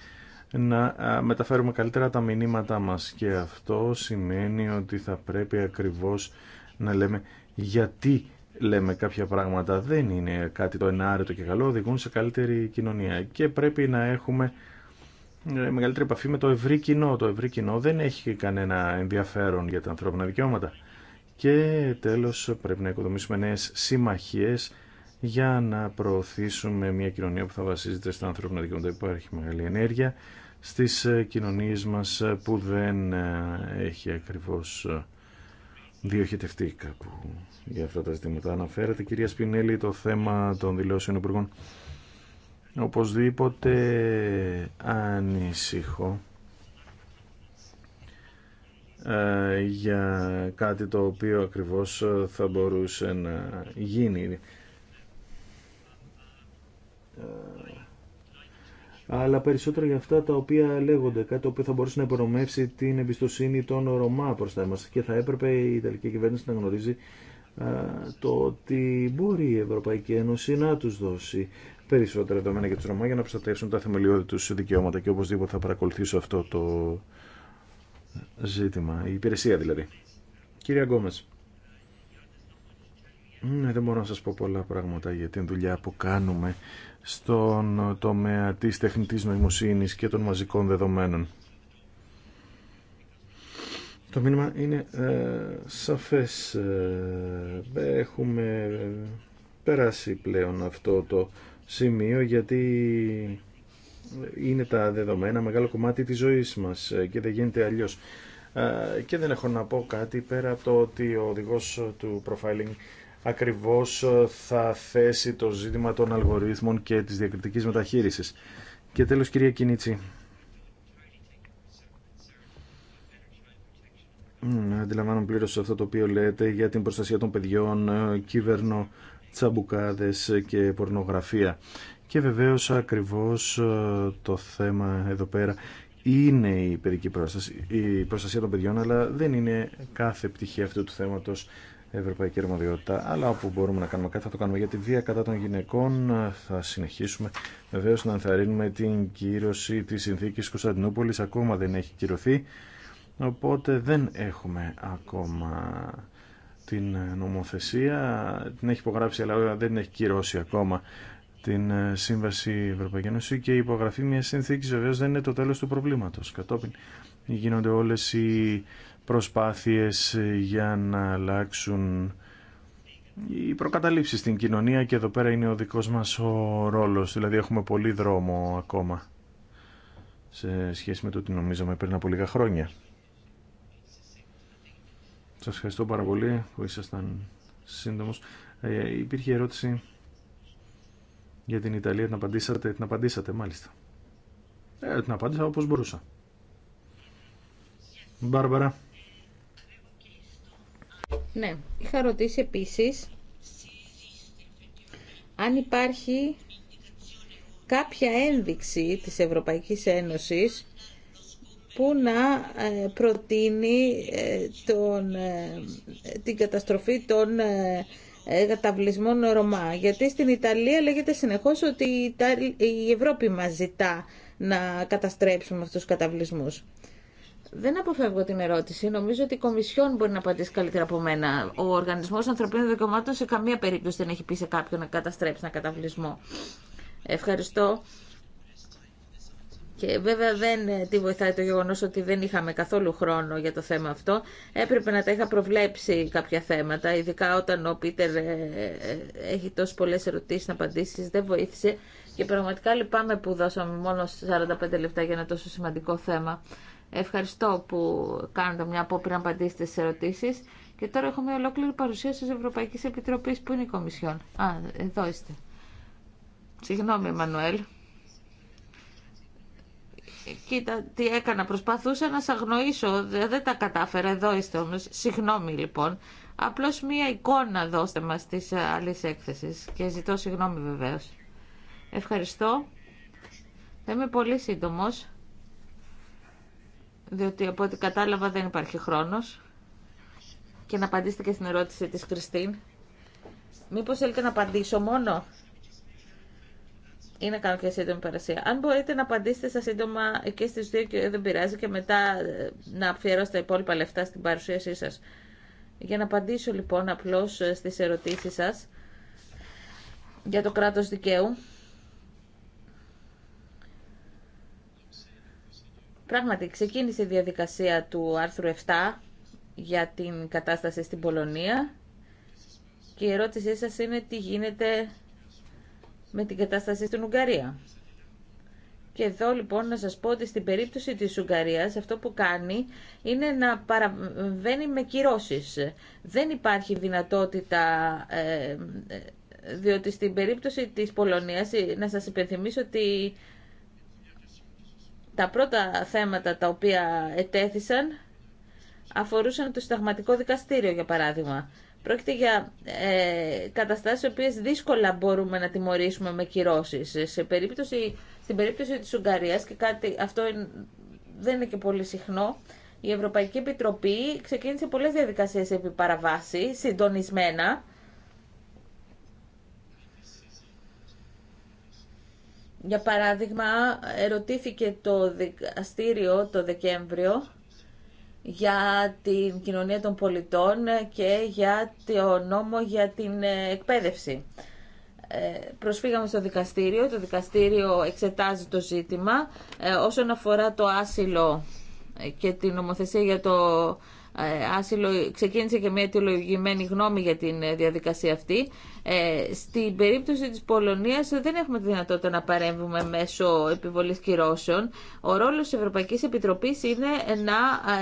να ε, μεταφέρουμε καλύτερα τα μηνύματά μας και αυτό σημαίνει ότι θα πρέπει ακριβώς να λέμε γιατί λέμε κάποια πράγματα δεν είναι κάτι το ενάρετο και καλό, οδηγούν σε καλύτερη κοινωνία και πρέπει να έχουμε ε, μεγαλύτερη επαφή με το ευρύ κοινό. Το ευρύ κοινό δεν έχει κανένα ενδιαφέρον για τα ανθρώπινα δικαιώματα. Και τέλος πρέπει να οικοδομήσουμε νέες συμμαχίες για να προωθήσουμε μια κοινωνία που θα βασίζεται στα ανθρώπινα δικαιώματα. Υπάρχει μεγάλη ενέργεια στις ε, κοινωνίες μας ε, που δεν έχει ακριβώς διοχετευτεί κάπου για αυτά τα ζητήματα. Αναφέρατε κυρία Σπινέλη το θέμα των δηλώσεων υπουργών. Οπωσδήποτε ανησυχώ ε, για κάτι το οποίο ακριβώς θα μπορούσε να γίνει ε, αλλά περισσότερο για αυτά τα οποία λέγονται, κάτι το οποίο θα μπορούσε να υπονομεύσει την εμπιστοσύνη των Ρωμά προς τα μας και θα έπρεπε η Ιταλική κυβέρνηση να γνωρίζει το ότι μπορεί η Ευρωπαϊκή Ένωση να τους δώσει περισσότερα δεδομένα για τους Ρωμά για να προστατεύσουν τα θεμελιώδη τους δικαιώματα και οπωσδήποτε θα παρακολουθήσω αυτό το ζήτημα, η υπηρεσία δηλαδή. Κύριε Γκόμες. Ναι, δεν μπορώ να σας πω πολλά πράγματα για την δουλειά που κάνουμε στον τομέα της τεχνητής νοημοσύνης και των μαζικών δεδομένων. Το μήνυμα είναι ε, σαφές. Ε, έχουμε ε, περάσει πλέον αυτό το σημείο γιατί είναι τα δεδομένα μεγάλο κομμάτι της ζωής μας ε, και δεν γίνεται αλλιώς. και δεν έχω να πω κάτι πέρα από το ότι ο οδηγός του profiling ακριβώς ε, θα θέσει το ζήτημα των αλγορίθμων και της διακριτικής μεταχείρισης. Και τέλος κυρία Κινίτσι. Αντιλαμβάνω πλήρως αυτό το οποίο λέτε για την προστασία των παιδιών, ε, κύβερνο, τσαμπουκάδες και πορνογραφία. Και βεβαίως ακριβώς ε, το θέμα εδώ πέρα είναι η περική προστασία, η προστασία των παιδιών, αλλά δεν είναι κάθε πτυχή αυτού του θέματος ευρωπαϊκή αρμοδιότητα, αλλά όπου μπορούμε να κάνουμε κάτι θα το κάνουμε. Για τη βία κατά των γυναικών ε, θα συνεχίσουμε Βεβαίω να ενθαρρύνουμε την κύρωση τη συνθήκη Κωνσταντινούπολη ακόμα δεν έχει κυρωθεί, οπότε δεν έχουμε ακόμα την νομοθεσία, την έχει υπογράψει αλλά δεν έχει κυρώσει ακόμα την ε, Σύμβαση Ευρωπαϊκή Ένωση και η υπογραφή μια συνθήκη βεβαίω δεν είναι το τέλο του προβλήματο. Κατόπιν γίνονται όλε οι προσπάθειες για να αλλάξουν οι προκαταλήψεις στην κοινωνία και εδώ πέρα είναι ο δικός μας ο ρόλος. Δηλαδή έχουμε πολύ δρόμο ακόμα σε σχέση με το τι νομίζαμε πριν από λίγα χρόνια. Σας ευχαριστώ πάρα πολύ που ήσασταν σύντομος. Ε, υπήρχε ερώτηση για την Ιταλία, την απαντήσατε, την απαντήσατε μάλιστα. Ε, την απάντησα όπως μπορούσα. Μπάρμπαρα. Ναι, είχα ρωτήσει επίσης αν υπάρχει κάποια ένδειξη της Ευρωπαϊκής Ένωσης που να ε, προτείνει ε, τον, ε, την καταστροφή των καταβλισμών Ρωμά. Γιατί στην Ιταλία λέγεται συνεχώς ότι η Ευρώπη μας ζητά να καταστρέψουμε αυτούς τους καταβλισμούς. Δεν αποφεύγω την ερώτηση. Νομίζω ότι η Κομισιόν μπορεί να απαντήσει καλύτερα από μένα. Ο Οργανισμό Ανθρωπίνων Δικαιωμάτων σε καμία περίπτωση δεν έχει πει σε κάποιον να καταστρέψει ένα καταβλισμό. Ευχαριστώ. Και βέβαια δεν ε, τη βοηθάει το γεγονό ότι δεν είχαμε καθόλου χρόνο για το θέμα αυτό. Έπρεπε να τα είχα προβλέψει κάποια θέματα, ειδικά όταν ο Πίτερ ε, ε, έχει τόσε πολλέ ερωτήσει να απαντήσει. Δεν βοήθησε. Και πραγματικά λυπάμαι που δώσαμε μόνο 45 λεπτά για ένα τόσο σημαντικό θέμα. Ευχαριστώ που κάνετε μια απόπειρα να απαντήσετε στι ερωτήσει. Και τώρα έχω μια ολόκληρη παρουσίαση τη Ευρωπαϊκή Επιτροπή που είναι η Κομισιόν. Α, εδώ είστε. Συγγνώμη, Εμμανουέλ. Κοίτα, τι έκανα. Προσπαθούσα να σα αγνοήσω. Δεν τα κατάφερα. Εδώ είστε όμω. Συγγνώμη, λοιπόν. Απλώ μία εικόνα δώστε μα τη άλλη έκθεση. Και ζητώ συγγνώμη, βεβαίω. Ευχαριστώ. Θα είμαι πολύ σύντομο διότι από ό,τι κατάλαβα δεν υπάρχει χρόνος και να απαντήσετε και στην ερώτηση της Κριστίν. Μήπως θέλετε να απαντήσω μόνο ή να κάνω και σύντομη παρασία. Αν μπορείτε να απαντήσετε στα σύντομα και στις δύο και δεν πειράζει και μετά ε, να αφιερώσετε τα υπόλοιπα λεφτά στην παρουσίασή σας. Για να απαντήσω λοιπόν απλώς ε, στις ερωτήσεις σας για το κράτος δικαίου. Πράγματι, ξεκίνησε η διαδικασία του άρθρου 7 για την κατάσταση στην Πολωνία και η ερώτησή σας είναι τι γίνεται με την κατάσταση στην Ουγγαρία. Και εδώ λοιπόν να σας πω ότι στην περίπτωση της Ουγγαρίας αυτό που κάνει είναι να παραβαίνει με κυρώσεις. Δεν υπάρχει δυνατότητα, ε, ε, διότι στην περίπτωση της Πολωνίας, να σας υπενθυμίσω ότι τα πρώτα θέματα τα οποία ετέθησαν αφορούσαν το συνταγματικό δικαστήριο, για παράδειγμα. Πρόκειται για ε, καταστάσεις δύσκολα μπορούμε να τιμωρήσουμε με κυρώσεις. Σε περίπτωση, στην περίπτωση της Ουγγαρίας, και κάτι, αυτό δεν είναι και πολύ συχνό, η Ευρωπαϊκή Επιτροπή ξεκίνησε πολλές διαδικασίες επί παραβάση, συντονισμένα, Για παράδειγμα, ερωτήθηκε το δικαστήριο το Δεκέμβριο για την κοινωνία των πολιτών και για το νόμο για την ε, εκπαίδευση. Ε, προσφύγαμε στο δικαστήριο, το δικαστήριο εξετάζει το ζήτημα. Ε, όσον αφορά το άσυλο και την νομοθεσία για το ε, άσυλο, ξεκίνησε και μια αιτιολογημένη γνώμη για την ε, διαδικασία αυτή. Ε, στην περίπτωση της Πολωνίας δεν έχουμε τη δυνατότητα να παρέμβουμε μέσω επιβολής κυρώσεων. Ο ρόλος της Ευρωπαϊκής Επιτροπής είναι να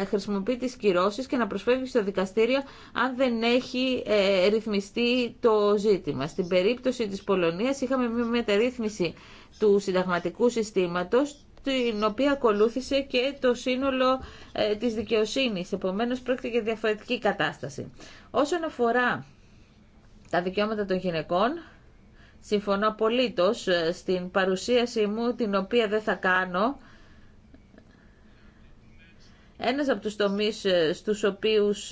χρησιμοποιεί τις κυρώσεις και να προσφεύγει στο δικαστήριο αν δεν έχει ρυθμιστεί το ζήτημα. Στην περίπτωση της Πολωνίας είχαμε μια μεταρρύθμιση του συνταγματικού συστήματος την οποία ακολούθησε και το σύνολο ε, της δικαιοσύνης. Επομένως, πρόκειται για διαφορετική κατάσταση. Όσον αφορά τα δικαιώματα των γυναικών, συμφωνώ απολύτως ε, στην παρουσίαση μου, την οποία δεν θα κάνω. Ένας από τους τομείς ε, στους οποίους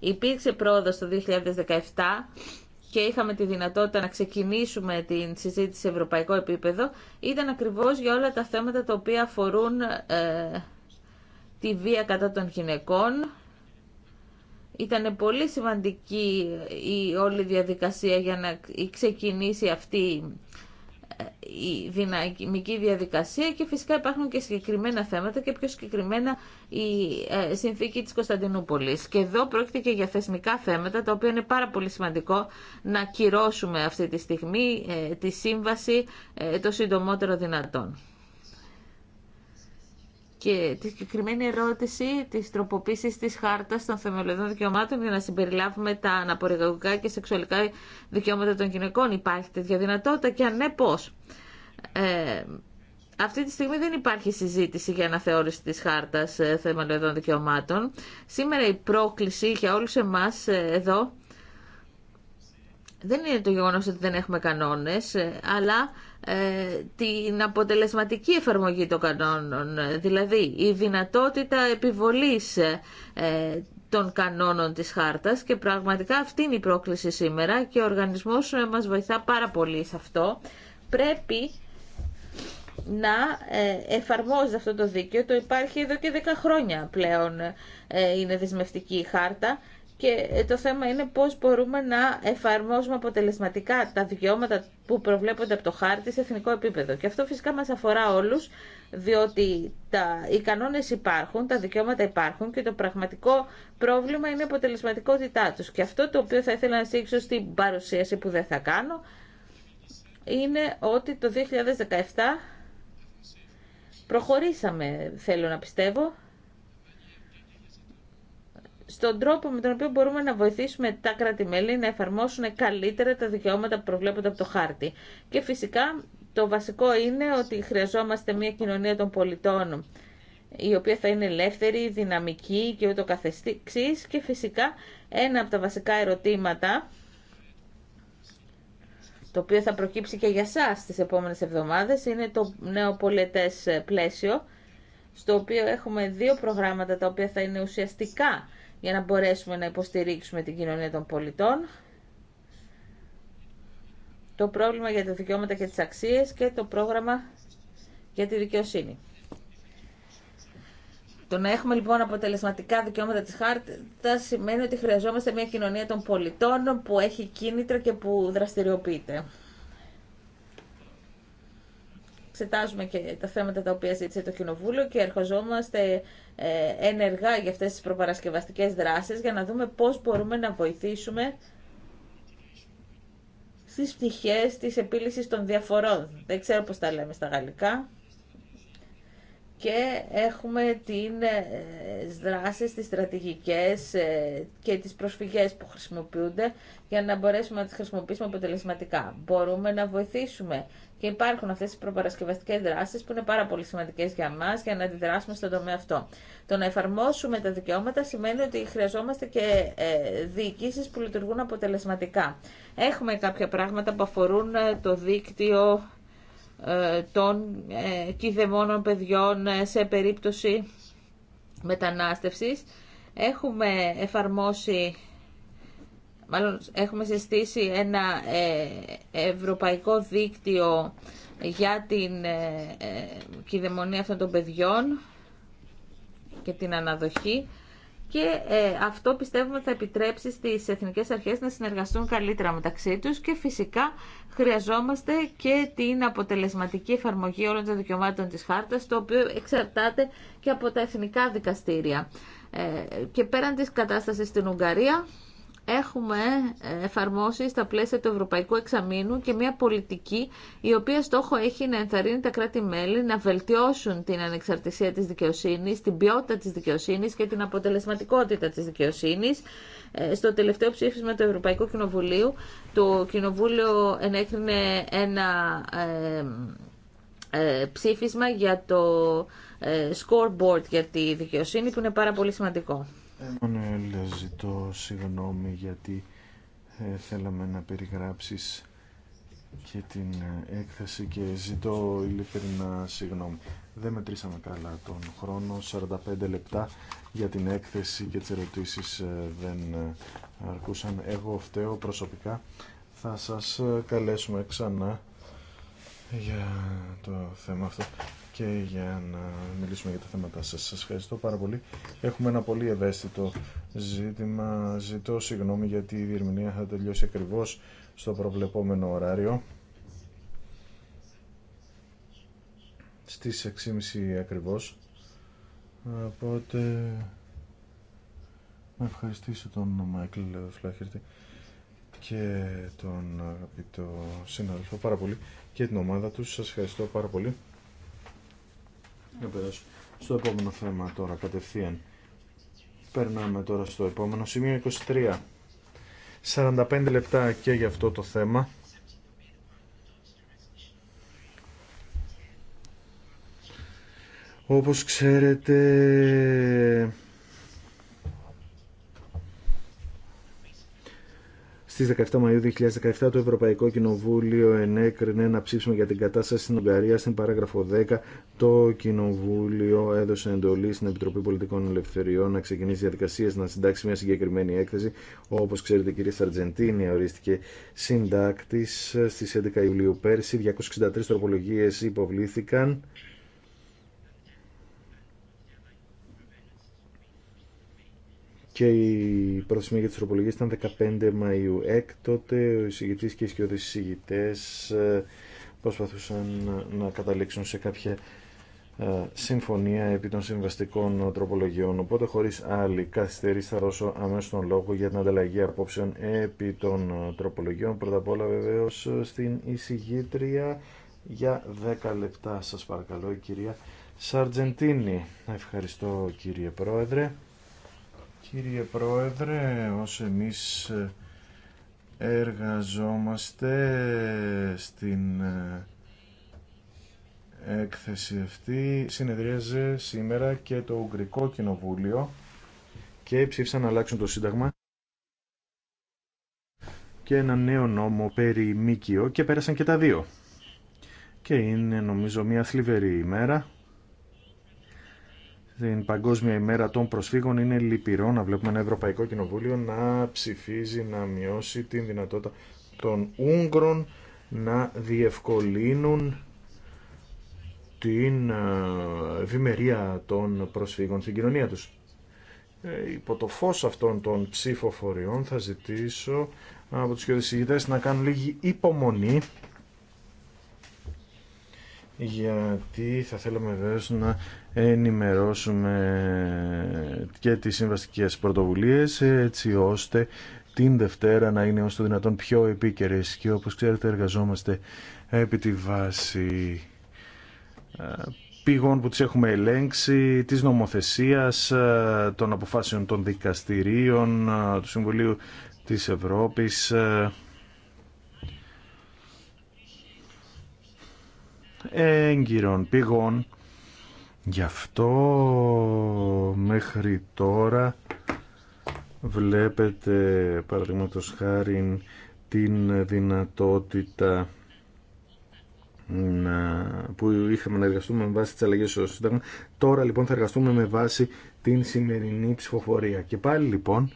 υπήρξε πρόοδος το 2017 και είχαμε τη δυνατότητα να ξεκινήσουμε την συζήτηση σε ευρωπαϊκό επίπεδο ήταν ακριβώς για όλα τα θέματα τα οποία αφορούν ε, τη βία κατά των γυναικών. Ήταν πολύ σημαντική η όλη διαδικασία για να ξεκινήσει αυτή η δυναμική διαδικασία και φυσικά υπάρχουν και συγκεκριμένα θέματα και πιο συγκεκριμένα η ε, συνθήκη της Κωνσταντινούπολης. Και εδώ πρόκειται και για θεσμικά θέματα, τα οποία είναι πάρα πολύ σημαντικό να κυρώσουμε αυτή τη στιγμή ε, τη σύμβαση ε, το συντομότερο δυνατόν και τη συγκεκριμένη ερώτηση της τροποποίηση τη χάρτα των θεμελιωδών δικαιωμάτων για να συμπεριλάβουμε τα αναπορικαγωγικά και σεξουαλικά δικαιώματα των γυναικών. Υπάρχει τέτοια δυνατότητα και αν ναι πώς. Ε, αυτή τη στιγμή δεν υπάρχει συζήτηση για αναθεώρηση της χάρτας ε, θεμελιωδών δικαιωμάτων. Σήμερα η πρόκληση για όλους εμάς ε, εδώ δεν είναι το γεγονός ότι δεν έχουμε κανόνες, ε, αλλά ε, την αποτελεσματική εφαρμογή των κανόνων, δηλαδή η δυνατότητα επιβολής ε, των κανόνων της χάρτας και πραγματικά αυτή είναι η πρόκληση σήμερα και ο οργανισμός ε, μας βοηθά πάρα πολύ σε αυτό. Πρέπει να εφαρμόζει αυτό το δίκαιο, το υπάρχει εδώ και 10 χρόνια πλέον είναι δεσμευτική η χάρτα και ε, το θέμα είναι πώς μπορούμε να εφαρμόσουμε αποτελεσματικά τα δικαιώματα που προβλέπονται από το χάρτη σε εθνικό επίπεδο. Και αυτό φυσικά μας αφορά όλους, διότι τα, οι κανόνες υπάρχουν, τα δικαιώματα υπάρχουν και το πραγματικό πρόβλημα είναι η αποτελεσματικότητά τους. Και αυτό το οποίο θα ήθελα να σήξω στην παρουσίαση που δεν θα κάνω, είναι ότι το 2017 προχωρήσαμε, θέλω να πιστεύω, στον τρόπο με τον οποίο μπορούμε να βοηθήσουμε τα κράτη-μέλη να εφαρμόσουν καλύτερα τα δικαιώματα που προβλέπονται από το χάρτη. Και φυσικά το βασικό είναι ότι χρειαζόμαστε μια κοινωνία των πολιτών η οποία θα είναι ελεύθερη, δυναμική και ούτω καθεξής και φυσικά ένα από τα βασικά ερωτήματα το οποίο θα προκύψει και για σας τις επόμενες εβδομάδες είναι το νέο πολιτες πλαίσιο στο οποίο έχουμε δύο προγράμματα τα οποία θα είναι ουσιαστικά για να μπορέσουμε να υποστηρίξουμε την κοινωνία των πολιτών, το πρόβλημα για τα δικαιώματα και τις αξίες και το πρόγραμμα για τη δικαιοσύνη. Το να έχουμε λοιπόν αποτελεσματικά δικαιώματα της χάρτας σημαίνει ότι χρειαζόμαστε μια κοινωνία των πολιτών που έχει κίνητρα και που δραστηριοποιείται εξετάζουμε και τα θέματα τα οποία ζήτησε το Κοινοβούλιο και ερχοζόμαστε ε, ενεργά για αυτές τις προπαρασκευαστικές δράσεις για να δούμε πώς μπορούμε να βοηθήσουμε στις πτυχές της επίλυσης των διαφορών. Δεν ξέρω πώς τα λέμε στα γαλλικά και έχουμε την ε, δράσεις, τις στρατηγικές ε, και τις προσφυγές που χρησιμοποιούνται για να μπορέσουμε να τις χρησιμοποιήσουμε αποτελεσματικά. Μπορούμε να βοηθήσουμε και υπάρχουν αυτές οι προπαρασκευαστικές δράσεις που είναι πάρα πολύ σημαντικές για μας για να αντιδράσουμε στον τομέα αυτό. Το να εφαρμόσουμε τα δικαιώματα σημαίνει ότι χρειαζόμαστε και ε, διοικήσεις που λειτουργούν αποτελεσματικά. Έχουμε κάποια πράγματα που αφορούν το δίκτυο ε, των ε, κυδεμόνων παιδιών ε, σε περίπτωση μετανάστευσης. Έχουμε εφαρμόσει, μάλλον έχουμε συστήσει ένα ευρωπαϊκό δίκτυο για την κυδαιμονία αυτών των παιδιών και την αναδοχή και ε, αυτό πιστεύουμε θα επιτρέψει στις εθνικές αρχές να συνεργαστούν καλύτερα μεταξύ τους και φυσικά χρειαζόμαστε και την αποτελεσματική εφαρμογή όλων των δικαιωμάτων της χάρτας το οποίο εξαρτάται και από τα εθνικά δικαστήρια. Ε, και πέραν της κατάστασης στην Ουγγαρία έχουμε εφαρμόσει στα πλαίσια του Ευρωπαϊκού Εξαμήνου και μια πολιτική η οποία στόχο έχει να ενθαρρύνει τα κράτη-μέλη να βελτιώσουν την ανεξαρτησία της δικαιοσύνης, την ποιότητα της δικαιοσύνης και την αποτελεσματικότητα της δικαιοσύνης. Ε, στο τελευταίο ψήφισμα του Ευρωπαϊκού Κοινοβουλίου, το Κοινοβούλιο ενέκρινε ένα ε, ε, ψήφισμα για το scoreboard για τη δικαιοσύνη που είναι πάρα πολύ σημαντικό. Μανουέλ, λοιπόν, ζητώ συγγνώμη γιατί ε, θέλαμε να περιγράψεις και την ε, έκθεση και ζητώ ειλικρινά συγγνώμη. Δεν μετρήσαμε καλά τον χρόνο, 45 λεπτά για την έκθεση και τις ερωτήσεις ε, δεν αρκούσαν. Εγώ φταίω προσωπικά. Θα σας καλέσουμε ξανά για το θέμα αυτό και για να μιλήσουμε για τα θέματα σας. Σας ευχαριστώ πάρα πολύ. Έχουμε ένα πολύ ευαίσθητο ζήτημα. Ζητώ συγγνώμη γιατί η διερμηνία θα τελειώσει ακριβώς στο προβλεπόμενο ωράριο. Στις 6.30 ακριβώς. Οπότε να ευχαριστήσω τον Μάικλ Φλάχερτη και τον αγαπητό συνάδελφο πάρα πολύ και την ομάδα τους. Σας ευχαριστώ πάρα πολύ να περάσω στο επόμενο θέμα τώρα κατευθείαν. Περνάμε τώρα στο επόμενο σημείο 23. 45 λεπτά και για αυτό το θέμα. Όπως ξέρετε, Στις 17 Μαΐου 2017 το Ευρωπαϊκό Κοινοβούλιο ενέκρινε ένα ψήφισμα για την κατάσταση στην Ουγγαρία. Στην παράγραφο 10 το Κοινοβούλιο έδωσε εντολή στην Επιτροπή Πολιτικών Ελευθεριών να ξεκινήσει διαδικασίε να συντάξει μια συγκεκριμένη έκθεση. Όπως ξέρετε η κυρία Σαρτζεντίνη ορίστηκε συντάκτη στι 11 Ιουλίου πέρσι. 263 τροπολογίε υποβλήθηκαν. και η σημεία για τις τροπολογίες ήταν 15 Μαΐου. Έκτοτε ο εισηγητής και οι σκιώδες εισηγητές ε, προσπαθούσαν να καταλήξουν σε κάποια ε, συμφωνία επί των συμβαστικών τροπολογιών. Οπότε χωρίς άλλη καθυστερή θα δώσω αμέσως τον λόγο για την ανταλλαγή απόψεων επί των ε, τροπολογιών. Πρώτα απ' όλα βεβαίως στην εισηγήτρια για 10 λεπτά σας παρακαλώ η κυρία Σαρτζεντίνη. Ευχαριστώ κύριε Πρόεδρε. Κύριε Πρόεδρε, ως εμείς ε, εργαζόμαστε στην ε, έκθεση αυτή, συνεδρίαζε σήμερα και το Ουγγρικό Κοινοβούλιο και ψήφισαν να αλλάξουν το Σύνταγμα και ένα νέο νόμο περί Μίκιο και πέρασαν και τα δύο. Και είναι νομίζω μια θλιβερή ημέρα την Παγκόσμια ημέρα των προσφύγων είναι λυπηρό να βλέπουμε ένα Ευρωπαϊκό Κοινοβούλιο να ψηφίζει, να μειώσει την δυνατότητα των Ούγγρων να διευκολύνουν την ε, ευημερία των προσφύγων στην κοινωνία τους. Ε, υπό το φως αυτών των ψηφοφοριών θα ζητήσω από τους κοιοδησηγητές να κάνουν λίγη υπομονή γιατί θα θέλαμε βέβαια να ενημερώσουμε και τις συμβαστικές πρωτοβουλίες έτσι ώστε την Δευτέρα να είναι όσο το δυνατόν πιο επίκαιρε και όπως ξέρετε εργαζόμαστε επί τη βάση ε, πηγών που τις έχουμε ελέγξει, της νομοθεσίας, ε, των αποφάσεων των δικαστηρίων, ε, του Συμβουλίου της Ευρώπης. Έγκυρων πηγών Γι' αυτό μέχρι τώρα βλέπετε παραδείγματος χάρη την δυνατότητα που είχαμε να εργαστούμε με βάση τις αλλαγές στο Σύνταγμα. Τώρα λοιπόν θα εργαστούμε με βάση την σημερινή ψηφοφορία. Και πάλι λοιπόν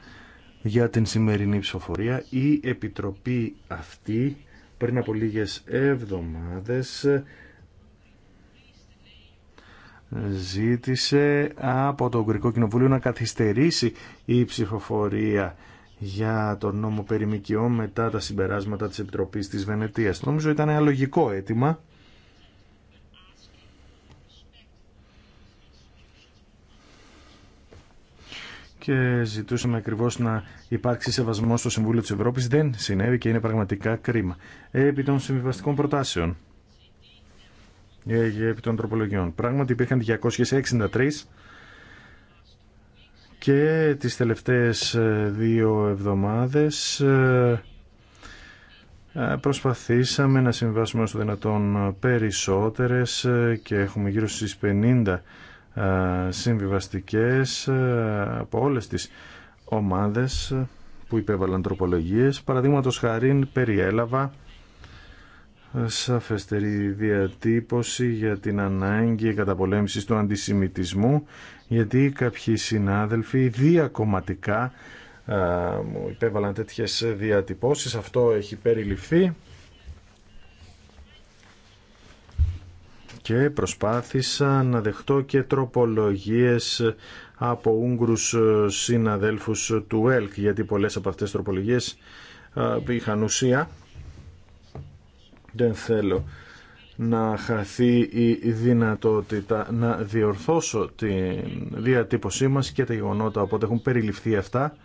για την σημερινή ψηφοφορία η Επιτροπή αυτή πριν από λίγες εβδομάδες ζήτησε από το Ουγγρικό Κοινοβούλιο να καθυστερήσει η ψηφοφορία για τον νόμο περιμικιών μετά τα συμπεράσματα της Επιτροπής της Βενετίας. Νομίζω ήταν ένα λογικό αίτημα. και ζητούσαμε ακριβώ να υπάρξει σεβασμό στο Συμβούλιο της Ευρώπης. Δεν συνέβη και είναι πραγματικά κρίμα. Επί των συμβιβαστικών προτάσεων. Ε, επί των τροπολογιών. Πράγματι υπήρχαν 263 και τις τελευταίες ε, δύο εβδομάδες ε, προσπαθήσαμε να συμβάσουμε όσο δυνατόν περισσότερες και έχουμε γύρω στις 50 συμβιβαστικές από όλες τις ομάδες που υπέβαλαν τροπολογίες. Παραδείγματος χαρήν περιέλαβα σαφεστερή διατύπωση για την ανάγκη καταπολέμησης του αντισημιτισμού γιατί κάποιοι συνάδελφοι διακομματικά μου υπέβαλαν τέτοιες διατυπώσεις αυτό έχει περιληφθεί και προσπάθησα να δεχτώ και τροπολογίες από Ούγγρους συναδέλφους του ΕΛΚ γιατί πολλές από αυτές τις τροπολογίες είχαν ουσία δεν θέλω να χαθεί η δυνατότητα να διορθώσω τη διατύπωσή μας και τα γεγονότα οπότε έχουν περιληφθεί αυτά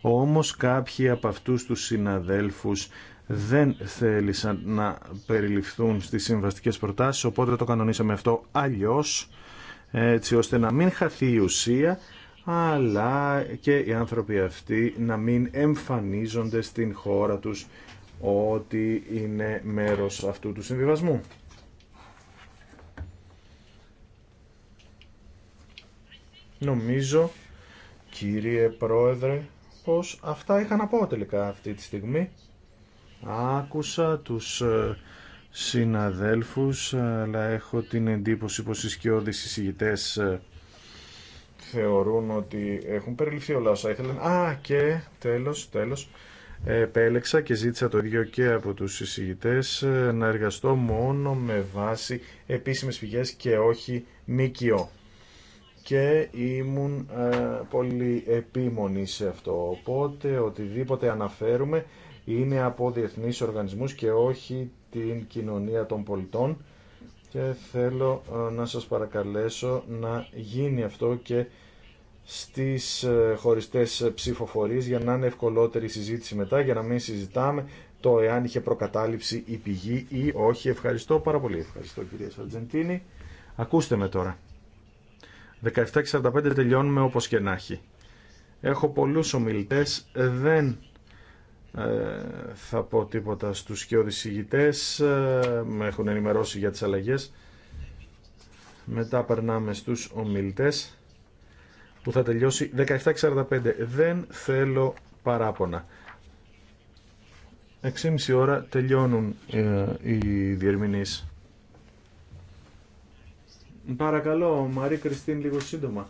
όμως κάποιοι από αυτούς τους συναδέλφους δεν θέλησαν να περιληφθούν στις συμβαστικές προτάσεις οπότε το κανονίσαμε αυτό αλλιώς έτσι ώστε να μην χαθεί η ουσία αλλά και οι άνθρωποι αυτοί να μην εμφανίζονται στην χώρα τους ότι είναι μέρος αυτού του συμβιβασμού. Νομίζω, κύριε Πρόεδρε, πως αυτά είχα να πω τελικά αυτή τη στιγμή. Άκουσα τους ε, συναδέλφους, ε, αλλά έχω την εντύπωση πως οι σκιώδεις εισηγητές ε, θεωρούν ότι έχουν περιληφθεί όλα όσα ήθελαν. Α, και τέλος, τέλος, επέλεξα και ζήτησα το ίδιο και από τους συζητητές ε, να εργαστώ μόνο με βάση επίσημες πηγές και όχι Μίκιο. Και ήμουν ε, πολύ επίμονη σε αυτό. Οπότε οτιδήποτε αναφέρουμε είναι από διεθνείς οργανισμούς και όχι την κοινωνία των πολιτών και θέλω ε, να σας παρακαλέσω να γίνει αυτό και στις ε, χωριστές ψηφοφορίες για να είναι ευκολότερη η συζήτηση μετά, για να μην συζητάμε το εάν είχε προκατάληψη η πηγή ή όχι. Ευχαριστώ πάρα πολύ. Ευχαριστώ κυρία Σαρτζεντίνη. Ακούστε με τώρα. 17.45 τελειώνουμε όπως και να έχει. Έχω πολλούς ομιλητές, δεν ε, θα πω τίποτα στους και ε, με έχουν ενημερώσει για τις αλλαγές. Μετά περνάμε στους ομιλητές που θα τελειώσει 17.45. Δεν θέλω παράπονα. 6.30 ώρα τελειώνουν ε, οι διερμηνείς. Παρακαλώ, Μαρή Κριστίν, λίγο σύντομα.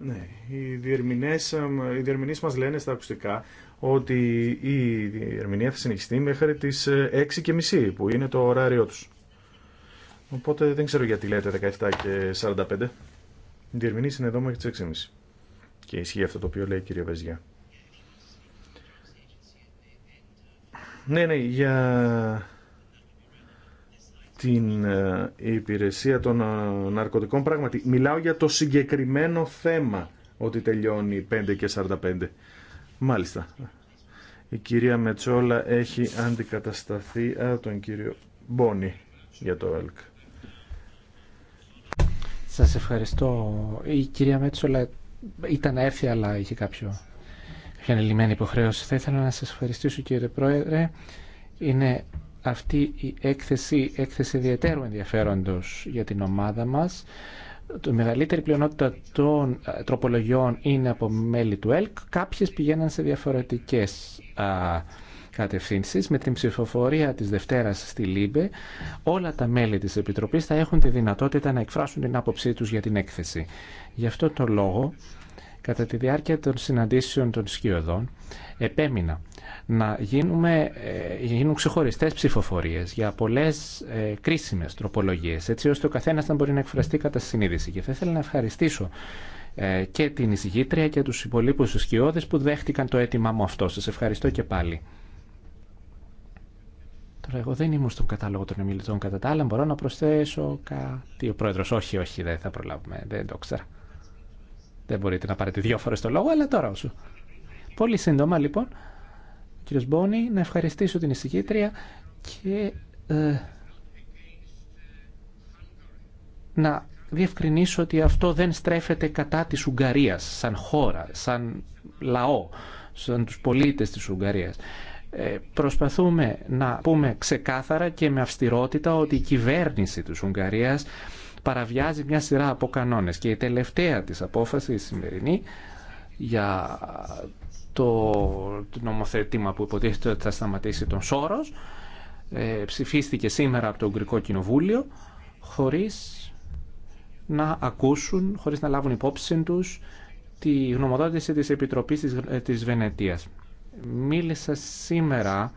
Ναι, οι διερμηνείς, οι μας λένε στα ακουστικά ότι η διερμηνία θα συνεχιστεί μέχρι τις 6.30 ε, που είναι το ωράριό τους. Οπότε δεν ξέρω γιατί λέτε 17 και 45. Διερμηνή είναι εδώ μέχρι τι 6.30. Και ισχύει αυτό το οποίο λέει η κυρία Βεζιά. Ναι, ναι, για την ε, υπηρεσία των ε, ναρκωτικών πράγματι. Μιλάω για το συγκεκριμένο θέμα ότι τελειώνει 5 και 45. Μάλιστα. Η κυρία Μετσόλα έχει αντικατασταθεί από τον κύριο Μπόνι για το ΕΛΚ. Σας ευχαριστώ. Η κυρία Μέτσολα ήταν έρθει αλλά είχε κάποιο, κάποια ανελημμένη υποχρέωση. Θα ήθελα να σας ευχαριστήσω κύριε Πρόεδρε. Είναι αυτή η έκθεση, έκθεση ιδιαίτερου ενδιαφέροντος για την ομάδα μας. Το μεγαλύτερη πλειονότητα των ε, τροπολογιών είναι από μέλη του ΕΛΚ. Κάποιες πηγαίναν σε διαφορετικές κατευθύνσεις. Με την ψηφοφορία της Δευτέρας στη Λίμπε, όλα τα μέλη της Επιτροπής θα έχουν τη δυνατότητα να εκφράσουν την άποψή τους για την έκθεση. Γι' αυτό το λόγο, κατά τη διάρκεια των συναντήσεων των σκιωδών, επέμεινα να γίνουμε, ε, γίνουν ξεχωριστές ψηφοφορίες για πολλές ε, κρίσιμες τροπολογίες, έτσι ώστε ο καθένας να μπορεί να εκφραστεί κατά συνείδηση. Και θα ήθελα να ευχαριστήσω ε, και την εισηγήτρια και τους υπολείπους σκιώδες που δέχτηκαν το αίτημά μου αυτό. Σας ευχαριστώ και πάλι. Τώρα εγώ δεν ήμουν στον κατάλογο των ομιλητών κατά τα άλλα. Μπορώ να προσθέσω κάτι. Ο πρόεδρο, όχι, όχι, δεν θα προλάβουμε. Δεν το ξέρω. Δεν μπορείτε να πάρετε δύο φορέ το λόγο, αλλά τώρα όσο. Πολύ σύντομα λοιπόν, κύριο Μπόνι, να ευχαριστήσω την εισηγήτρια και ε, να διευκρινίσω ότι αυτό δεν στρέφεται κατά της Ουγγαρίας σαν χώρα, σαν λαό, σαν τους πολίτες της Ουγγαρίας. Ε, προσπαθούμε να πούμε ξεκάθαρα και με αυστηρότητα ότι η κυβέρνηση της Ουγγαρίας παραβιάζει μια σειρά από κανόνες και η τελευταία της απόφαση η σημερινή για το νομοθετήμα που υποτίθεται ότι θα σταματήσει τον Σόρος ε, ψηφίστηκε σήμερα από το Ουγγρικό Κοινοβούλιο χωρίς να ακούσουν, χωρίς να λάβουν υπόψη τους τη γνωμοδότηση της Επιτροπής της ε, Βενετίας. Μίλησα σήμερα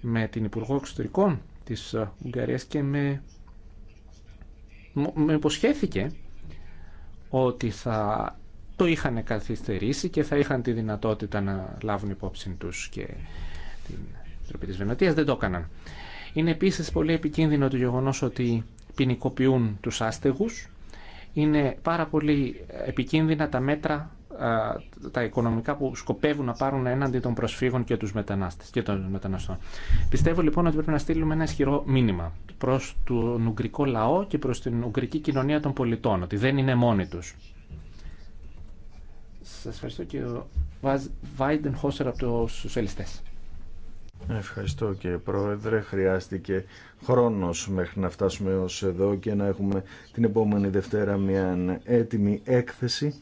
με την Υπουργό Εξωτερικών της Ουγγαρίας και με, με υποσχέθηκε ότι θα το είχαν καθυστερήσει και θα είχαν τη δυνατότητα να λάβουν υπόψη τους και την Τροπή της Δεν το έκαναν. Είναι επίσης πολύ επικίνδυνο το γεγονός ότι ποινικοποιούν τους άστεγους. Είναι πάρα πολύ επικίνδυνα τα μέτρα τα οικονομικά που σκοπεύουν να πάρουν έναντι των προσφύγων και, τους μετανάστες, και των μεταναστών. Πιστεύω λοιπόν ότι πρέπει να στείλουμε ένα ισχυρό μήνυμα προ τον ουγγρικό λαό και προ την ουγγρική κοινωνία των πολιτών, ότι δεν είναι μόνοι του. Σα ευχαριστώ και ο Βάιντεν Χώσερ από του Σοσιαλιστέ. Ευχαριστώ και Πρόεδρε. Χρειάστηκε χρόνος μέχρι να φτάσουμε ω εδώ και να έχουμε την επόμενη Δευτέρα μια έτοιμη έκθεση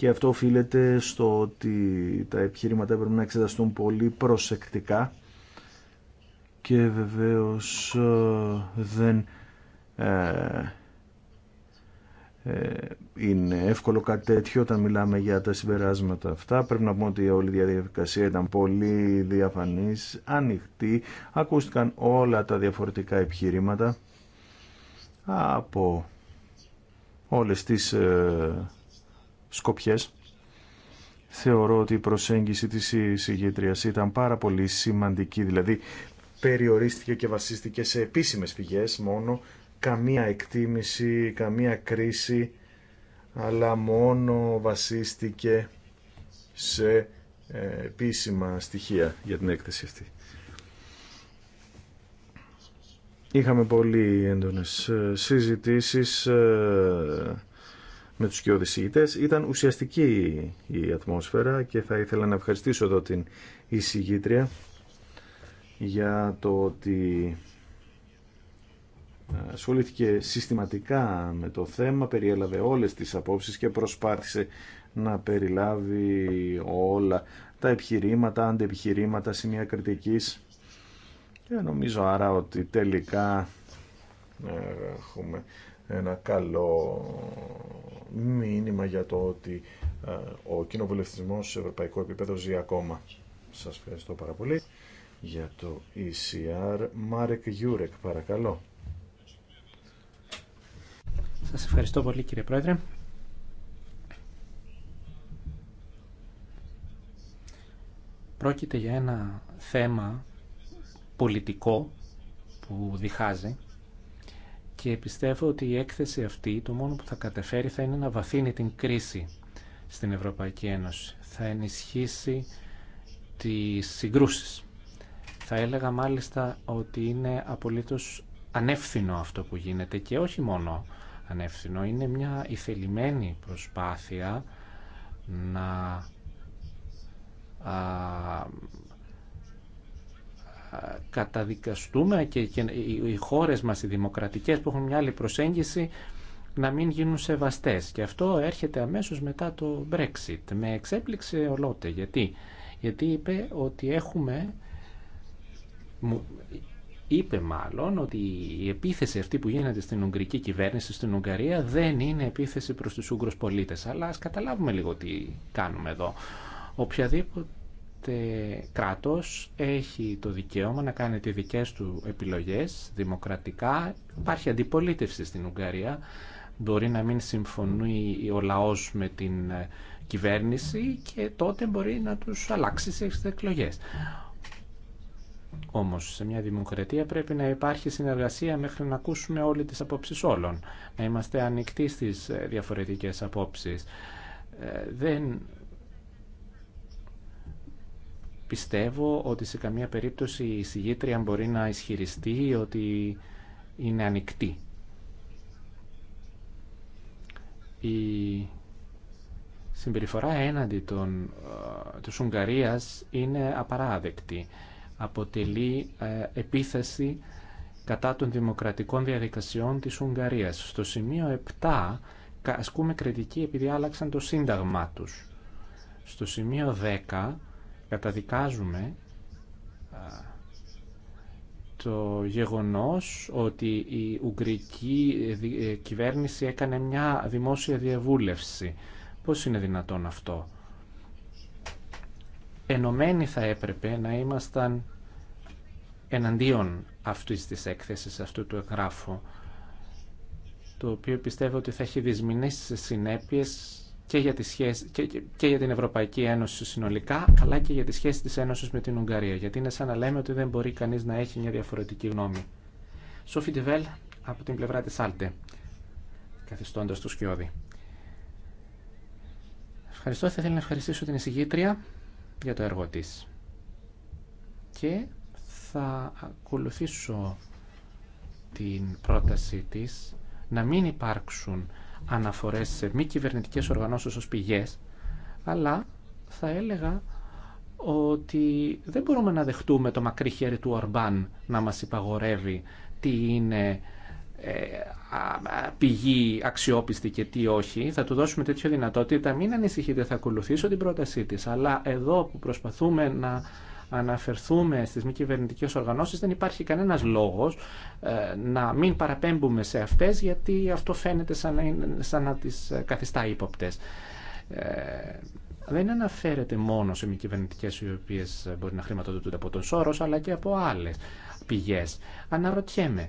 και αυτό οφείλεται στο ότι τα επιχειρήματα πρέπει να εξεταστούν πολύ προσεκτικά και βεβαίως ε, δεν ε, ε, είναι εύκολο κάτι τέτοιο όταν μιλάμε για τα συμπεράσματα αυτά. Πρέπει να πούμε ότι όλη η διαδικασία ήταν πολύ διαφανής, ανοιχτή. Ακούστηκαν όλα τα διαφορετικά επιχειρήματα από όλες τις σκοπιές. Θεωρώ ότι η προσέγγιση της εισηγήτριας ήταν πάρα πολύ σημαντική, δηλαδή περιορίστηκε και βασίστηκε σε επίσημες πηγές μόνο, καμία εκτίμηση, καμία κρίση, αλλά μόνο βασίστηκε σε ε, επίσημα στοιχεία για την έκθεση αυτή. Είχαμε πολύ έντονες ε, συζητήσεις ε, με τους ηγητές. Ήταν ουσιαστική η ατμόσφαιρα και θα ήθελα να ευχαριστήσω εδώ την εισηγήτρια για το ότι ε, ασχολήθηκε συστηματικά με το θέμα, περιέλαβε όλες τις απόψεις και προσπάθησε να περιλάβει όλα τα επιχειρήματα, αντεπιχειρήματα, σημεία κριτικής και νομίζω άρα ότι τελικά ε, έχουμε ένα καλό μήνυμα για το ότι ε, ο κοινοβουλευτισμός σε ευρωπαϊκό επίπεδο ζει ακόμα. Σας ευχαριστώ πάρα πολύ. Για το ECR, Μάρεκ Γιούρεκ, παρακαλώ. Σας ευχαριστώ πολύ κύριε Πρόεδρε. Πρόκειται για ένα θέμα πολιτικό που διχάζει και πιστεύω ότι η έκθεση αυτή το μόνο που θα καταφέρει θα είναι να βαθύνει την κρίση στην Ευρωπαϊκή Ένωση. Θα ενισχύσει τις συγκρούσεις. Θα έλεγα μάλιστα ότι είναι απολύτως ανεύθυνο αυτό που γίνεται και όχι μόνο ανεύθυνο. Είναι μια ηθελημένη προσπάθεια να καταδικαστούμε και οι χώρες μας οι δημοκρατικές που έχουν μια άλλη προσέγγιση να μην γίνουν σεβαστές. Και αυτό έρχεται αμέσως μετά το Brexit. Με εξέπληξε ολότε. Γιατί, Γιατί είπε ότι έχουμε... είπε μάλλον ότι η επίθεση αυτή που γίνεται στην Ουγγρική κυβέρνηση, στην Ουγγαρία, δεν είναι επίθεση προς τους Ούγγρους πολίτες. Αλλά ας καταλάβουμε λίγο τι κάνουμε εδώ. Οποιαδήποτε κάθε κράτος έχει το δικαίωμα να κάνει τις δικές του επιλογές δημοκρατικά. Υπάρχει αντιπολίτευση στην Ουγγαρία. Μπορεί να μην συμφωνεί ο λαός με την ε, κυβέρνηση και τότε μπορεί να τους αλλάξει σε εκλογές. Όμως σε μια δημοκρατία πρέπει να υπάρχει συνεργασία μέχρι να ακούσουμε όλες τις απόψεις όλων. Να είμαστε ανοιχτοί στις ε, διαφορετικές απόψεις. Ε, δεν Πιστεύω ότι σε καμία περίπτωση η συγγήτρια μπορεί να ισχυριστεί ότι είναι ανοιχτή. Η συμπεριφορά έναντι των, ε, της Ουγγαρίας είναι απαράδεκτη. Αποτελεί ε, επίθεση κατά των δημοκρατικών διαδικασιών της Ουγγαρίας. Στο σημείο 7 ασκούμε κριτική επειδή άλλαξαν το σύνταγμά τους. Στο σημείο Καταδικάζουμε το γεγονός ότι η Ουγγρική ε, κυβέρνηση έκανε μια δημόσια διαβούλευση. Πώς είναι δυνατόν αυτό. Ενωμένοι θα έπρεπε να ήμασταν εναντίον αυτής της έκθεσης, αυτού του εγγράφου, το οποίο πιστεύω ότι θα έχει σε συνέπειες και για, τις σχέσεις και, για την Ευρωπαϊκή Ένωση συνολικά, αλλά και για τη σχέση της Ένωσης με την Ουγγαρία. Γιατί είναι σαν να λέμε ότι δεν μπορεί κανείς να έχει μια διαφορετική γνώμη. Σόφι από την πλευρά της Άλτε, καθιστώντας του Σκιώδη. Ευχαριστώ. Θα ήθελα να ευχαριστήσω την εισηγήτρια για το έργο της. Και θα ακολουθήσω την πρόταση της να μην υπάρξουν αναφορές σε μη κυβερνητικές οργανώσεις ως πηγές, αλλά θα έλεγα ότι δεν μπορούμε να δεχτούμε το μακρύ χέρι του Ορμπάν να μας υπαγορεύει τι είναι ε, πηγή αξιόπιστη και τι όχι. Θα του δώσουμε τέτοια δυνατότητα. Μην ανησυχείτε, θα ακολουθήσω την πρότασή της. Αλλά εδώ που προσπαθούμε να αναφερθούμε στις μη κυβερνητικέ οργανώσεις δεν υπάρχει κανένας λόγος ε, να μην παραπέμπουμε σε αυτές γιατί αυτό φαίνεται σαν να, είναι, σαν τις ε, καθιστά ύποπτες. Ε, δεν αναφέρεται μόνο σε μη κυβερνητικέ οι οποίε μπορεί να χρηματοδοτούνται από τον Σόρο, αλλά και από άλλε πηγέ. Αναρωτιέμαι,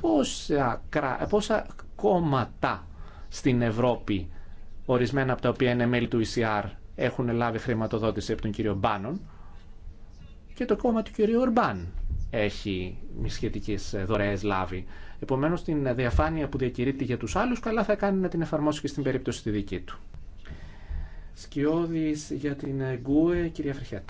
πόσα, πόσα κόμματα στην Ευρώπη, ορισμένα από τα οποία είναι μέλη του ECR, έχουν λάβει χρηματοδότηση από τον κύριο Μπάνον και το κόμμα του κυρίου Ορμπάν έχει σχετικέ δωρεέ λάβει. Επομένω, την διαφάνεια που διακηρύττει για του άλλου, καλά θα κάνει να την εφαρμόσει και στην περίπτωση τη δική του. Σκιώδη για την Γκουε, κυρία Φρυχιάτ.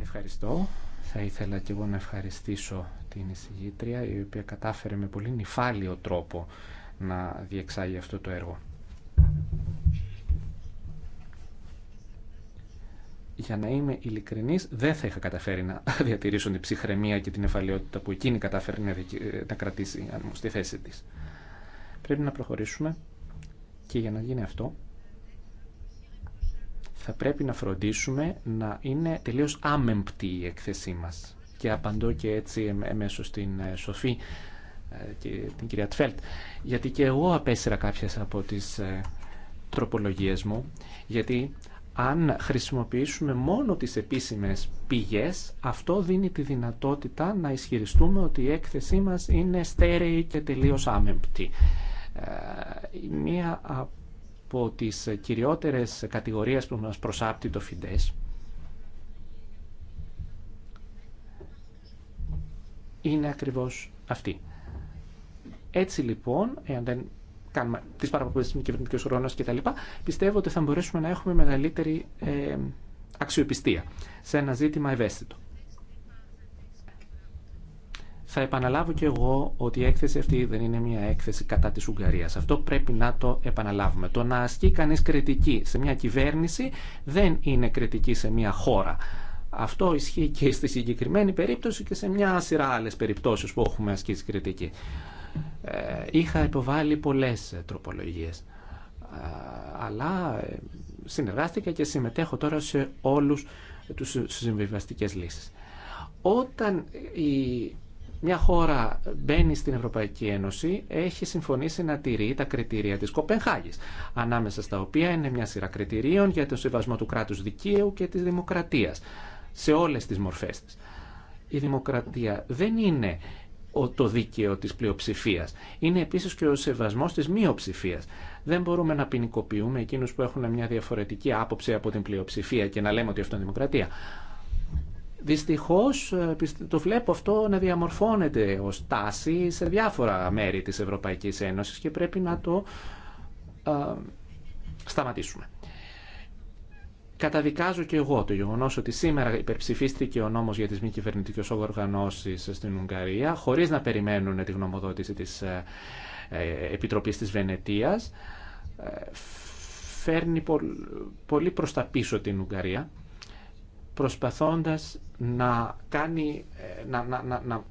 Ευχαριστώ. Θα ήθελα και εγώ να ευχαριστήσω την εισηγήτρια, η οποία κατάφερε με πολύ νυφάλιο τρόπο να διεξάγει αυτό το έργο. για να είμαι ειλικρινή, δεν θα είχα καταφέρει να διατηρήσω την ψυχραιμία και την εφαλαιότητα που εκείνη κατάφερε να, ε, κρατήσει αν μου, στη θέση τη. Πρέπει να προχωρήσουμε και για να γίνει αυτό θα πρέπει να φροντίσουμε να είναι τελείως άμεμπτη η έκθεσή μας. Και απαντώ και έτσι εμέσω στην ε, σοφή ε, την κυρία Τφέλτ, γιατί και εγώ απέσυρα κάποιες από τις ε, τροπολογίες μου, γιατί αν χρησιμοποιήσουμε μόνο τις επίσημες πηγές, αυτό δίνει τη δυνατότητα να ισχυριστούμε ότι η έκθεσή μας είναι στέρεη και τελείως άμεμπτη. Ε, μία από τις κυριότερες κατηγορίες που μας προσάπτει το ΦΙΝΤΕΣ είναι ακριβώς αυτή. Έτσι λοιπόν, εάν δεν κάνουμε τι παραπομπέ τη κυβερνητική οργανώση κτλ., πιστεύω ότι θα μπορέσουμε να έχουμε μεγαλύτερη ε, αξιοπιστία σε ένα ζήτημα ευαίσθητο. Θα επαναλάβω και εγώ ότι η έκθεση αυτή δεν είναι μια έκθεση κατά τη Ουγγαρίας. Αυτό πρέπει να το επαναλάβουμε. Το να ασκεί κανείς κριτική σε μια κυβέρνηση δεν είναι κριτική σε μια χώρα. Αυτό ισχύει και στη συγκεκριμένη περίπτωση και σε μια σειρά άλλες περιπτώσεις που έχουμε ασκήσει κριτική. Ε, είχα υποβάλει πολλές ε, τροπολογίες. Αλλά ε, συνεργάστηκα και συμμετέχω τώρα σε όλους τους συμβιβαστικές λύσεις. Όταν η, μια χώρα μπαίνει στην Ευρωπαϊκή Ένωση, έχει συμφωνήσει να τηρεί τα κριτήρια της Κοπενχάγης, ανάμεσα στα οποία είναι μια σειρά κριτηρίων για το σεβασμό του κράτους δικαίου και της δημοκρατίας, σε όλες τις μορφές της. Η δημοκρατία δεν είναι το δίκαιο της πλειοψηφίας. Είναι επίσης και ο σεβασμός της μειοψηφίας. Δεν μπορούμε να ποινικοποιούμε εκείνους που έχουν μια διαφορετική άποψη από την πλειοψηφία και να λέμε ότι αυτό είναι δημοκρατία. Δυστυχώς ε, το βλέπω αυτό να διαμορφώνεται ω τάση σε διάφορα μέρη της Ευρωπαϊκής Ένωσης και πρέπει να το α, ε, σταματήσουμε. Καταδικάζω και εγώ το γεγονό ότι σήμερα υπερψηφίστηκε ο νόμο για τι μη κυβερνητικέ οργανώσει στην Ουγγαρία, χωρί να περιμένουν τη γνωμοδότηση τη ε, ε, Επιτροπή τη Βενετία. Ε, φέρνει πολύ προ τα πίσω την Ουγγαρία, προσπαθώντα να κάνει. να, να, να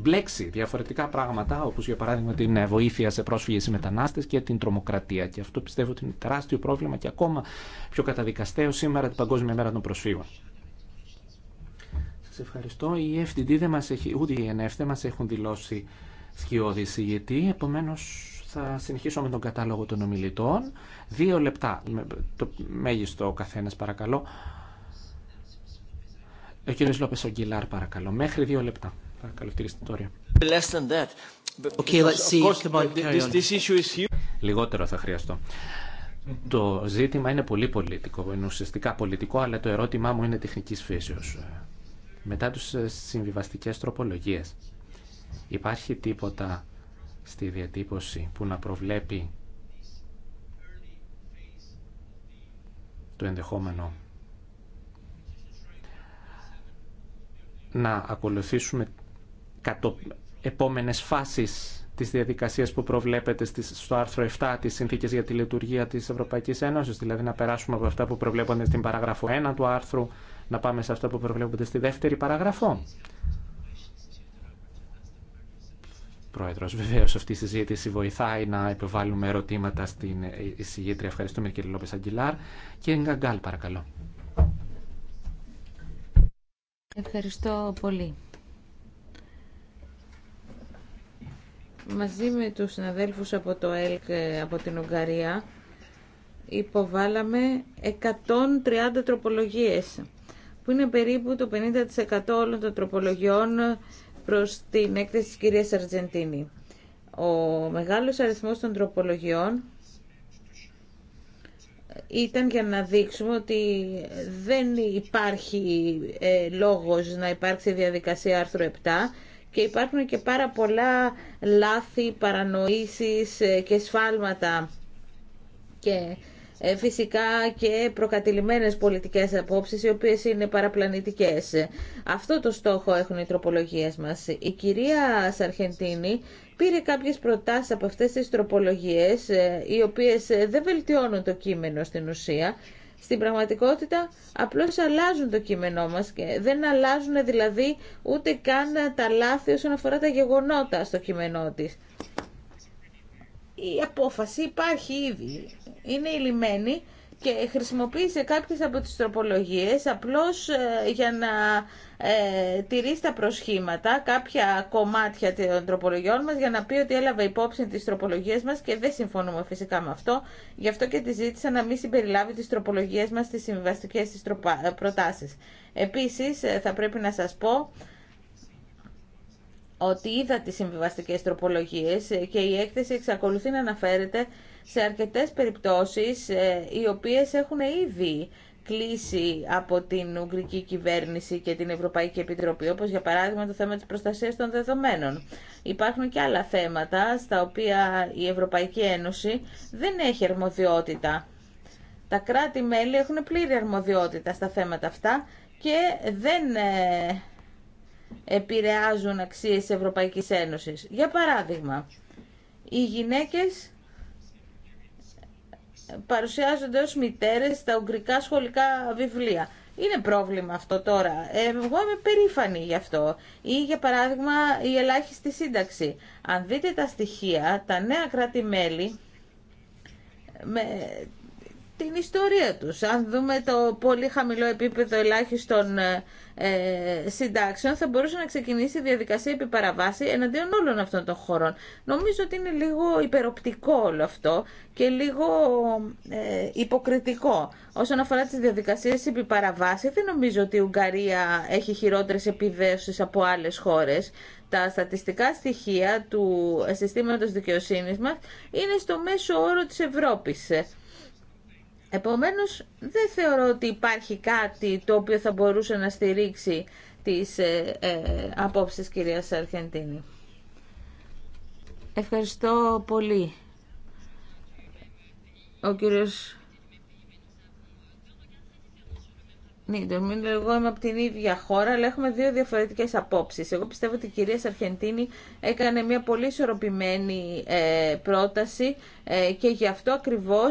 μπλέξει διαφορετικά πράγματα, όπω για παράδειγμα την ε, βοήθεια σε πρόσφυγε ή μετανάστες και την τρομοκρατία. Και αυτό πιστεύω ότι είναι τεράστιο πρόβλημα και ακόμα πιο καταδικαστέο σήμερα την Παγκόσμια Μέρα των Προσφύγων. Σα ευχαριστώ. Η FDD δεν μας έχει, ούτε η ΕΝΕΦ δεν μας έχουν δηλώσει σκιώδη γιατί Επομένω, θα συνεχίσω με τον κατάλογο των ομιλητών. Δύο λεπτά, το μέγιστο ο καθένα παρακαλώ. Ο κύριος Λόπες Ογκυλάρ παρακαλώ, μέχρι δύο λεπτά. Λιγότερο θα χρειαστώ. Το ζήτημα είναι πολύ πολιτικό, είναι ουσιαστικά πολιτικό, αλλά το ερώτημά μου είναι τεχνικής φύσεως. Μετά τους ε, συμβιβαστικές τροπολογίες, υπάρχει τίποτα στη διατύπωση που να προβλέπει το ενδεχόμενο να ακολουθήσουμε επόμενες φάσεις της διαδικασίας που προβλέπεται στο άρθρο 7 της Συνθήκης για τη Λειτουργία της Ευρωπαϊκής Ένωσης, δηλαδή να περάσουμε από αυτά που προβλέπονται στην παράγραφο 1 του άρθρου, να πάμε σε αυτά που προβλέπονται στη δεύτερη παράγραφο. Πρόεδρο, βεβαίω αυτή η συζήτηση βοηθάει να επιβάλλουμε ερωτήματα στην εισηγήτρια. Ευχαριστούμε κύριε Λόπε Αγγιλάρ. Και Γκαγκάλ, παρακαλώ. Ευχαριστώ πολύ. μαζί με τους συναδέλφους από το ΕΛΚ ε, από την Ουγγαρία υποβάλαμε 130 τροπολογίες που είναι περίπου το 50% όλων των τροπολογιών προς την έκθεση της κυρίας Αργεντίνη. Ο μεγάλος αριθμός των τροπολογιών ήταν για να δείξουμε ότι δεν υπάρχει ε, λόγος να υπάρξει διαδικασία άρθρου 7 και υπάρχουν και πάρα πολλά λάθη, παρανοήσεις ε, και σφάλματα και ε, φυσικά και προκατηλημένες πολιτικές απόψεις οι οποίες είναι παραπλανητικές. Αυτό το στόχο έχουν οι τροπολογίες μας. Η κυρία Σαρχεντίνη πήρε κάποιες προτάσεις από αυτές τις τροπολογίες ε, οι οποίες δεν βελτιώνουν το κείμενο στην ουσία στην πραγματικότητα απλώς αλλάζουν το κείμενό μας και δεν αλλάζουν δηλαδή ούτε καν τα λάθη όσον αφορά τα γεγονότα στο κείμενό της. Η απόφαση υπάρχει ήδη, είναι ηλυμένη και χρησιμοποίησε κάποιες από τις τροπολογίες απλώς ε, για να ε, τηρήσει τα προσχήματα, κάποια κομμάτια των τροπολογιών μας για να πει ότι έλαβε υπόψη τις τροπολογίες μας και δεν συμφωνούμε φυσικά με αυτό. Γι' αυτό και τη ζήτησα να μην συμπεριλάβει τις τροπολογίες μας στις συμβαστικές της ε, προτάσεις. Επίσης ε, θα πρέπει να σας πω ότι είδα τις συμβιβαστικές τροπολογίες και η έκθεση εξακολουθεί να αναφέρεται σε αρκετές περιπτώσεις ε, οι οποίες έχουν ήδη κλείσει από την Ουγγρική κυβέρνηση και την Ευρωπαϊκή Επιτροπή, όπως για παράδειγμα το θέμα της προστασίας των δεδομένων. Υπάρχουν και άλλα θέματα στα οποία η Ευρωπαϊκή Ένωση δεν έχει αρμοδιότητα. Τα κράτη-μέλη έχουν πλήρη αρμοδιότητα στα θέματα αυτά και δεν ε, επηρεάζουν αξίες Ευρωπαϊκής Ένωσης. Για παράδειγμα, οι γυναίκες παρουσιάζονται ως μητέρες στα ουγγρικά σχολικά βιβλία. Είναι πρόβλημα αυτό τώρα. Ε, εγώ είμαι περήφανη γι' αυτό. Ή για παράδειγμα η ελάχιστη σύνταξη. Αν δείτε τα στοιχεία, τα νέα κράτη-μέλη με την ιστορία τους. Αν δούμε το πολύ χαμηλό επίπεδο ελάχιστων ε, ε, συντάξεων θα μπορούσε να ξεκινήσει διαδικασία επιπαραβάση εναντίον όλων αυτών των χωρών. Νομίζω ότι είναι λίγο υπεροπτικό όλο αυτό και λίγο ε, υποκριτικό. Όσον αφορά τις διαδικασίες επί δεν νομίζω ότι η Ουγγαρία έχει χειρότερες επιβέωσεις από άλλες χώρες. Τα στατιστικά στοιχεία του συστήματος δικαιοσύνης μας είναι στο μέσο όρο της Ευρώπης. Επομένως, δεν θεωρώ ότι υπάρχει κάτι το οποίο θα μπορούσε να στηρίξει τις ε, ε, απόψεις κυρίας Αρχεντίνη. Ευχαριστώ πολύ. Ο κύριος Ναι, εγώ είμαι από την ίδια χώρα, αλλά έχουμε δύο διαφορετικές απόψεις. Εγώ πιστεύω ότι η κυρία Σαρχεντίνη έκανε μια πολύ ισορροπημένη ε, πρόταση ε, και γι' αυτό ακριβώ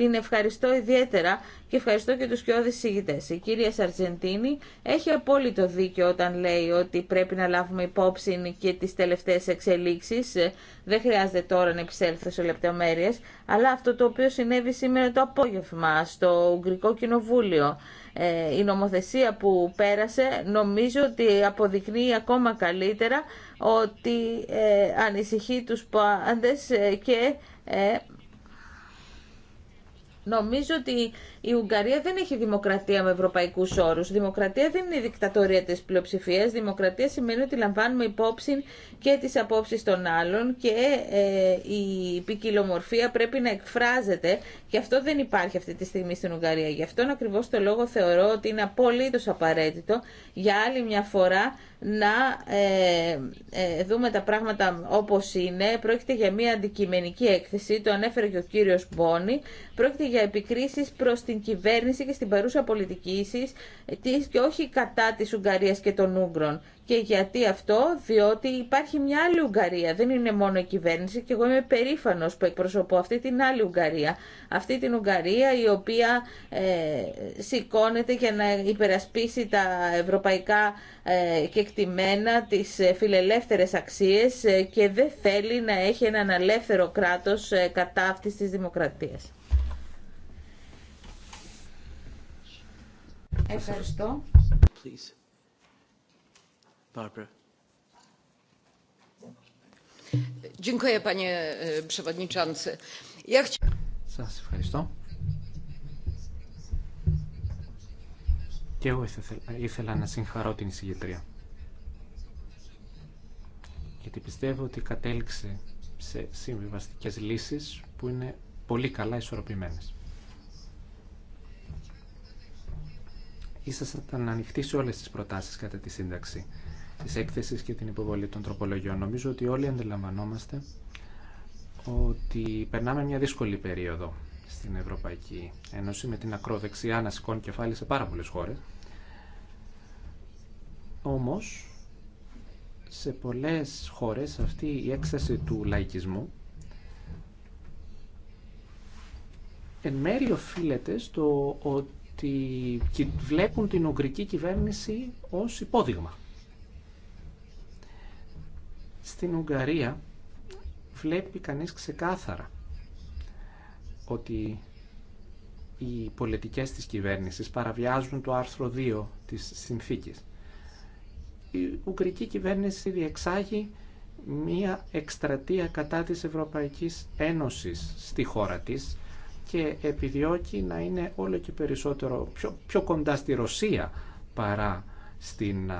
την ευχαριστώ ιδιαίτερα και ευχαριστώ και τους κοιόδης συγητές. Η κυρία Σαρτζεντίνη έχει απόλυτο δίκιο όταν λέει ότι πρέπει να λάβουμε υπόψη και τις τελευταίες εξελίξεις. Δεν χρειάζεται τώρα να επισέλθω σε λεπτομέρειες, αλλά αυτό το οποίο συνέβη σήμερα το απόγευμα στο Ουγγρικό Κοινοβούλιο. Ε, η νομοθεσία που πέρασε νομίζω ότι αποδεικνύει ακόμα καλύτερα ότι ε, ανησυχεί τους πάντες ε, και Νομίζω ότι η Ουγγαρία δεν έχει δημοκρατία με ευρωπαϊκού όρου. Δημοκρατία δεν είναι η δικτατορία τη πλειοψηφία. Δημοκρατία σημαίνει ότι λαμβάνουμε υπόψη και τι απόψει των άλλων και ε, η ποικιλομορφία πρέπει να εκφράζεται και αυτό δεν υπάρχει αυτή τη στιγμή στην Ουγγαρία. Γι' αυτόν ακριβώ το λόγο θεωρώ ότι είναι απολύτω απαραίτητο για άλλη μια φορά να ε, ε, δούμε τα πράγματα όπως είναι. Πρόκειται για μια αντικειμενική έκθεση, το ανέφερε και ο κύριος Μπόνι. Πρόκειται για επικρίσεις προς την κυβέρνηση και στην παρούσα πολιτική ε, της και όχι κατά της Ουγγαρίας και των Ούγγρων. Και γιατί αυτό, διότι υπάρχει μια άλλη Ουγγαρία, δεν είναι μόνο η κυβέρνηση και εγώ είμαι περήφανος που εκπροσωπώ αυτή την άλλη Ουγγαρία. Αυτή την Ουγγαρία η οποία ε, σηκώνεται για να υπερασπίσει τα ευρωπαϊκά ε, κεκτημένα, τις ε, φιλελεύθερες αξίες ε, και δεν θέλει να έχει έναν αλεύθερο κράτος ε, κατά αυτής της δημοκρατίας. Ευχαριστώ. E, Σα ευχαριστώ. Και εγώ ήθελα να συγχαρώ την εισηγητρία. Γιατί πιστεύω ότι κατέληξε σε συμβιβαστικές λύσεις που είναι πολύ καλά ισορροπημένες. Ήσασταν ανοιχτοί σε όλες τις προτάσεις κατά τη σύνταξη Τη έκθεση και την υποβολή των τροπολογιών. Νομίζω ότι όλοι αντιλαμβανόμαστε ότι περνάμε μια δύσκολη περίοδο στην Ευρωπαϊκή Ένωση με την ακροδεξιά να σηκώνει κεφάλι σε πάρα πολλές χώρες. Όμως, σε πολλές χώρες αυτή η έκθεση του λαϊκισμού εν μέρει οφείλεται στο ότι βλέπουν την Ουγγρική κυβέρνηση ως υπόδειγμα. Στην Ουγγαρία βλέπει κανείς ξεκάθαρα ότι οι πολιτικές της κυβέρνησης παραβιάζουν το άρθρο 2 της συνθήκης. Η Ουγγρική κυβέρνηση διεξάγει μία εκστρατεία κατά της Ευρωπαϊκής Ένωσης στη χώρα της και επιδιώκει να είναι όλο και περισσότερο πιο, πιο κοντά στη Ρωσία παρά στην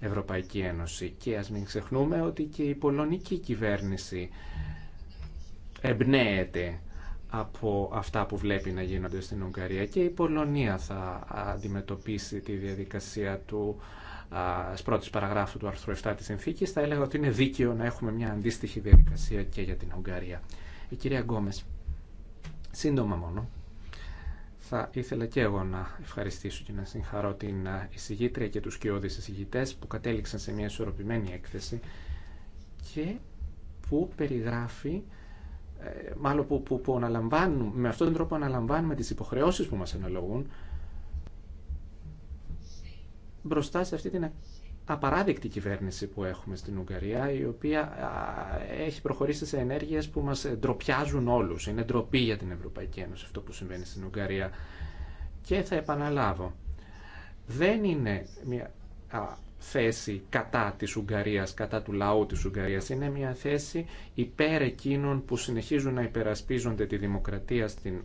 Ευρωπαϊκή Ένωση. Και ας μην ξεχνούμε ότι και η πολωνική κυβέρνηση εμπνέεται από αυτά που βλέπει να γίνονται στην Ουγγαρία και η Πολωνία θα αντιμετωπίσει τη διαδικασία του πρώτη παραγράφου του άρθρου 7 της συνθήκης. Θα έλεγα ότι είναι δίκαιο να έχουμε μια αντίστοιχη διαδικασία και για την Ουγγαρία. Η κυρία Γκόμες, σύντομα μόνο. Θα ήθελα και εγώ να ευχαριστήσω και να συγχαρώ την ε, εισηγήτρια και τους κοιόδης εισηγητές που κατέληξαν σε μια ισορροπημένη έκθεση και που περιγράφει, ε, μάλλον που, που, που αναλαμβάνουν, με αυτόν τον τρόπο αναλαμβάνουμε τις υποχρεώσεις που μας αναλογούν μπροστά σε αυτή την απαράδεκτη κυβέρνηση που έχουμε στην Ουγγαρία, η οποία έχει προχωρήσει σε ενέργειες που μας ντροπιάζουν όλους. Είναι ντροπή για την Ευρωπαϊκή Ένωση αυτό που συμβαίνει στην Ουγγαρία. Και θα επαναλάβω, δεν είναι μια θέση κατά της Ουγγαρίας, κατά του λαού της Ουγγαρίας. Είναι μια θέση υπέρ εκείνων που συνεχίζουν να υπερασπίζονται τη δημοκρατία στην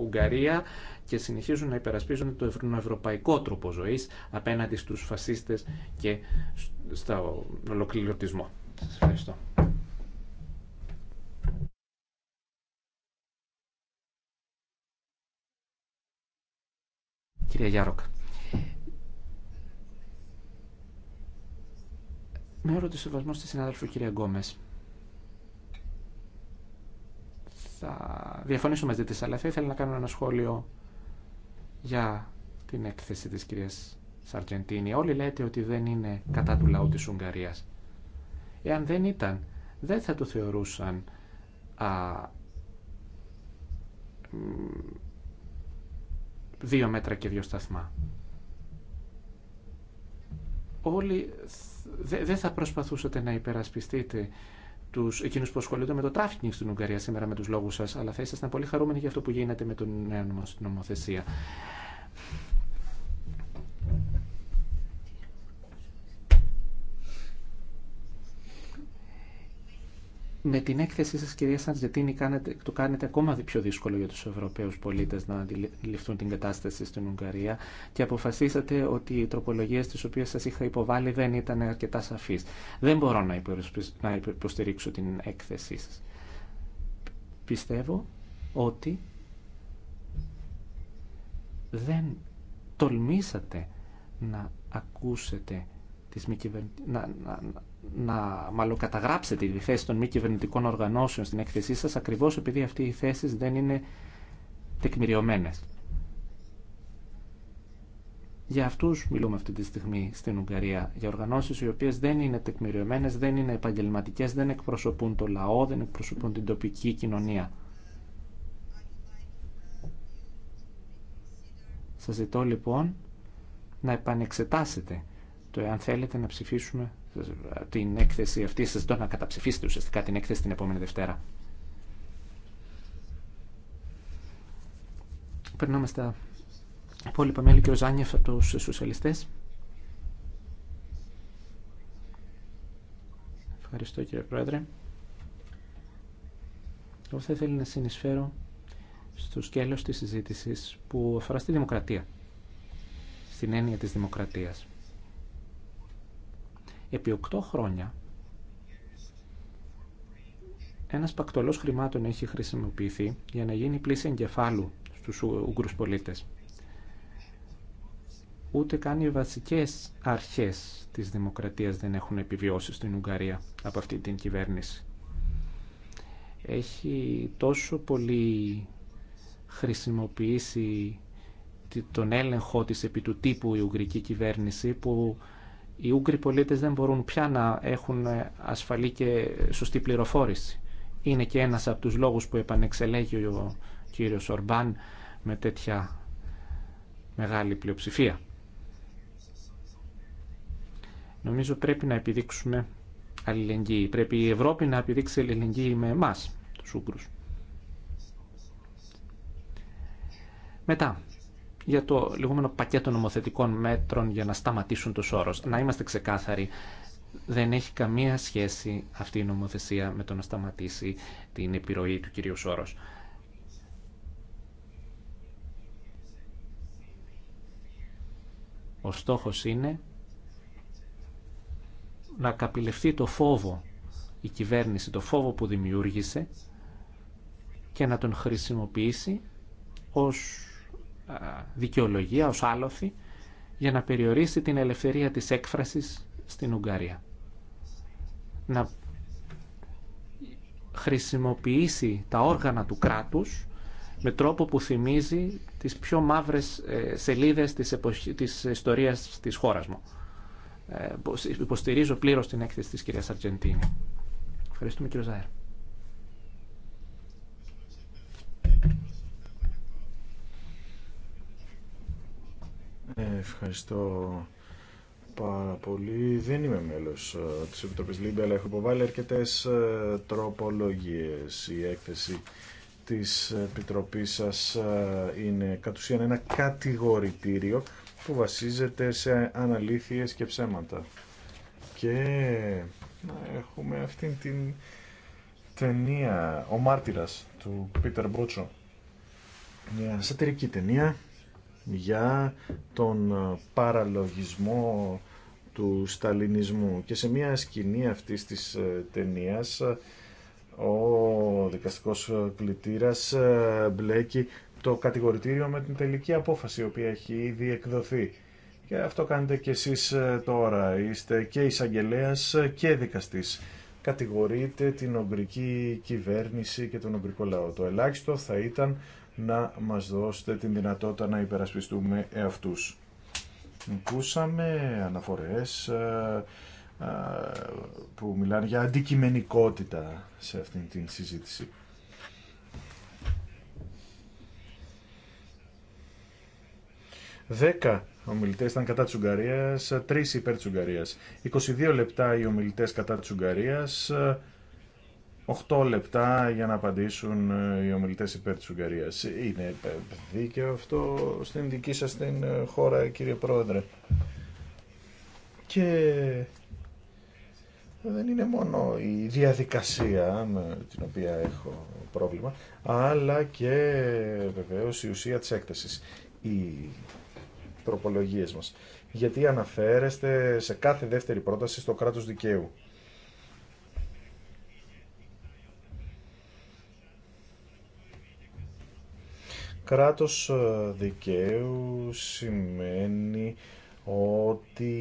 Ουγγαρία και συνεχίζουν να υπερασπίζονται το ευρωπαϊκό τρόπο ζωής απέναντι στους φασίστες και στο ολοκληρωτισμό. Σας ευχαριστώ. Κυρία Γιάροκα. με όρο του σεβασμό στη συνάδελφο κυρία Γκόμε. Θα διαφωνήσω μαζί τη, αλλά θα ήθελα να κάνω ένα σχόλιο για την έκθεση τη κυρία Σαρτζεντίνη. Όλοι λέτε ότι δεν είναι κατά του λαού τη Ουγγαρία. Εάν δεν ήταν, δεν θα το θεωρούσαν δύο μέτρα και δύο σταθμά όλοι δεν θα προσπαθούσατε να υπερασπιστείτε τους, εκείνους που ασχολούνται με το τράφικινγκ στην Ουγγαρία σήμερα με τους λόγους σας, αλλά θα ήσασταν πολύ χαρούμενοι για αυτό που γίνεται με την νέο νομοθεσία. με την έκθεσή σας κυρία Σαντζετίνη κάνετε, το κάνετε ακόμα πιο δύσκολο για τους Ευρωπαίους πολίτες να αντιληφθούν την κατάσταση στην Ουγγαρία και αποφασίσατε ότι οι τροπολογίε τις οποίες σας είχα υποβάλει δεν ήταν αρκετά σαφείς. Δεν μπορώ να υποστηρίξω την έκθεσή σας. Πιστεύω ότι δεν τολμήσατε να ακούσετε τις μη να, να, να μάλλον καταγράψετε τη θέση των μη κυβερνητικών οργανώσεων στην έκθεσή σας ακριβώς επειδή αυτοί οι θέσεις δεν είναι τεκμηριωμένες. Για αυτούς μιλούμε αυτή τη στιγμή στην Ουγγαρία, για οργανώσεις οι οποίες δεν είναι τεκμηριωμένες, δεν είναι επαγγελματικές, δεν εκπροσωπούν το λαό, δεν εκπροσωπούν την τοπική κοινωνία. Σας ζητώ λοιπόν να επανεξετάσετε το εάν θέλετε να ψηφίσουμε την έκθεση αυτή, σα ζητώ να καταψηφίσετε ουσιαστικά την έκθεση την επόμενη Δευτέρα. Περνάμε στα υπόλοιπα μέλη και ο Ζάνιεφ από τους σοσιαλιστές. Ευχαριστώ κύριε Πρόεδρε. Εγώ θα ήθελα να συνεισφέρω στο σκέλος της συζήτησης που αφορά στη δημοκρατία, στην έννοια της δημοκρατίας. Επί 8 χρόνια ένας πακτολός χρημάτων έχει χρησιμοποιηθεί για να γίνει πλήση εγκεφάλου στους Ούγγρους πολίτες. Ούτε καν οι βασικές αρχές της δημοκρατίας δεν έχουν επιβιώσει στην Ουγγαρία από αυτή την κυβέρνηση. Έχει τόσο πολύ χρησιμοποιήσει τον έλεγχο της επί του τύπου η Ουγγρική κυβέρνηση που οι Ούγγροι πολίτες δεν μπορούν πια να έχουν ε, ασφαλή και σωστή πληροφόρηση. Είναι και ένας από τους λόγους που επανεξελέγει ο κύριος Ορμπάν με τέτοια μεγάλη πλειοψηφία. Νομίζω πρέπει να επιδείξουμε αλληλεγγύη. Πρέπει η Ευρώπη να επιδείξει αλληλεγγύη με εμάς, τους Ούγγρους. Μετά, για το λεγόμενο πακέτο νομοθετικών μέτρων για να σταματήσουν τους όρους. Να είμαστε ξεκάθαροι, δεν έχει καμία σχέση αυτή η νομοθεσία με το να σταματήσει την επιρροή του κυρίου Σόρος. Ο στόχος είναι να καπηλευτεί το φόβο η κυβέρνηση, το φόβο που δημιούργησε και να τον χρησιμοποιήσει ως δικαιολογία, ως άλοθη, για να περιορίσει την ελευθερία της έκφρασης στην Ουγγαρία. Να χρησιμοποιήσει τα όργανα του κράτους με τρόπο που θυμίζει τις πιο μαύρες ε, σελίδες της, της ιστορίας της χώρας μου. Ε, υποστηρίζω πλήρως την έκθεση της κυρίας Αργεντίνη. Ευχαριστούμε κύριο Ζάερ. Ε, ευχαριστώ πάρα πολύ. Δεν είμαι μέλος ε, της Επιτροπής Λίμπη, αλλά έχω υποβάλει αρκετές ε, τροπολογίες. Η έκθεση της Επιτροπής σας είναι κατ' ουσίαν ένα κατηγορητήριο που βασίζεται σε αναλήθειες και ψέματα. Και έχουμε αυτήν την ταινία «Ο μάρτυρας» του Πίτερ Μπρούτσο. Μια σατυρική ταινία για τον ε, παραλογισμό του σταλινισμού. Και σε μια σκηνή αυτής της ε, ταινίας ε, ο δικαστικός κλητήρας μπλέκει το κατηγορητήριο με την τελική απόφαση η οποία έχει ήδη εκδοθεί. Και αυτό κάνετε και εσείς τώρα. Είστε και εισαγγελέα και δικαστής. Κατηγορείτε την ομπρική κυβέρνηση και τον ομπρικό λαό. Το ελάχιστο θα ήταν να μας δώσετε την δυνατότητα να υπερασπιστούμε εαυτούς. Ακούσαμε αναφορές ε, ε, που μιλάνε για αντικειμενικότητα σε αυτήν την συζήτηση. Δέκα ομιλητές ήταν κατά της Ουγγαρίας, τρεις υπέρ της Ουγγαρίας. 22 λεπτά οι ομιλητές κατά της Ουγγαρίας, 8 λεπτά για να απαντήσουν ε, οι ομιλητές υπέρ της Ουγγαρίας. Είναι δίκαιο αυτό στην δική σας την ε, χώρα κύριε Πρόεδρε. Και δεν είναι μόνο η διαδικασία με την οποία έχω πρόβλημα, αλλά και βεβαίως η ουσία της έκτασης, οι τροπολογίες μας. Γιατί αναφέρεστε σε κάθε δεύτερη πρόταση στο κράτος δικαίου. Κράτος ε, δικαίου σημαίνει ότι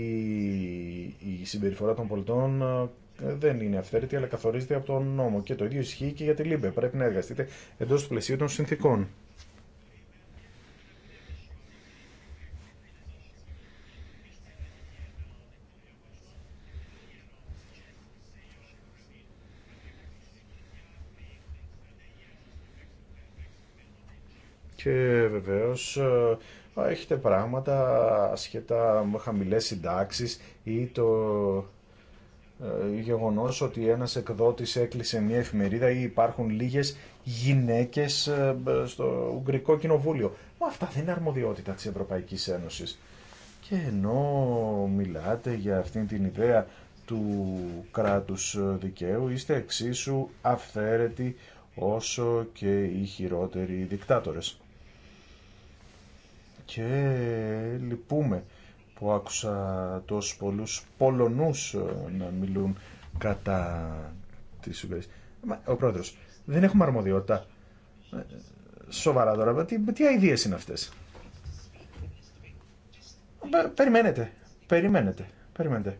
η συμπεριφορά των πολιτών ε, δεν είναι αυθαίρετη αλλά καθορίζεται από τον νόμο και το ίδιο ισχύει και για τη ΛΥΜΠΕ. Πρέπει να εργαστείτε εντός του πλαισίου των συνθήκων. και βεβαίως ε, έχετε πράγματα ασχετά με χαμηλές συντάξεις ή το ε, γεγονός ότι ένας εκδότης έκλεισε μια εφημερίδα ή υπάρχουν λίγες γυναίκες ε, στο Ουγγρικό Κοινοβούλιο. Μα αυτά δεν είναι αρμοδιότητα της Ευρωπαϊκής Ένωσης. Και ενώ μιλάτε για αυτήν την ιδέα του κράτους δικαίου, είστε εξίσου αυθαίρετοι όσο και οι χειρότεροι δικτάτορες και λυπούμε που άκουσα τόσους πολλούς Πολωνούς ε, να μιλούν κατά της Ουγγαρίας. Ο πρόεδρος, δεν έχουμε αρμοδιότητα. Ε, σοβαρά τώρα, τι, τι είναι αυτές. Περιμένετε, περιμένετε, περιμένετε.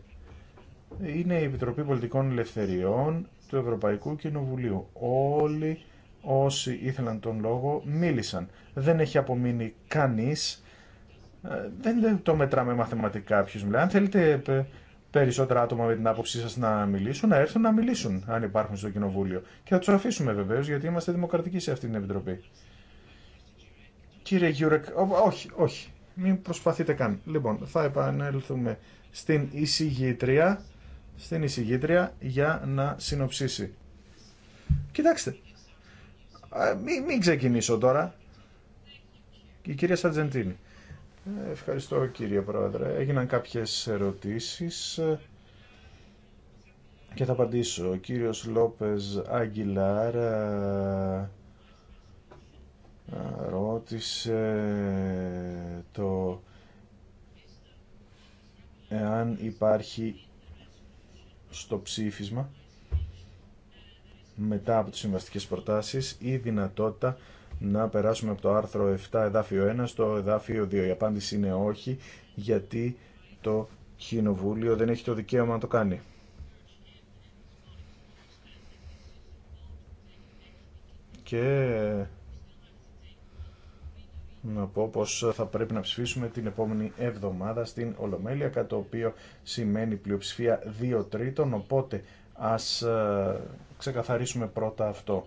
Είναι η Επιτροπή Πολιτικών Ελευθεριών του Ευρωπαϊκού Κοινοβουλίου. Όλοι όσοι ήθελαν τον λόγο μίλησαν. Δεν έχει απομείνει κανείς. Ε, δεν το μετράμε μαθηματικά ποιο μιλάει. Αν θέλετε περισσότερα άτομα με την άποψή σας να μιλήσουν, να έρθουν να μιλήσουν αν υπάρχουν στο Κοινοβούλιο. Και θα του αφήσουμε βεβαίω γιατί είμαστε δημοκρατικοί σε αυτή την Επιτροπή. Κύριε Γιούρεκ, όχι, όχι. Μην προσπαθείτε καν. Λοιπόν, θα επανέλθουμε στην εισηγήτρια, στην εισηγήτρια για να συνοψίσει. Κοιτάξτε, μην, μην ξεκινήσω τώρα. η κυρία Σατζεντίνη. Ε, ευχαριστώ κύριε Πρόεδρε. Έγιναν κάποιες ερωτήσεις ε, και θα απαντήσω. Ο κύριος Λόπες Αγγιλάρ ε, ρώτησε το εάν υπάρχει στο ψήφισμα μετά από τις συμβαστικές προτάσεις η δυνατότητα να περάσουμε από το άρθρο 7 εδάφιο 1 στο εδάφιο 2. Η απάντηση είναι όχι γιατί το κοινοβούλιο δεν έχει το δικαίωμα να το κάνει. Και να πω πως θα πρέπει να ψηφίσουμε την επόμενη εβδομάδα στην Ολομέλεια, κατά το οποίο σημαίνει πλειοψηφία 2 τρίτων, οπότε Ας ε, ξεκαθαρίσουμε πρώτα αυτό.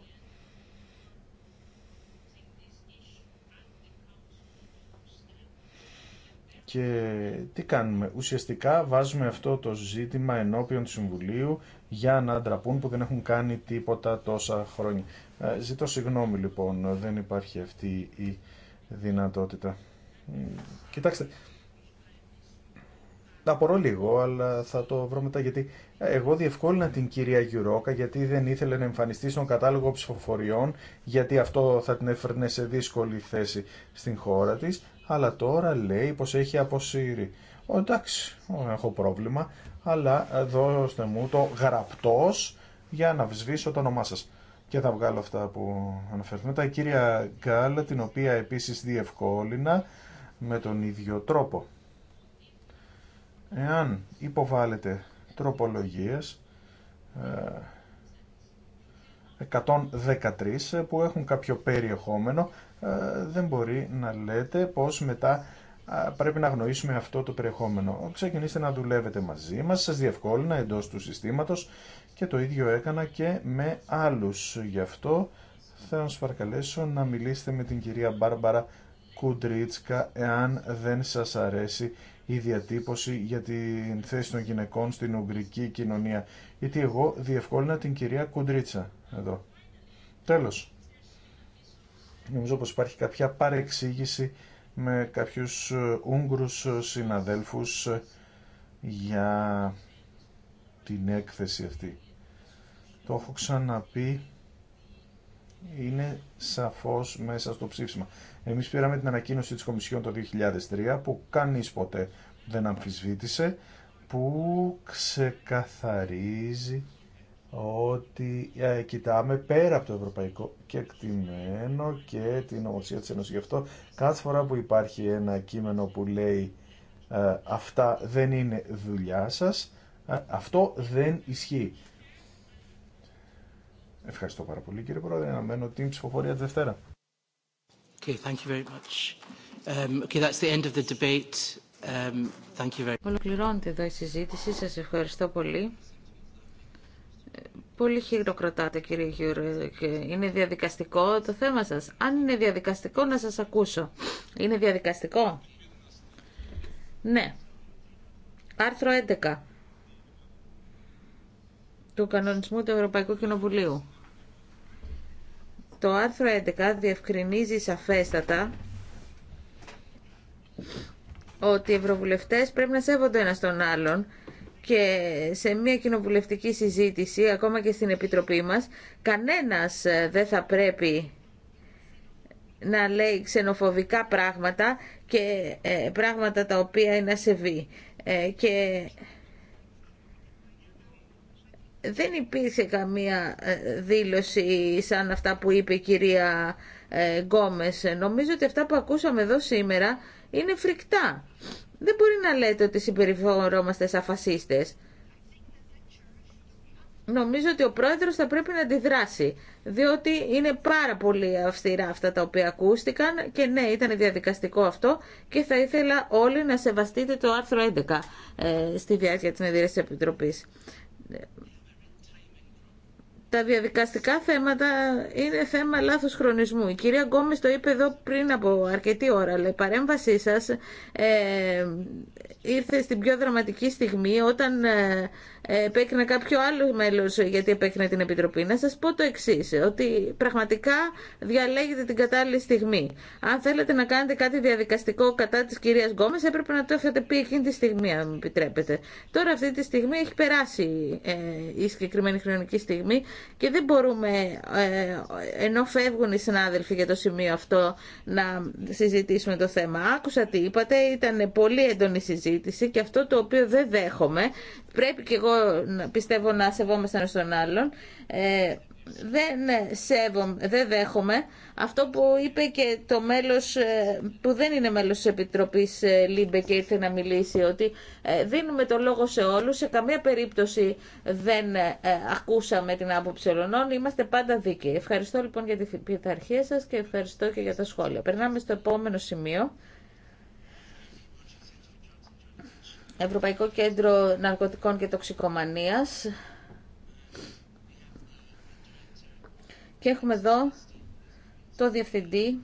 Και τι κάνουμε. Ουσιαστικά βάζουμε αυτό το ζήτημα ενώπιον του Συμβουλίου για να ντραπούν που δεν έχουν κάνει τίποτα τόσα χρόνια. Ε, ζητώ συγγνώμη λοιπόν, δεν υπάρχει αυτή η δυνατότητα. Κοιτάξτε, να απορώ λίγο, αλλά θα το βρω μετά γιατί εγώ διευκόλυνα την κυρία Γιουρόκα γιατί δεν ήθελε να εμφανιστεί στον κατάλογο ψηφοφοριών γιατί αυτό θα την έφερνε σε δύσκολη θέση στην χώρα της αλλά τώρα λέει πως έχει αποσύρει. Ο, εντάξει, έχω πρόβλημα, αλλά δώστε μου το γραπτός για να σβήσω το όνομά σας. Και θα βγάλω αυτά που αναφέρθηκαν. Μετά η κυρία Γκάλα, την οποία επίσης διευκόλυνα με τον ίδιο τρόπο. Εάν υποβάλλετε τροπολογίες 113 ε, ε, που έχουν κάποιο περιεχόμενο, ε, δεν μπορεί να λέτε πως μετά πρέπει να γνωρίσουμε αυτό το περιεχόμενο. Ξεκινήστε να δουλεύετε μαζί μας, σας διευκόλυνα εντός του συστήματος και το ίδιο έκανα και με άλλους. Γι' αυτό θα σας παρακαλέσω να μιλήσετε με την κυρία Μπάρμπαρα Κουντρίτσκα εάν δεν σας αρέσει η διατύπωση για την θέση των γυναικών στην ουγγρική κοινωνία. Γιατί εγώ διευκόλυνα την κυρία Κουντρίτσα εδώ. Τέλος. Νομίζω πως υπάρχει κάποια παρεξήγηση με κάποιους ε, Ούγγρους ε, συναδέλφους ε, για την έκθεση αυτή. Το έχω ξαναπεί, είναι σαφώς μέσα στο ψήφισμα. Εμείς πήραμε την ανακοίνωση τη Κομισιόν το 2003 που κανείς ποτέ δεν αμφισβήτησε που ξεκαθαρίζει ότι ε, κοιτάμε πέρα από το ευρωπαϊκό και και την Νομοσία της Ένωσης. Γι' αυτό κάθε φορά που υπάρχει ένα κείμενο που λέει ε, αυτά δεν είναι δουλειά σας, ε, αυτό δεν ισχύει. Ευχαριστώ πάρα πολύ κύριε Πρόεδρε, αναμένω την ψηφοφορία τη Δευτέρα. Okay, thank you very much. Um, okay, that's the end of the debate. Um, thank you very... Ολοκληρώνεται εδώ η συζήτηση. Σας ευχαριστώ πολύ. Πολύ χειροκροτάτε κύριε Γιούρ. Είναι διαδικαστικό το θέμα σας. Αν είναι διαδικαστικό να σας ακούσω. Είναι διαδικαστικό. Ναι. Άρθρο 11 του κανονισμού του Ευρωπαϊκού Κοινοβουλίου. Το άρθρο 11 διευκρινίζει σαφέστατα ότι οι ευρωβουλευτές πρέπει να σέβονται ένα τον άλλον και σε μια κοινοβουλευτική συζήτηση, ακόμα και στην Επιτροπή μας, κανένας ε, δεν θα πρέπει να λέει ξενοφοβικά πράγματα και ε, πράγματα τα οποία είναι ασεβή. Ε, και δεν υπήρχε καμία ε, δήλωση σαν αυτά που είπε η κυρία ε, Γκόμες. Νομίζω ότι αυτά που ακούσαμε εδώ σήμερα είναι φρικτά. Δεν μπορεί να λέτε ότι συμπεριφορόμαστε σαν φασίστες. Νομίζω ότι ο πρόεδρος θα πρέπει να αντιδράσει, διότι είναι πάρα πολύ αυστηρά αυτά τα οποία ακούστηκαν και ναι, ήταν διαδικαστικό αυτό και θα ήθελα όλοι να σεβαστείτε το άρθρο 11 ε, στη διάρκεια της συνεδρίας Επιτροπής τα διαδικαστικά θέματα είναι θέμα λάθος χρονισμού. Η κυρία Γκόμης το είπε εδώ πριν από αρκετή ώρα, αλλά η παρέμβασή σας ε, ήρθε στην πιο δραματική στιγμή όταν ε, επέκρινε κάποιο άλλο μέλος γιατί επέκρινε την Επιτροπή. Να σας πω το εξή ότι πραγματικά διαλέγετε την κατάλληλη στιγμή. Αν θέλετε να κάνετε κάτι διαδικαστικό κατά της κυρίας Γκόμης έπρεπε να το έχετε πει εκείνη τη στιγμή, αν μου επιτρέπετε. Τώρα αυτή τη στιγμή έχει περάσει ε, η συγκεκριμένη χρονική στιγμή και δεν μπορούμε, ε, ενώ φεύγουν οι συνάδελφοι για το σημείο αυτό, να συζητήσουμε το θέμα. Άκουσα τι είπατε, ήταν πολύ έντονη συζήτηση και αυτό το οποίο δεν δέχομαι, πρέπει και εγώ πιστεύω να σεβόμαστε στον άλλον, ε, δεν ναι, σέβομαι, δεν δέχομαι αυτό που είπε και το μέλος ε, που δεν είναι μέλος της Επιτροπής ε, Λίμπε και ήρθε να μιλήσει ότι ε, δίνουμε το λόγο σε όλους, σε καμία περίπτωση δεν ακούσαμε την άποψη ολωνών. είμαστε πάντα δίκαιοι. Ευχαριστώ λοιπόν για την πειθαρχία σας και ευχαριστώ και για τα σχόλια. Περνάμε στο επόμενο σημείο. Ευρωπαϊκό Κέντρο Ναρκωτικών και Τοξικομανίας. Και έχουμε εδώ το διευθυντή,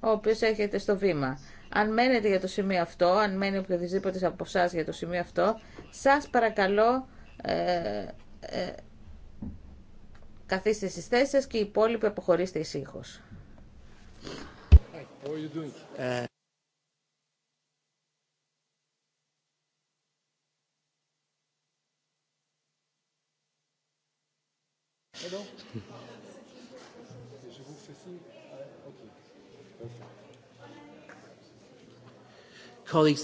ο οποίος έρχεται στο βήμα. Αν μένετε για το σημείο αυτό, αν μένει οποιοδήποτε από εσά για το σημείο αυτό, σας παρακαλώ ε, ε, καθίστε στις θέσεις σας και οι υπόλοιποι αποχωρήστε ησύχως. Ε, Κάθε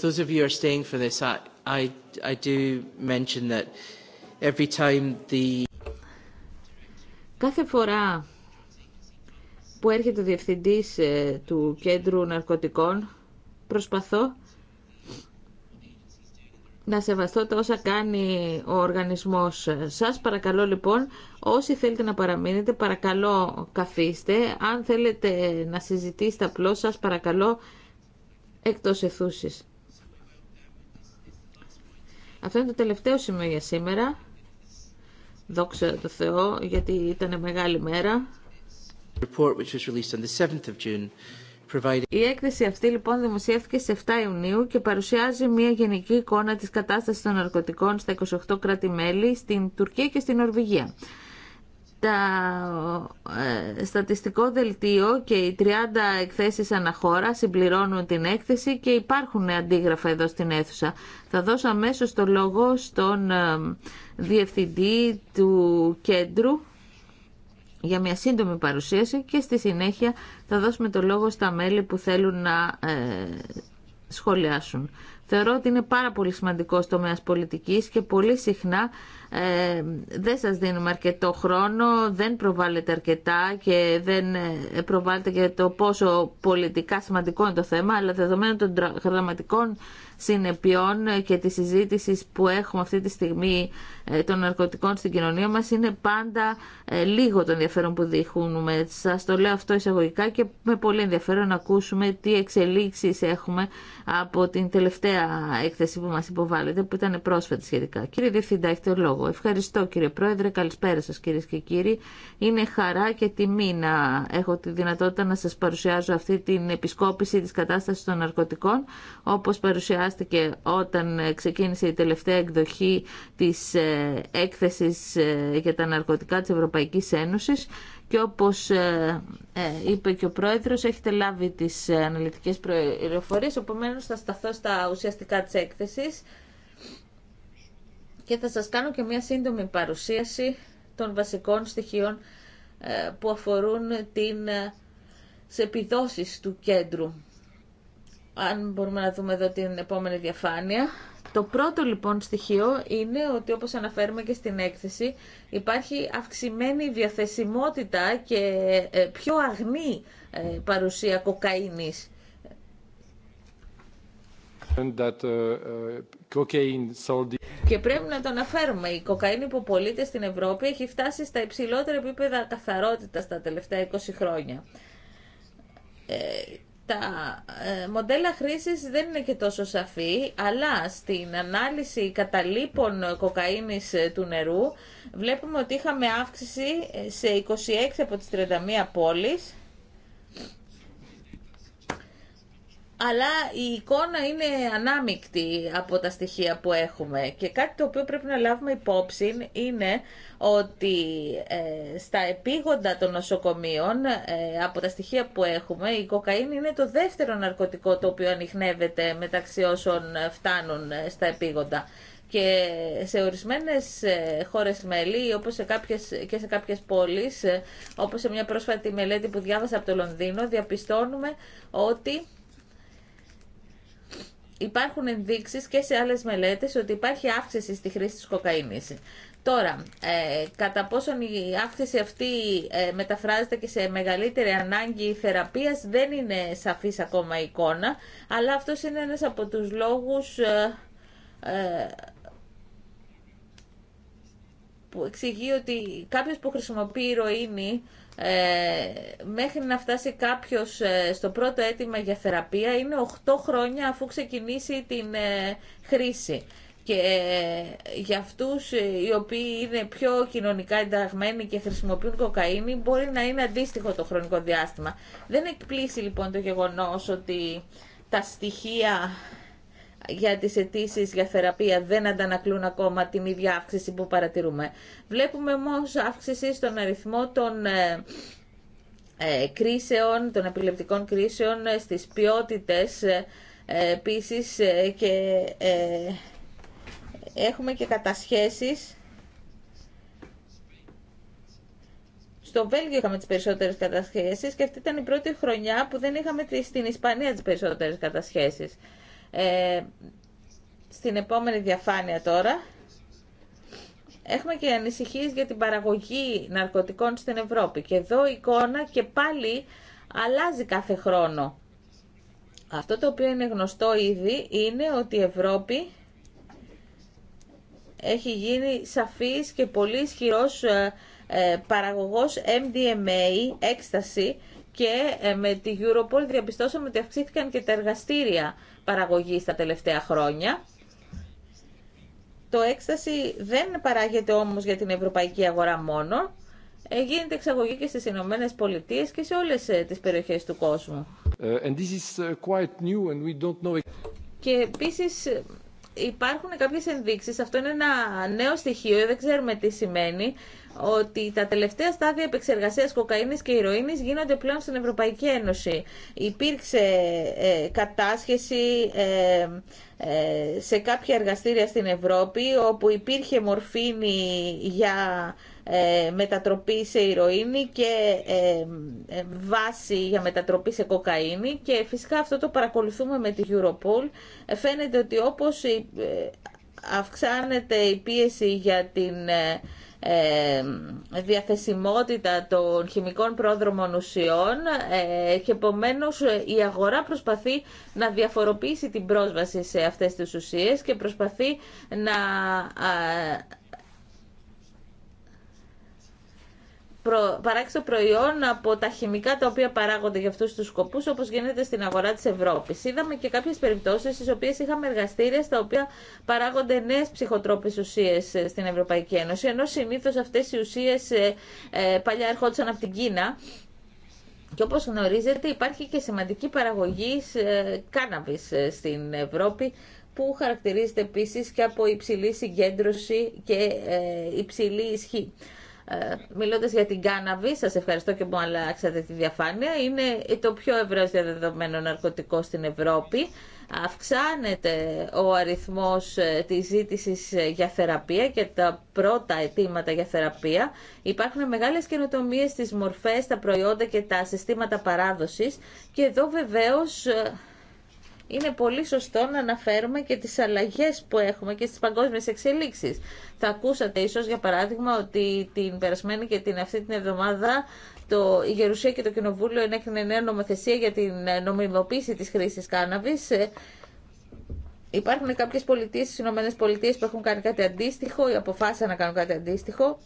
φορά που έρχεται ο διευθυντής ε, του κέντρου ναρκωτικών, προσπαθώ να σεβαστώ τα όσα κάνει ο οργανισμός σας. Παρακαλώ λοιπόν, όσοι θέλετε να παραμείνετε, παρακαλώ καθίστε. Αν θέλετε να συζητήσετε απλώς σας, παρακαλώ εκτός εθούσης. Αυτό είναι το τελευταίο σημείο για σήμερα. Δόξα το Θεώ, γιατί ήταν μεγάλη μέρα. Η έκθεση αυτή λοιπόν δημοσιεύτηκε στις 7 Ιουνίου και παρουσιάζει μια γενική εικόνα της κατάστασης των ναρκωτικών στα 28 κράτη-μέλη στην Τουρκία και στην Νορβηγία τα ε, στατιστικό δελτίο και οι 30 εκθέσεις αναχώρα συμπληρώνουν την έκθεση και υπάρχουν αντίγραφα εδώ στην αίθουσα. Θα δώσω αμέσως το λόγο στον ε, Διευθυντή του Κέντρου για μια σύντομη παρουσίαση και στη συνέχεια θα δώσουμε το λόγο στα μέλη που θέλουν να ε, σχολιάσουν. Θεωρώ ότι είναι πάρα πολύ σημαντικό τομέας πολιτικής και πολύ συχνά ε, δεν σας δίνουμε αρκετό χρόνο, δεν προβάλλετε αρκετά και δεν ε, προβάλλετε και το πόσο πολιτικά σημαντικό είναι το θέμα, αλλά δεδομένου των δραματικών συνεπειών και τη συζήτηση που έχουμε αυτή τη στιγμή ε, των ναρκωτικών στην κοινωνία μας είναι πάντα ε, λίγο το ενδιαφέρον που δείχνουμε. Σας το λέω αυτό εισαγωγικά και με πολύ ενδιαφέρον να ακούσουμε τι εξελίξεις έχουμε από την τελευταία έκθεση που μας υποβάλλεται που ήταν πρόσφατη σχετικά. Κύριε Διευθυντά, έχετε λόγο. Ευχαριστώ κύριε Πρόεδρε, καλησπέρα σας κύριε και κύριοι. Είναι χαρά και τιμή να έχω τη δυνατότητα να σας παρουσιάζω αυτή την επισκόπηση της κατάστασης των ναρκωτικών όπως παρουσιάζει και όταν ξεκίνησε η τελευταία εκδοχή της ε, έκθεσης ε, για τα ναρκωτικά της Ευρωπαϊκής Ένωσης και όπως ε, είπε και ο Πρόεδρος έχετε λάβει τις αναλυτικές πληροφορίες οπόμενο θα σταθώ στα ουσιαστικά της έκθεσης και θα σας κάνω και μια σύντομη παρουσίαση των βασικών στοιχείων που αφορούν την σε επιδόσεις του κέντρου αν μπορούμε να δούμε εδώ την επόμενη διαφάνεια. Το πρώτο λοιπόν στοιχείο είναι ότι όπως αναφέρουμε και στην έκθεση υπάρχει αυξημένη διαθεσιμότητα και ε, πιο αγνή ε, παρουσία κοκαίνης. Ε, και πρέπει να το αναφέρουμε. Η κοκαίνη που πωλείται στην Ευρώπη έχει φτάσει στα υψηλότερα επίπεδα καθαρότητα τα τελευταία 20 χρόνια τα ε, μοντέλα χρήσης δεν είναι και τόσο σαφή, αλλά στην ανάλυση καταλήπων κοκαίνης ε, του νερού βλέπουμε ότι είχαμε αύξηση ε, σε 26 από τις 31 πόλεις αλλά η εικόνα είναι ανάμεικτη από τα στοιχεία που έχουμε και κάτι το οποίο πρέπει να λάβουμε υπόψη είναι ότι ε, στα επίγοντα των νοσοκομείων ε, από τα στοιχεία που έχουμε η κοκαίνη είναι το δεύτερο ναρκωτικό το οποίο ανοιχνεύεται μεταξύ όσων φτάνουν ε, στα επίγοντα και σε ορισμένες χώρες μέλη όπως σε κάποιες, και σε κάποιες πόλεις όπως σε μια πρόσφατη μελέτη που διάβασα από το Λονδίνο διαπιστώνουμε ότι υπάρχουν ενδείξεις και σε άλλες μελέτες ότι υπάρχει αύξηση στη χρήση της κοκαίνης. Τώρα, ε, κατά πόσον η αύξηση αυτή ε, μεταφράζεται και σε μεγαλύτερη ανάγκη θεραπείας δεν είναι σαφής ακόμα η εικόνα, αλλά αυτός είναι ένας από τους λόγους ε, ε που εξηγεί ότι κάποιος που χρησιμοποιεί ηρωίνη ε, μέχρι να φτάσει κάποιος ε, στο πρώτο αίτημα για θεραπεία είναι 8 χρόνια αφού ξεκινήσει την ε, χρήση. Και για αυτούς οι οποίοι είναι πιο κοινωνικά ενταγμένοι και χρησιμοποιούν κοκαίνη μπορεί να είναι αντίστοιχο το χρονικό διάστημα. Δεν εκπλήσει λοιπόν το γεγονός ότι τα στοιχεία για τις αιτήσει για θεραπεία δεν αντανακλούν ακόμα την ίδια αύξηση που παρατηρούμε. Βλέπουμε όμω αύξηση στον αριθμό των ε, ε κρίσεων, των επιλεπτικών κρίσεων, ε, στις ποιότητε. Ε, ε, επίσης και έχουμε και κατασχέσεις. Στο Βέλγιο είχαμε τις περισσότερες κατασχέσεις και αυτή ήταν η πρώτη χρονιά που δεν είχαμε στην Ισπανία τις περισσότερες κατασχέσεις. Ε, στην επόμενη διαφάνεια τώρα. Έχουμε και ανησυχίες για την παραγωγή ναρκωτικών στην Ευρώπη. Και εδώ η εικόνα και πάλι αλλάζει κάθε χρόνο. Αυτό το οποίο είναι γνωστό ήδη είναι ότι η Ευρώπη έχει γίνει σαφής και πολύ ισχυρός ε, ε παραγωγός MDMA, έκσταση, και ε, με τη Europol διαπιστώσαμε ότι αυξήθηκαν και τα εργαστήρια παραγωγής τα τελευταία χρόνια. Το έκσταση δεν παράγεται όμως για την ευρωπαϊκή αγορά μόνο, ε, γίνεται εξαγωγή και στις Ηνωμένε Πολιτείες και σε όλες ε, τις περιοχές του κόσμου. Και επίσης υπάρχουν κάποιες ενδείξεις, αυτό είναι ένα νέο στοιχείο, δεν ξέρουμε τι σημαίνει, ότι τα τελευταία στάδια επεξεργασίας κοκαίνης και ηρωίνης γίνονται πλέον στην Ευρωπαϊκή Ένωση. Υπήρξε ε, κατάσχεση ε, ε, σε κάποια εργαστήρια στην Ευρώπη όπου υπήρχε μορφήνη για ε, μετατροπή σε ηρωίνη και ε, ε, βάση για μετατροπή σε κοκαίνη και φυσικά αυτό το παρακολουθούμε με τη Europol. Φαίνεται ότι όπως αυξάνεται η πίεση για την ε, διαθεσιμότητα των χημικών πρόδρομων ουσιών και επομένως η αγορά προσπαθεί να διαφοροποιήσει την πρόσβαση σε αυτές τις ουσίες και προσπαθεί να προ... παράξει το προϊόν από τα χημικά τα οποία παράγονται για αυτούς τους σκοπούς όπως γίνεται στην αγορά της Ευρώπης. Είδαμε και κάποιες περιπτώσεις στις οποίες είχαμε εργαστήρια στα οποία παράγονται νέες ψυχοτρόπες ουσίες ε, στην Ευρωπαϊκή Ένωση ενώ συνήθως αυτές οι ουσίες ε, ε, παλιά ερχόντουσαν από την Κίνα και όπως γνωρίζετε υπάρχει και σημαντική παραγωγή κάναβης στην Ευρώπη που χαρακτηρίζεται επίσης και από υψηλή συγκέντρωση και υψηλή ισχύ. Ε, Μιλώντα για την κάναβη, σας ευχαριστώ και μου αλλάξατε τη διαφάνεια, είναι το πιο ευρώ διαδεδομένο ναρκωτικό στην Ευρώπη. Αυξάνεται ο αριθμός ε, της ζήτησης ε, για θεραπεία και τα πρώτα αιτήματα για θεραπεία. Υπάρχουν μεγάλες καινοτομίες στις μορφές, τα προϊόντα και τα συστήματα παράδοσης και εδώ βεβαίως είναι πολύ σωστό να αναφέρουμε και τις αλλαγές που έχουμε και στις παγκόσμιες εξελίξεις. Θα ακούσατε ίσως για παράδειγμα ότι την περασμένη και την αυτή την εβδομάδα το, η Γερουσία και το Κοινοβούλιο ενέκρινε νέα νομοθεσία για την ε, νομιμοποίηση της χρήσης κάναβης. Ε, υπάρχουν κάποιες πολιτείες στις Πολιτείες που έχουν κάνει κάτι αντίστοιχο ή αποφάσισαν να κάνουν κάτι αντίστοιχο.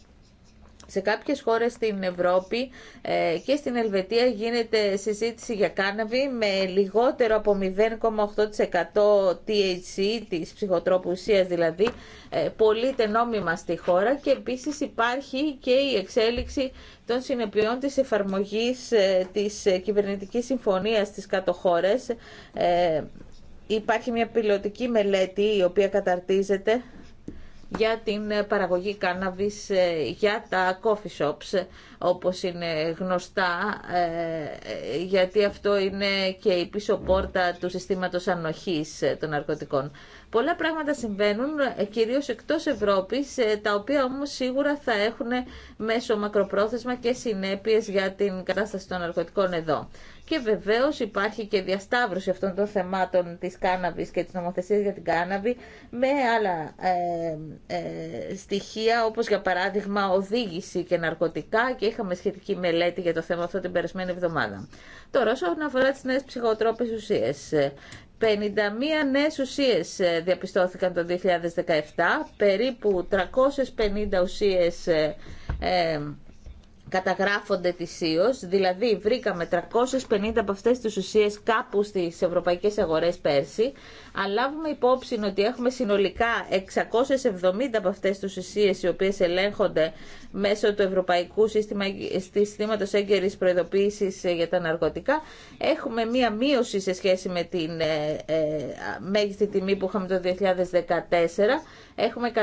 Σε κάποιες χώρες στην Ευρώπη ε, και στην Ελβετία γίνεται συζήτηση για κάναβη με λιγότερο από 0,8% THC, της ψυχοτρόπου ουσίας δηλαδή, ε, πωλείται νόμιμα στη χώρα και επίσης υπάρχει και η εξέλιξη των συνεπειών της εφαρμογής ε, της κυβερνητικής συμφωνίας στις κάτω χώρες. Ε, υπάρχει μια πιλωτική μελέτη η οποία καταρτίζεται για την ε, παραγωγή κάναβης ε, για τα coffee shops όπως είναι γνωστά ε, γιατί αυτό είναι και η πίσω πόρτα του συστήματος ανοχής των ναρκωτικών. Πολλά πράγματα συμβαίνουν κυρίως εκτός Ευρώπης τα οποία όμως σίγουρα θα έχουν μέσω μακροπρόθεσμα και συνέπειες για την κατάσταση των ναρκωτικών εδώ. Και βεβαίω υπάρχει και διασταύρωση αυτών των θεμάτων της κάναβη και της νομοθεσίας για την κάναβη με άλλα ε, ε, στοιχεία όπως για παράδειγμα οδήγηση και ναρκωτικά και είχαμε σχετική μελέτη για το θέμα αυτό την περασμένη εβδομάδα. Τώρα όσον αφορά τι νέε ψυχοτρόπες ουσίες, 51 ε, νέες ουσίες ε, διαπιστώθηκαν το 2017, περίπου 350 ουσίες ε, καταγράφονται ετησίω, δηλαδή βρήκαμε 350 από αυτές τι ουσίε κάπου στι ευρωπαϊκέ αγορέ πέρσι, αν λάβουμε υπόψη ότι έχουμε συνολικά 670 από αυτές τι ουσίε, οι οποίες ελέγχονται μέσω του Ευρωπαϊκού συστήματο Συστήματος Προειδοποίηση ε, για τα Ναρκωτικά, έχουμε μία μείωση σε σχέση με την ε, ε, μέγιστη τιμή που είχαμε το 2014 Έχουμε 101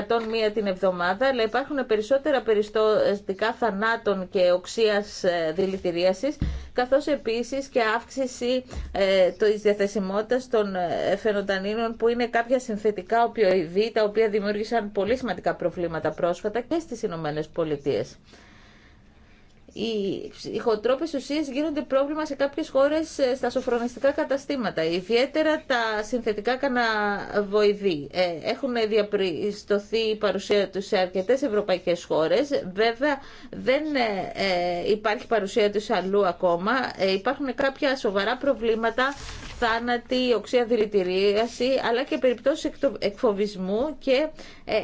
την εβδομάδα, αλλά υπάρχουν περισσότερα περιστατικά θανάτων και οξείας ε, δηλητηρίαση, καθώς επίσης και αύξηση ε, της των ε, φαινοτανίνων που είναι κάποια συνθετικά οπιοειδή, τα οποία δημιούργησαν πολύ σημαντικά προβλήματα πρόσφατα και στις Ηνωμένε Πολιτείε οι ψυχοτρόπες ουσίες γίνονται πρόβλημα σε κάποιες χώρες ε, στα σοφρονιστικά καταστήματα, ιδιαίτερα τα συνθετικά καναβοηδή. Ε, έχουν διαπιστωθεί η παρουσία τους σε αρκετές ευρωπαϊκές χώρες. Βέβαια δεν ε, υπάρχει παρουσία τους αλλού ακόμα. Υπάρχουν κάποια σοβαρά προβλήματα, θάνατη οξία δηλητηρίαση, αλλά και περιπτώσεις εκφοβισμού και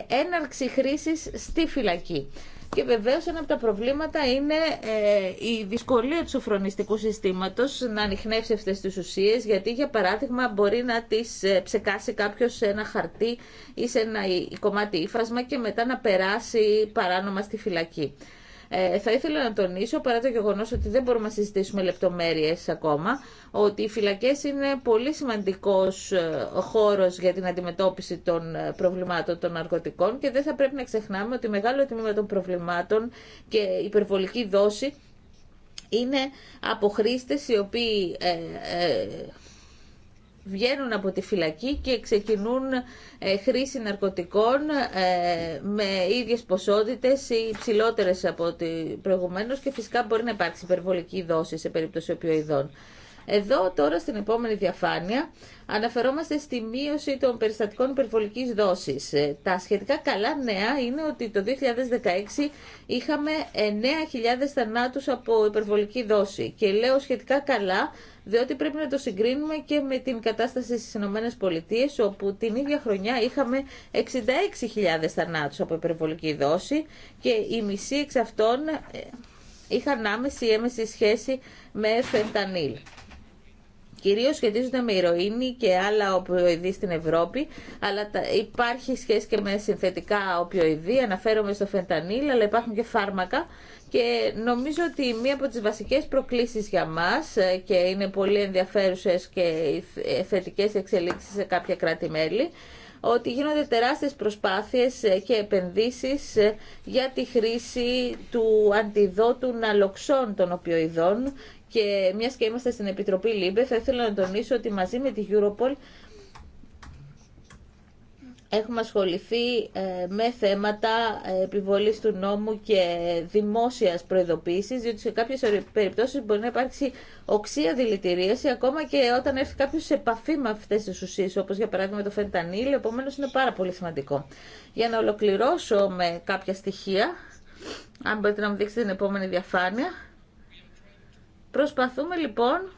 έναρξη χρήσης στη φυλακή. Και βεβαίω ένα από τα προβλήματα είναι ε, η δυσκολία του σοφρονιστικού συστήματος να ανοιχνεύσει αυτέ τι ουσίες, γιατί για παράδειγμα μπορεί να τις ε, ψεκάσει κάποιο σε ένα χαρτί ή σε ένα ε, κομμάτι ύφασμα και μετά να περάσει παράνομα στη φυλακή. Ε, θα ήθελα να τονίσω, παρά το γεγονό ότι δεν μπορούμε να συζητήσουμε λεπτομέρειε ακόμα, ότι οι φυλακέ είναι πολύ σημαντικός ε, χώρος για την αντιμετώπιση των ε, προβλημάτων των ναρκωτικών και δεν θα πρέπει να ξεχνάμε ότι μεγάλο τμήμα των προβλημάτων και υπερβολική δόση είναι από χρήστε οι οποίοι ε, βγαίνουν από τη φυλακή και ξεκινούν ε, χρήση ναρκωτικών ε, με ίδιες ποσότητες ή ψηλότερες από ό,τι προηγουμένως και φυσικά μπορεί να υπάρξει υπερβολική δόση σε περίπτωση οπιοειδών. Εδώ τώρα στην επόμενη διαφάνεια αναφερόμαστε στη μείωση των περιστατικών υπερβολικής δόσης. Ε, τα σχετικά καλά νέα είναι ότι το 2016 είχαμε 9.000 θανάτους από υπερβολική δόση και λέω σχετικά καλά διότι πρέπει να το συγκρίνουμε και με την κατάσταση στις ΗΠΑ, Πολιτείες, όπου την ίδια χρονιά είχαμε 66.000 θανάτους από υπερβολική δόση και η μισή εξ αυτών ε, είχαν άμεση ή έμεση σχέση με φεντανίλ κυρίως σχετίζονται με ηρωίνη και άλλα οπιοειδή στην Ευρώπη, αλλά υπάρχει σχέση και με συνθετικά οπιοειδή, αναφέρομαι στο φεντανίλ, αλλά υπάρχουν και φάρμακα και νομίζω ότι μία από τις βασικές προκλήσεις για μας ε, και είναι πολύ ενδιαφέρουσες και θετικέ θετικές εξελίξεις σε κάποια κράτη-μέλη, ότι γίνονται τεράστιες προσπάθειες ε, και επενδύσεις ε, για τη χρήση του αντιδότου ναλοξών των οπιοειδών και μια και είμαστε στην Επιτροπή ΛΥΜΠΕ, θα ήθελα να τονίσω ότι μαζί με τη Europol έχουμε ασχοληθεί ε, με θέματα ε, επιβολής του νόμου και δημόσιας προειδοποίησης, διότι σε κάποιες περιπτώσεις μπορεί να υπάρξει οξία δηλητηρίαση, ακόμα και όταν έρθει κάποιος σε επαφή με αυτές τις ουσίες, όπως για παράδειγμα το φεντανίλ, επομένως είναι πάρα πολύ σημαντικό. Για να ολοκληρώσω με κάποια στοιχεία, αν μπορείτε να μου δείξετε την επόμενη διαφάνεια, Προσπαθούμε λοιπόν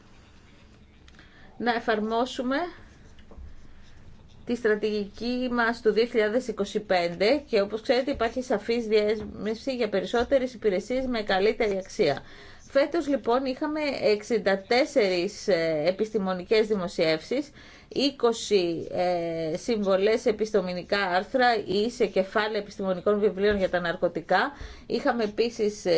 να εφαρμόσουμε τη στρατηγική μας του 2025 και όπως ξέρετε υπάρχει σαφής διέσμευση για περισσότερες υπηρεσίες με καλύτερη αξία. Φέτος λοιπόν είχαμε 64 ε, επιστημονικές δημοσιεύσεις 20 ε, συμβολές επιστομινικά άρθρα ή σε κεφάλαια επιστημονικών βιβλίων για τα ναρκωτικά. Είχαμε επίσης 30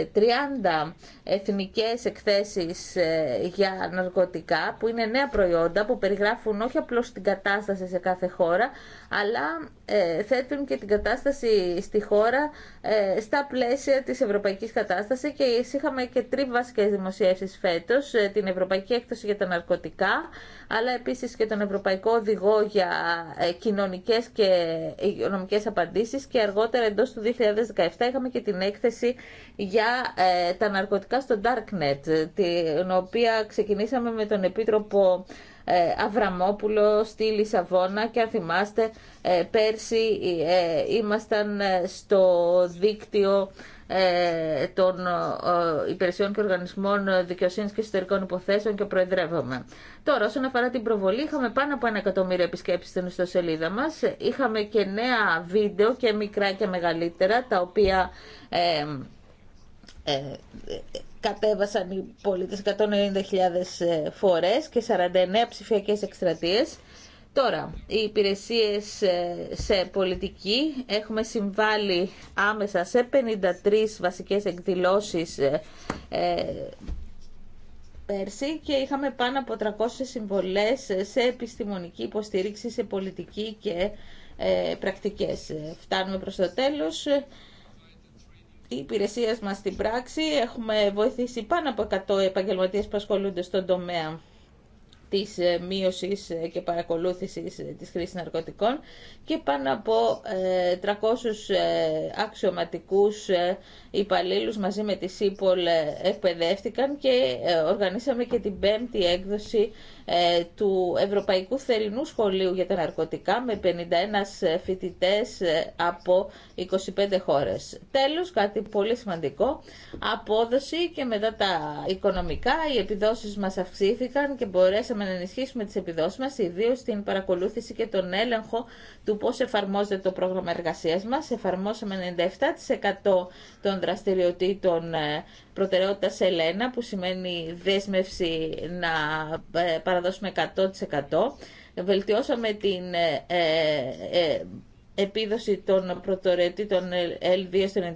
ε, εθνικές εκθέσεις ε, για ναρκωτικά που είναι νέα προϊόντα που περιγράφουν όχι απλώς την κατάσταση σε κάθε χώρα αλλά ε, θέτουν και την κατάσταση στη χώρα ε, στα πλαίσια της ευρωπαϊκής κατάστασης και είχαμε και τρεις βασικές δημοσιεύσεις φέτος, ε, την Ευρωπαϊκή Έκθεση για τα Ναρκωτικά, αλλά επίσης και τον Ευρωπαϊκό Οδηγό για Κοινωνικές και Οικονομικές Απαντήσεις και αργότερα εντός του 2017 είχαμε και την έκθεση για τα ναρκωτικά στο Darknet, την οποία ξεκινήσαμε με τον Επίτροπο ε, Αβραμόπουλο στη Λισαβόνα και αν θυμάστε ε, πέρσι ε, ήμασταν στο δίκτυο των υπηρεσιών και οργανισμών δικαιοσύνης και εσωτερικών υποθέσεων και προεδρεύομαι. Τώρα, όσον αφορά την προβολή, είχαμε πάνω από ένα εκατομμύριο επισκέψεις στην ιστοσελίδα μας. Είχαμε και νέα βίντεο και μικρά και μεγαλύτερα, τα οποία ε, κατέβασαν οι πολίτες 190.000 ε, φορές και 49 ψηφιακές εκστρατείες. Τώρα, οι υπηρεσίες ε, σε πολιτική έχουμε συμβάλει άμεσα σε 53 βασικές εκδηλώσεις ε, πέρσι και είχαμε πάνω από 300 συμβολές σε επιστημονική υποστήριξη, σε πολιτική και πρακτικές. Φτάνουμε προς το τέλος. Η υπηρεσία μας στην πράξη. Έχουμε βοηθήσει πάνω από 100 επαγγελματίες που ασχολούνται στον τομέα της ε, μείωσης ε, και παρακολούθησης ε, της χρήση ναρκωτικών και πάνω από 300 αξιωματικού υπαλλήλου μαζί με τη ΣΥΠΟΛ εκπαιδεύτηκαν και οργανίσαμε και την πέμπτη έκδοση ε, του Ευρωπαϊκού Θερινού Σχολείου για τα Ναρκωτικά με 51 ε, φοιτητέ ε, από 25 χώρες. Τέλος, κάτι πολύ σημαντικό, απόδοση και μετά τα οικονομικά, οι επιδόσεις μας αυξήθηκαν και μπορέσαμε να ενισχύσουμε τις επιδόσεις μας, ιδίως στην παρακολούθηση και τον έλεγχο του πώς εφαρμόζεται το πρόγραμμα εργασίας μας. Εφαρμόσαμε 97% των δραστηριοτήτων προτεραιότητας Ελένα, που σημαίνει δέσμευση να παρακολουθήσουμε να δώσουμε 100%. Βελτιώσαμε την ε, ε, ε επίδοση των πρωτορετήτων L2 στο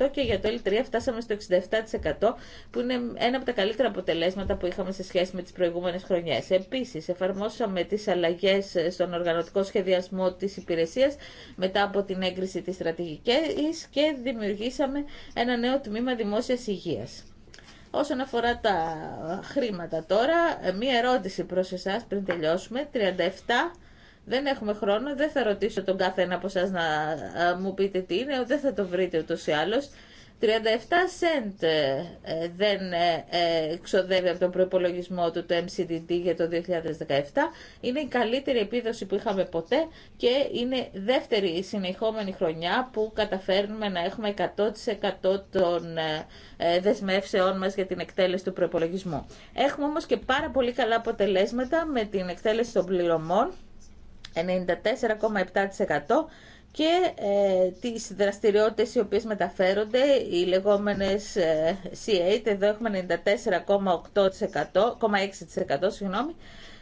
95% και για το L3 φτάσαμε στο 67% που είναι ένα από τα καλύτερα αποτελέσματα που είχαμε σε σχέση με τις προηγούμενες χρονιές. Επίσης, εφαρμόσαμε τις αλλαγές στον οργανωτικό σχεδιασμό της υπηρεσίας μετά από την έγκριση της στρατηγικής και δημιουργήσαμε ένα νέο τμήμα δημόσιας υγείας. Όσον αφορά τα χρήματα τώρα, μία ερώτηση προς εσάς πριν τελειώσουμε. 37. Δεν έχουμε χρόνο, δεν θα ρωτήσω τον κάθε ένα από εσά να ε, μου πείτε τι είναι, δεν θα το βρείτε ούτως ή άλλως. 37 cent ε, ε, δεν ε, ξοδεύει από τον προπολογισμό του το MCDD για το 2017. Είναι η καλύτερη επίδοση που είχαμε ποτέ και είναι δεύτερη συνεχόμενη χρονιά που καταφέρνουμε να έχουμε 100% των δεσμεύσεών μας για την εκτέλεση του προπολογισμού. Έχουμε όμως και πάρα πολύ καλά αποτελέσματα με την εκτέλεση των πληρωμών 94,7% και ε, τις δραστηριότητες οι οποίες μεταφέρονται, οι λεγόμενες ε, C8, εδώ έχουμε 94,6%,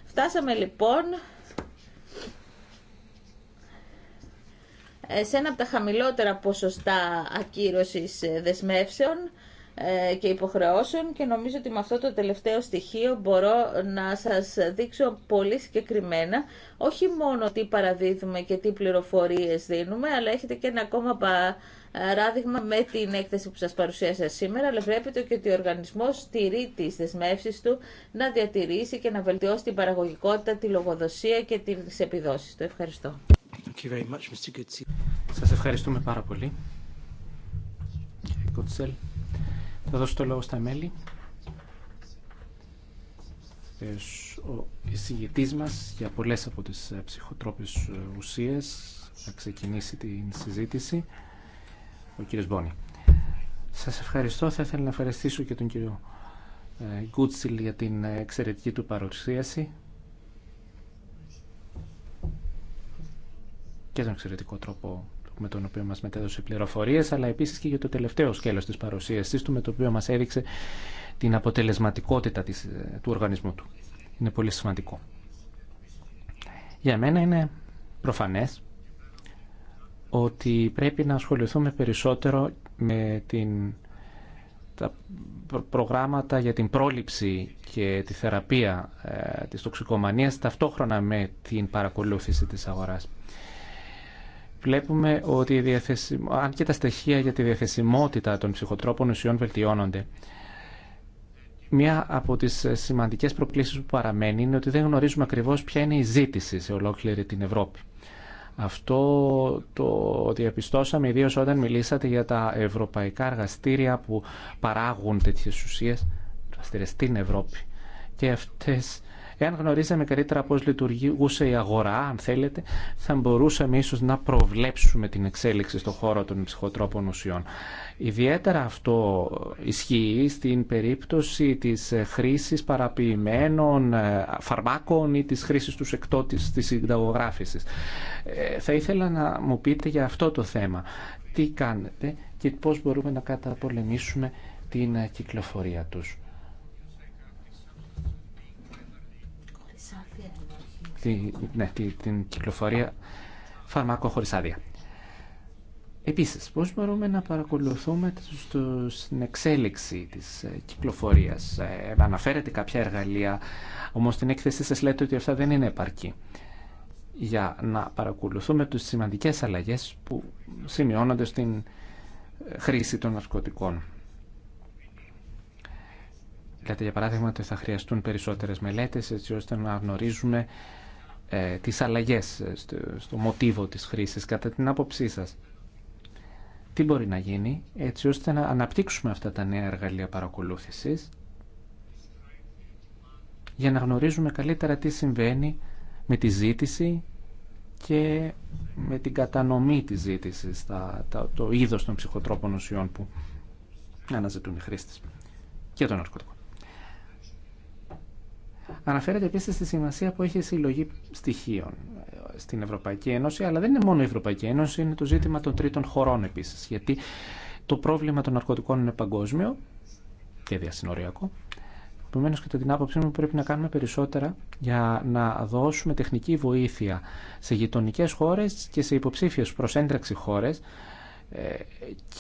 Φτάσαμε λοιπόν ε, σε ένα από τα χαμηλότερα ποσοστά ακύρωσης ε, δεσμεύσεων, ε, και υποχρεώσεων και νομίζω ότι με αυτό το τελευταίο στοιχείο μπορώ να σας δείξω πολύ συγκεκριμένα όχι μόνο τι παραδίδουμε και τι πληροφορίες δίνουμε αλλά έχετε και ένα ακόμα παράδειγμα με την έκθεση που σας παρουσίασα σήμερα αλλά βλέπετε και ότι ο οργανισμός στηρεί τις δεσμεύσεις του να διατηρήσει και να βελτιώσει την παραγωγικότητα, τη λογοδοσία και τις επιδόσεις του. Ευχαριστώ. Σα Σας ευχαριστούμε πάρα πολύ. Θα δώσω το λόγο στα μέλη. Ο εισηγητής μας για πολλές από τις ε, ψυχοτρόπες ε, ουσίες θα ξεκινήσει την συζήτηση. Ο κύριος Μπόνη. Σας ευχαριστώ. Θα ήθελα να ευχαριστήσω και τον κύριο ε, Γκούτσιλ για την εξαιρετική του παρουσίαση και τον εξαιρετικό τρόπο με τον οποίο μας μετέδωσε πληροφορίες, αλλά επίσης και για το τελευταίο σκέλος της παρουσίας της του, με το οποίο μας έδειξε την αποτελεσματικότητα της, ε, του οργανισμού του. Είναι πολύ σημαντικό. Για μένα είναι προφανές ότι πρέπει να ασχοληθούμε περισσότερο με την, τα προγράμματα για την πρόληψη και τη θεραπεία ε, της τοξικομανίας ταυτόχρονα με την παρακολούθηση της αγοράς βλέπουμε ότι η αν και τα στοιχεία για τη διαθεσιμότητα των ψυχοτρόπων ουσιών βελτιώνονται, μία από τις σημαντικές προκλήσεις που παραμένει είναι ότι δεν γνωρίζουμε ακριβώς ποια είναι η ζήτηση σε ολόκληρη την Ευρώπη. Αυτό το διαπιστώσαμε ιδίω όταν μιλήσατε για τα ευρωπαϊκά εργαστήρια που παράγουν τέτοιες ουσίες εργαστήρια στην Ευρώπη. Και αυτές Εάν γνωρίζαμε καλύτερα πώς λειτουργούσε η αγορά, αν θέλετε, θα μπορούσαμε ίσως να προβλέψουμε την εξέλιξη στον χώρο των ψυχοτρόπων ουσιών. Ιδιαίτερα αυτό ισχύει στην περίπτωση της χρήσης παραποιημένων ε, φαρμάκων ή της χρήσης τους εκτότης της συνταγογράφησης. Ε, θα ήθελα να μου πείτε για αυτό το θέμα. Τι κάνετε και πώς μπορούμε να καταπολεμήσουμε την κυκλοφορία τους. Ναι, τη, την κυκλοφορία φαρμάκων χωρίς άδεια. Επίσης, πώς μπορούμε να παρακολουθούμε την εξέλιξη της ε, κυκλοφορίας. Ε, αναφέρετε κάποια εργαλεία, όμως την έκθεση σας λέτε ότι αυτά δεν είναι επαρκή για να παρακολουθούμε τις σημαντικές αλλαγές που σημειώνονται στην ε, χρήση των ναρκωτικών. για παράδειγμα, ότι θα χρειαστούν περισσότερες μελέτες έτσι ώστε να γνωρίζουμε ε, τις αλλαγές ε, στο, μοτίβο της χρήσης κατά την άποψή σας. Τι μπορεί να γίνει έτσι ώστε να αναπτύξουμε αυτά τα νέα εργαλεία παρακολούθησης για να γνωρίζουμε καλύτερα τι συμβαίνει με τη ζήτηση και με την κατανομή της ζήτησης, το είδος των ψυχοτρόπων ουσιών που αναζητούν οι χρήστες και τον ναρκωτικών. Αναφέρεται επίση στη σημασία που έχει η συλλογή στοιχείων ε, στην Ευρωπαϊκή Ένωση, αλλά δεν είναι μόνο η Ευρωπαϊκή Ένωση, είναι το ζήτημα των τρίτων χωρών επίση. Γιατί το πρόβλημα των ναρκωτικών είναι παγκόσμιο και διασυνοριακό. Επομένω, κατά την άποψή μου, πρέπει να κάνουμε περισσότερα για να δώσουμε τεχνική βοήθεια σε γειτονικέ χώρε και σε υποψήφιε προ ένταξη χώρε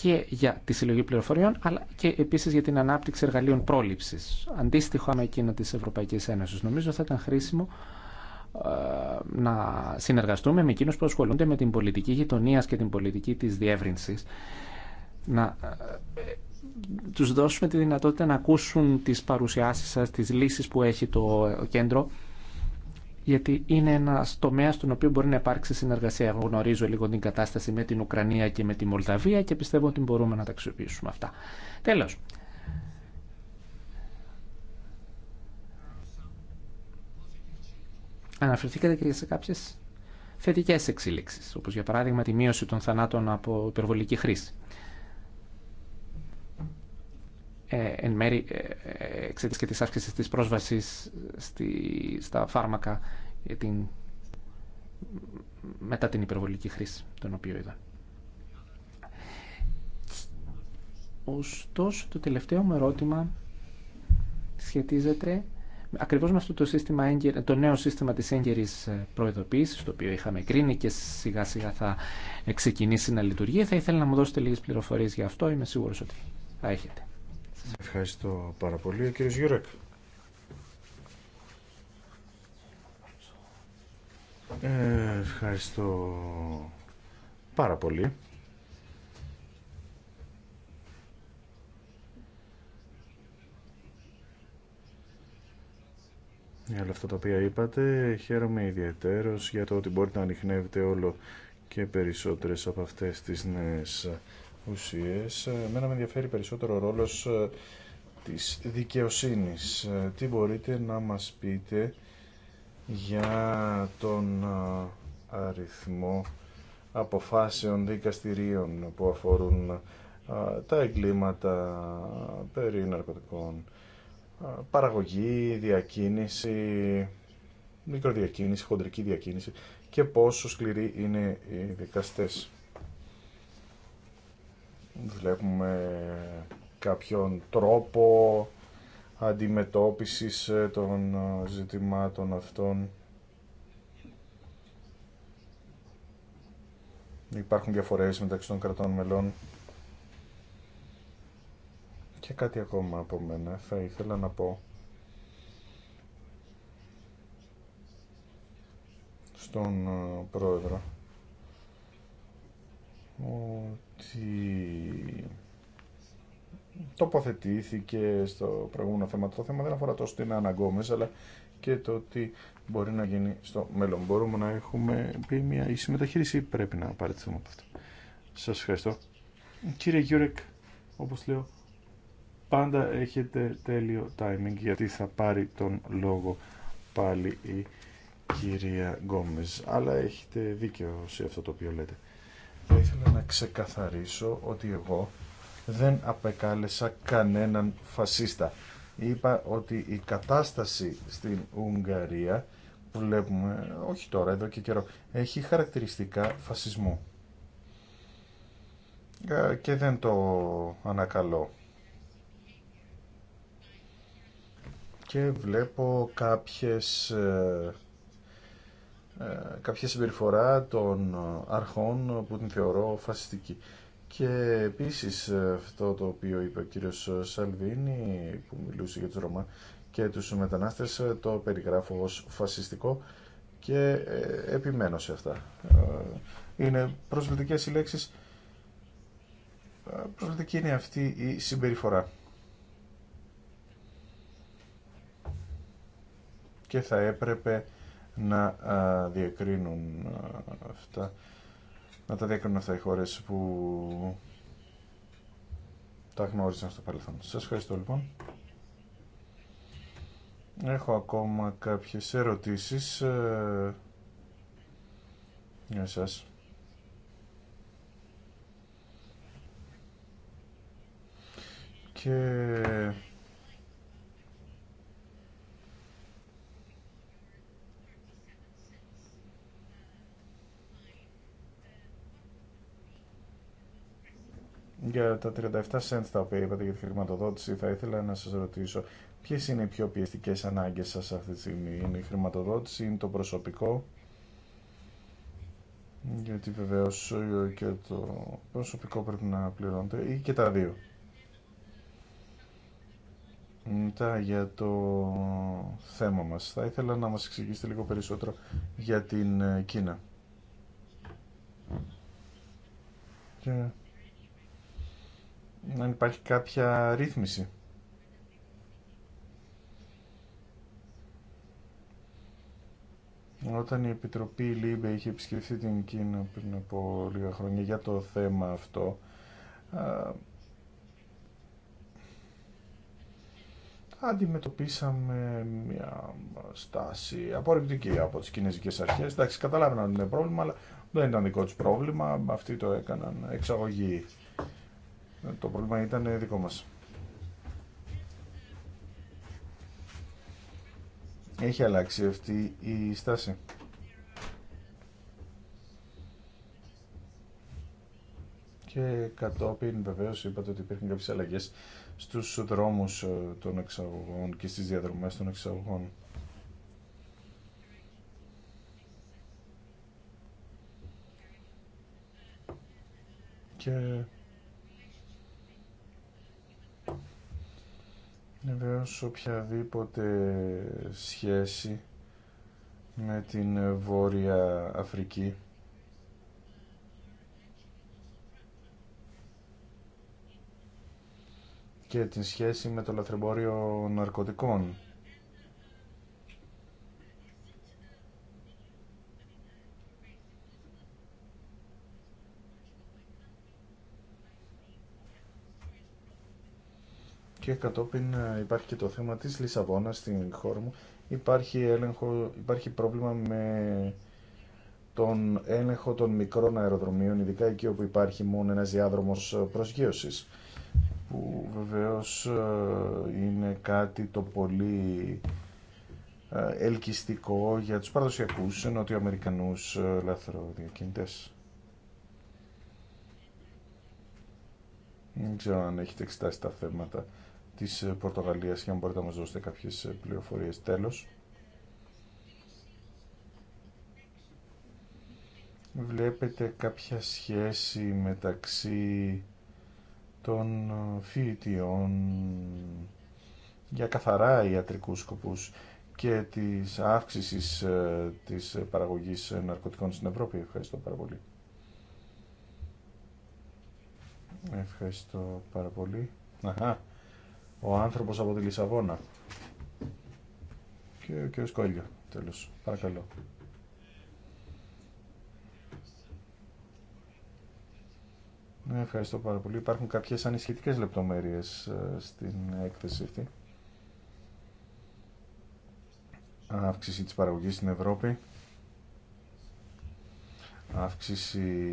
και για τη συλλογή πληροφοριών, αλλά και επίσης για την ανάπτυξη εργαλείων πρόληψης, αντίστοιχα με εκείνα τη Ευρωπαϊκή Ένωση. Νομίζω θα ήταν χρήσιμο ε, να συνεργαστούμε με εκείνους που ασχολούνται με την πολιτική γειτονία και την πολιτική της διεύρυνσης, να ε, τους δώσουμε τη δυνατότητα να ακούσουν τις παρουσιάσεις σας, τις λύσεις που έχει το κέντρο γιατί είναι ένα τομέα στον οποίο μπορεί να υπάρξει συνεργασία. γνωρίζω λίγο την κατάσταση με την Ουκρανία και με τη Μολδαβία και πιστεύω ότι μπορούμε να τα αξιοποιήσουμε αυτά. Τέλο. Αναφερθήκατε και σε κάποιε θετικέ εξελίξει, όπω για παράδειγμα τη μείωση των θανάτων από υπερβολική χρήση. Ε, εν μέρη ε, ε, εξαιτία και τη αύξηση τη πρόσβαση στα φάρμακα την, μετά την υπερβολική χρήση των οποίων Ωστόσο, το τελευταίο μου ερώτημα σχετίζεται ακριβώς με αυτό το, σύστημα, το νέο σύστημα της έγκαιρης προειδοποίησης, το οποίο είχαμε κρίνει και σιγά σιγά θα ξεκινήσει να λειτουργεί. Θα ήθελα να μου δώσετε λίγες πληροφορίες για αυτό. Είμαι σίγουρος ότι θα έχετε. Ευχαριστώ πάρα πολύ. Κύριε Γιουρέκ. Ε, ευχαριστώ πάρα πολύ. Για όλα αυτά τα οποία είπατε, χαίρομαι ιδιαίτερος για το ότι μπορείτε να ανοιχνεύετε όλο και περισσότερες από αυτές τις νέες ουσίες. Ε, εμένα με ενδιαφέρει περισσότερο ο ρόλος ε, της δικαιοσύνης. Ε, τι μπορείτε να μας πείτε για τον αριθμό αποφάσεων δικαστηρίων που αφορούν τα εγκλήματα περί ναρκωτικών, παραγωγή, διακίνηση, μικροδιακίνηση, χοντρική διακίνηση και πόσο σκληροί είναι οι δικαστές βλέπουμε κάποιον τρόπο αντιμετώπισης ε, των ε, ζητημάτων αυτών. Υπάρχουν διαφορές μεταξύ των κρατών μελών. Και κάτι ακόμα από μένα θα ήθελα να πω. Στον ε, πρόεδρο ότι τοποθετήθηκε στο προηγούμενο θέμα. Το θέμα δεν αφορά τόσο την αναγκόμες, αλλά και το ότι μπορεί να γίνει στο μέλλον. Μπορούμε να έχουμε πει μια ίση μεταχείριση πρέπει να παραιτηθούμε από αυτό. Σας ευχαριστώ. Κύριε Γιούρεκ, όπως λέω, πάντα έχετε τέλειο timing γιατί θα πάρει τον λόγο πάλι η κυρία Γκόμες. Αλλά έχετε δίκαιο σε αυτό το οποίο λέτε. Θα ήθελα να ξεκαθαρίσω ότι εγώ δεν απεκάλεσα κανέναν φασίστα. Είπα ότι η κατάσταση στην Ουγγαρία που βλέπουμε, όχι τώρα, εδώ και καιρό, έχει χαρακτηριστικά φασισμού. Ε, και δεν το ανακαλώ. Και βλέπω κάποιες ε, ε, κάποια συμπεριφορά των ε, αρχών που την θεωρώ φασιστική. Και επίσης ε, αυτό το οποίο είπε ο κύριος Σαλβίνη που μιλούσε για τους Ρωμά και τους μετανάστες το περιγράφω ως φασιστικό και επιμένω σε αυτά. Είναι προσβλητικές οι λέξεις. Προσβλητική είναι αυτή η συμπεριφορά. Και θα έπρεπε να διακρίνουν αυτά, να τα διακρίνουν αυτά οι χώρε που τα γνώριζαν στο παρελθόν. Σας ευχαριστώ λοιπόν. Έχω ακόμα κάποιες ερωτήσεις ε, για εσάς. Και Για τα 37 cents τα οποία είπατε για τη χρηματοδότηση θα ήθελα να σας ρωτήσω ποιες είναι οι πιο πιεστικές ανάγκες σας αυτή τη στιγμή. Είναι η χρηματοδότηση, είναι το προσωπικό. Γιατί βεβαίω και το προσωπικό πρέπει να πληρώνεται ή και τα δύο. Μετά για το θέμα μας. Θα ήθελα να μας εξηγήσετε λίγο περισσότερο για την Κίνα. Και αν υπάρχει κάποια ρύθμιση. Όταν η Επιτροπή ΛΥΜΠΕ είχε επισκεφθεί την Κίνα πριν από λίγα χρόνια για το θέμα αυτό, αντιμετωπίσαμε μια στάση απορριπτική από τις κινέζικες αρχές. Εντάξει, καταλάβαιναν ότι είναι πρόβλημα, αλλά δεν ήταν δικό τους πρόβλημα. Αυτοί το έκαναν εξαγωγή το πρόβλημα ήταν δικό μας. Έχει αλλάξει αυτή η στάση. Και κατόπιν βεβαίως είπατε ότι υπήρχαν κάποιες αλλαγές στους δρόμους ε, των εξαγωγών και στις διαδρομές των εξαγωγών. Και Βεβαίω οποιαδήποτε σχέση με την Βόρεια Αφρική και την σχέση με το λαθρεμπόριο ναρκωτικών και κατόπιν ε, υπάρχει και το θέμα της Λισαβόνα στην χώρα μου. Υπάρχει, έλεγχο, υπάρχει πρόβλημα με τον έλεγχο των μικρών αεροδρομίων, ειδικά εκεί όπου υπάρχει μόνο ένας διάδρομος ε, προσγείωσης, που βεβαίως ε, είναι κάτι το πολύ ελκυστικό για τους παραδοσιακούς νοτιοαμερικανούς λαθροδιακίνητες. Δεν ξέρω αν έχετε εξετάσει τα θέματα της ε, Πορτογαλίας και αν μπορείτε να μας δώσετε κάποιες ε, πληροφορίες. Τέλος, βλέπετε κάποια σχέση μεταξύ των ε, φοιτιών για καθαρά ιατρικούς σκοπούς και της αύξησης της παραγωγής ναρκωτικών στην Ευρώπη. Ευχαριστώ πάρα πολύ. Ευχαριστώ πάρα πολύ. Αχα ο άνθρωπο από τη Λισαβόνα. Και ο κ. Κόλιο, τέλο. Παρακαλώ. Ναι, ευχαριστώ πάρα πολύ. Υπάρχουν κάποιες ανισχύτικες λεπτομέρειες ε, στην έκθεση αυτή. Αύξηση της παραγωγή στην Ευρώπη. Αύξηση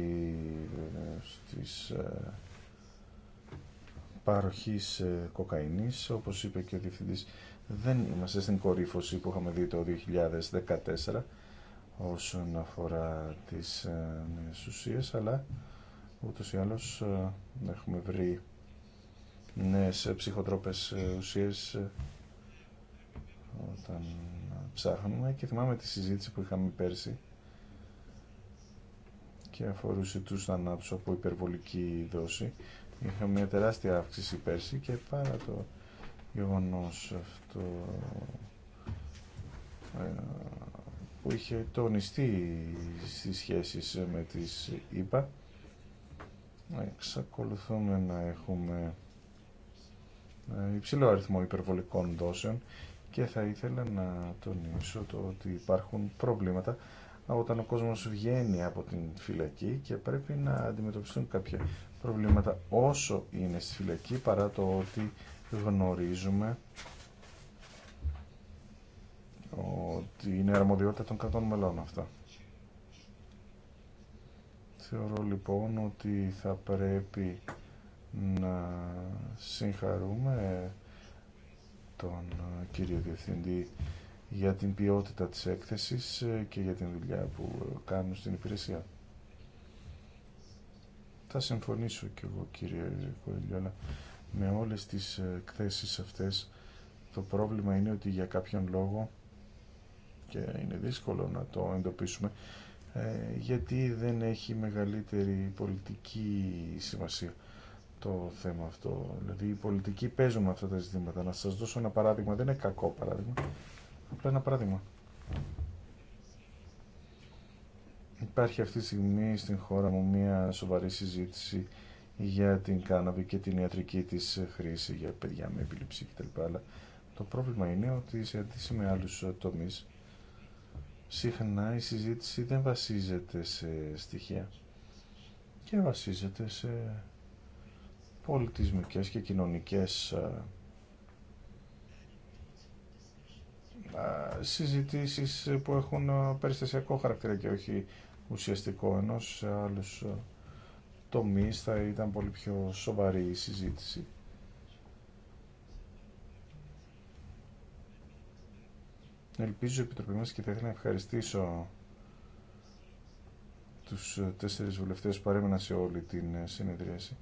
ε, της παροχής ε, κοκαίνης. Όπως είπε και ο Διευθυντής, δεν είμαστε στην κορύφωση που είχαμε δει το 2014 όσον αφορά τις ε, νέες ουσίες, αλλά ούτως ή άλλως ε, έχουμε βρει νέες ψυχοτρόπες ουσίες όταν ψάχνουμε και θυμάμαι τη συζήτηση που είχαμε πέρσι και αφορούσε τους ανάψω από υπερβολική δόση Είχαμε μια τεράστια αύξηση πέρσι και παρά το γεγονός αυτό ε, που είχε τονιστεί στις σχέσεις με τις ίπα, εξακολουθούμε να έχουμε ε, υψηλό αριθμό υπερβολικών δόσεων και θα ήθελα να τονίσω το ότι υπάρχουν προβλήματα όταν ο κόσμος βγαίνει από την φυλακή και πρέπει να αντιμετωπιστούν κάποια προβλήματα όσο είναι στη φυλακή παρά το ότι γνωρίζουμε ότι είναι αρμοδιότητα των κρατών μελών αυτά. Θεωρώ λοιπόν ότι θα πρέπει να συγχαρούμε τον κύριο Διευθυντή για την ποιότητα της έκθεσης και για την δουλειά που κάνουν στην υπηρεσία. Θα συμφωνήσω και εγώ κύριε Κοελιώνα με όλες τις ε, εκθέσεις αυτές. Το πρόβλημα είναι ότι για κάποιον λόγο και είναι δύσκολο να το εντοπίσουμε ε, γιατί δεν έχει μεγαλύτερη πολιτική σημασία το θέμα αυτό. Δηλαδή οι πολιτικοί παίζουν αυτά τα ζητήματα. Να σας δώσω ένα παράδειγμα. Δεν είναι κακό παράδειγμα. Απλά ένα παράδειγμα. Υπάρχει αυτή τη στιγμή στην χώρα μου μια σοβαρή συζήτηση για την κάναβη και την ιατρική της χρήση για παιδιά με επιληψή κτλ. το πρόβλημα είναι ότι σε αντίση με άλλους τομείς συχνά η συζήτηση δεν βασίζεται σε στοιχεία και βασίζεται σε πολιτισμικές και κοινωνικές συζητήσεις που έχουν περιστασιακό χαρακτήρα και όχι ουσιαστικό, ενώ σε άλλους ε, τομείς θα ήταν πολύ πιο σοβαρή η συζήτηση. Ελπίζω η Επιτροπή μας και θα ήθελα να ευχαριστήσω τους ε, τέσσερις βουλευτές που σε όλη την ε, συνεδρίαση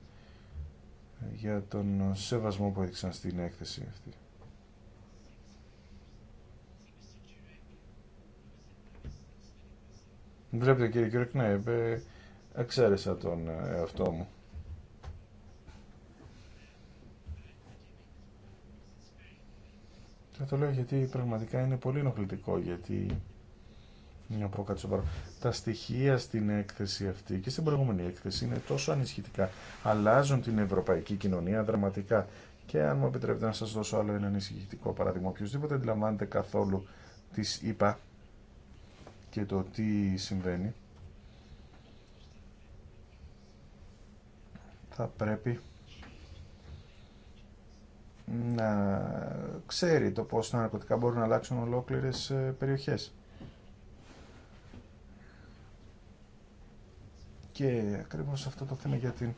για τον σεβασμό που έδειξαν στην έκθεση αυτή. Βλέπετε κύριε Κιουρεκ, ναι, εξαίρεσα τον ε, εαυτό μου. Θα το λέω γιατί πραγματικά είναι πολύ ενοχλητικό, γιατί να πω Τα στοιχεία στην έκθεση αυτή και στην προηγούμενη έκθεση είναι τόσο ανησυχητικά. Αλλάζουν την ευρωπαϊκή κοινωνία δραματικά. Και αν μου επιτρέπετε να σας δώσω άλλο ένα ανησυχητικό παράδειγμα, οποιοδήποτε αντιλαμβάνεται καθόλου τι είπα, και το τι συμβαίνει θα πρέπει να ξέρει το πώς τα ναρκωτικά μπορούν να αλλάξουν ολόκληρες ε, περιοχές. Και ακριβώς αυτό το θέμα για την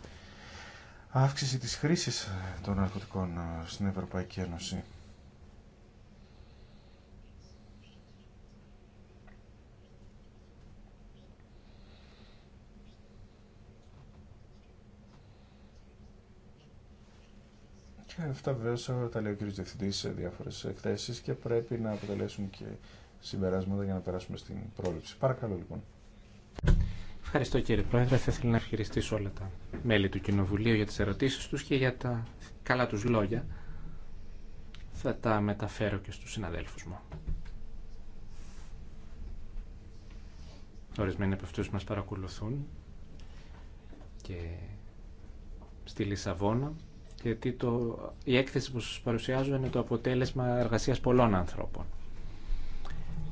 αύξηση της χρήσης ε, των ναρκωτικών ε, στην Ευρωπαϊκή Ένωση. Και αυτά βεβαίω τα λέει ο κύριο Διευθυντή σε διάφορε εκθέσει και πρέπει να αποτελέσουν και συμπεράσματα για να περάσουμε στην πρόληψη. Παρακαλώ λοιπόν. Ευχαριστώ κύριε Πρόεδρε. Θα ήθελα να ευχαριστήσω όλα τα μέλη του Κοινοβουλίου για τις ερωτήσεις τους και για τα καλά τους λόγια. Θα τα μεταφέρω και στους συναδέλφου μου. Ορισμένοι από αυτού μα παρακολουθούν και στη Λισαβόνα γιατί το, η έκθεση που σας παρουσιάζω είναι το αποτέλεσμα εργασίας πολλών ανθρώπων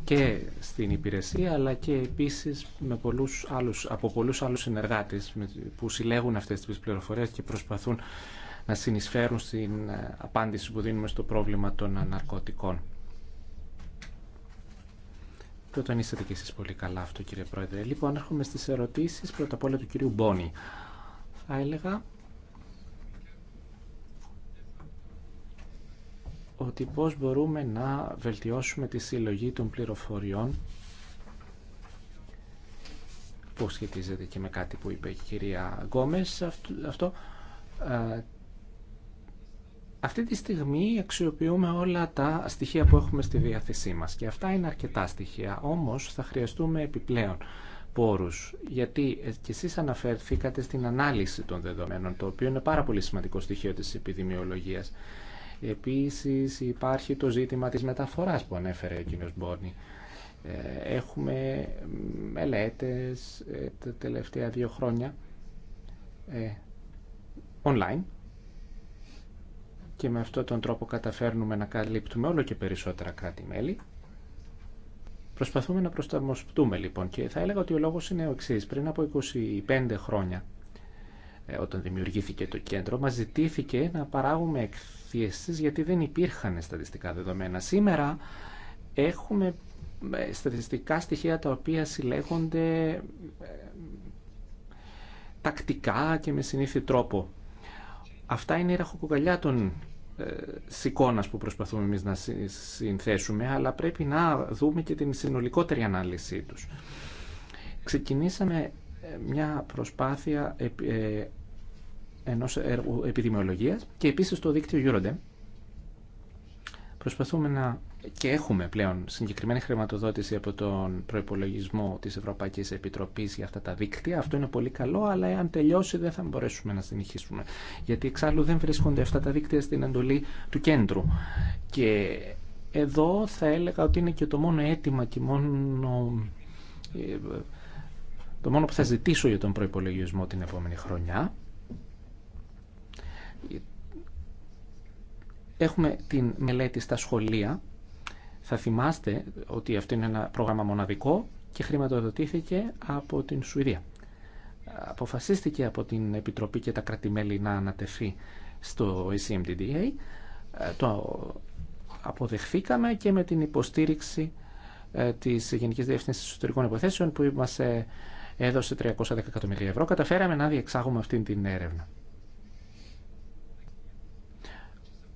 και στην υπηρεσία αλλά και επίσης με πολλούς άλλους, από πολλούς άλλους συνεργάτες που συλλέγουν αυτές τις πληροφορίες και προσπαθούν να συνεισφέρουν στην ε, απάντηση που δίνουμε στο πρόβλημα των ναρκωτικών. Το τονίσατε και εσείς πολύ καλά αυτό κύριε Πρόεδρε. Λοιπόν, έρχομαι στις ερωτήσεις πρώτα απ' όλα του κυρίου Μπόνι Θα έλεγα ότι πώς μπορούμε να βελτιώσουμε τη συλλογή των πληροφοριών που σχετίζεται και με κάτι που είπε η κυρία Γκόμες αυτό ε, αυτή τη στιγμή αξιοποιούμε όλα τα στοιχεία που έχουμε στη διάθεσή μας και αυτά είναι αρκετά στοιχεία, όμως θα χρειαστούμε επιπλέον πόρους, γιατί ε, και εσείς αναφέρθηκατε στην ανάλυση των δεδομένων, το οποίο είναι πάρα πολύ σημαντικό στοιχείο της επιδημιολογίας. Επίσης υπάρχει το ζήτημα της μεταφοράς που ανέφερε ο κ. Μπόρνη. Ε, έχουμε μελέτες ε, τα τελευταία δύο χρόνια ε, online και με αυτόν τον τρόπο καταφέρνουμε να καλύπτουμε όλο και περισσότερα κράτη-μέλη. Προσπαθούμε να προσταμοστούμε λοιπόν και θα έλεγα ότι ο λόγος είναι ο εξής. Πριν από 25 χρόνια ε, όταν δημιουργήθηκε το κέντρο, μας ζητήθηκε να παράγουμε εκθέσεις γιατί δεν υπήρχαν στατιστικά δεδομένα. Σήμερα έχουμε ε, στατιστικά στοιχεία τα οποία συλλέγονται ε, τακτικά και με συνήθι τρόπο. Αυτά είναι η ραχοκοκαλιά των εικόνα που προσπαθούμε εμείς να συνθέσουμε, αλλά πρέπει να δούμε και την συνολικότερη ανάλυση τους. Ξεκινήσαμε μια προσπάθεια ενός έργου επιδημιολογίας και επίσης το δίκτυο Eurodem. Προσπαθούμε να και έχουμε πλέον συγκεκριμένη χρηματοδότηση από τον προπολογισμό της Ευρωπαϊκής Επιτροπής για αυτά τα δίκτυα. Αυτό είναι πολύ καλό, αλλά εάν τελειώσει δεν θα μπορέσουμε να συνεχίσουμε. Γιατί εξάλλου δεν βρίσκονται αυτά τα δίκτυα στην εντολή του κέντρου. Και εδώ θα έλεγα ότι είναι και το μόνο αίτημα και μόνο... Ε, το μόνο που θα ζητήσω για τον προπολογισμό την επόμενη χρονιά Έχουμε την μελέτη στα σχολεία. Θα θυμάστε ότι αυτό είναι ένα πρόγραμμα μοναδικό και χρηματοδοτήθηκε από την Σουηδία. Αποφασίστηκε από την Επιτροπή και τα κρατημέλη να ανατεθεί στο ECMDDA. Το αποδεχθήκαμε και με την υποστήριξη ε, της Γενικής Διεύθυνσης Εσωτερικών Υποθέσεων που μας ε, έδωσε 310 εκατομμύρια ευρώ. Καταφέραμε να διεξάγουμε αυτή την έρευνα.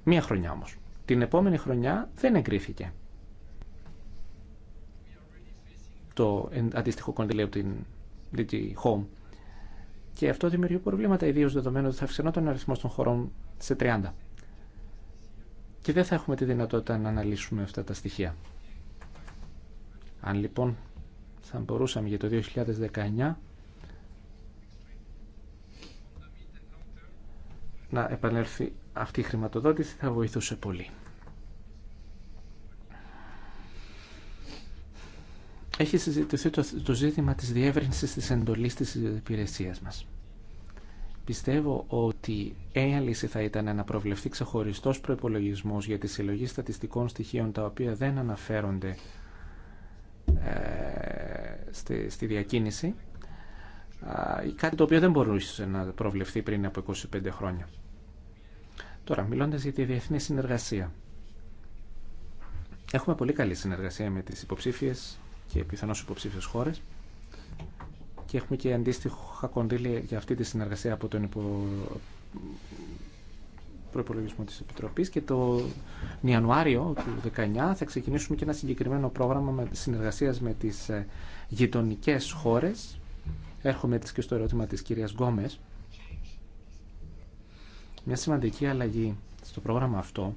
Μία χρονιά όμως. Την επόμενη χρονιά δεν εγκρίθηκε το αντίστοιχο κοντιλέο από την DG Home. Και αυτό δημιουργεί προβλήματα, ιδίω δεδομένου ότι θα αυξανόταν ο αριθμό των χωρών σε 30. Και δεν θα έχουμε τη δυνατότητα να αναλύσουμε αυτά τα στοιχεία. Αν λοιπόν θα μπορούσαμε για το 2019 να επανέλθει αυτή η χρηματοδότηση θα βοηθούσε πολύ. Έχει συζητηθεί το, ζήτημα της διεύρυνσης της εντολής της υπηρεσίας μας. Πιστεύω ότι ένα λύση θα ήταν να προβλεφθεί ξεχωριστό προπολογισμό για τη συλλογή στατιστικών στοιχείων τα οποία δεν αναφέρονται ε, στη, στη διακίνηση, κάτι το οποίο δεν μπορούσε να προβλεφθεί πριν από 25 χρόνια. Τώρα, μιλώντα για τη διεθνή συνεργασία. Έχουμε πολύ καλή συνεργασία με τις υποψήφιες και πιθανώ υποψήφιες χώρες και έχουμε και αντίστοιχα κονδύλια για αυτή τη συνεργασία από τον υπο... προϋπολογισμό της Επιτροπής και το Ιανουάριο του 2019 θα ξεκινήσουμε και ένα συγκεκριμένο πρόγραμμα με... με τι ε, γειτονικέ χώρε. Έρχομαι έτσι και στο ερώτημα τη κυρία Γκόμες μια σημαντική αλλαγή στο πρόγραμμα αυτό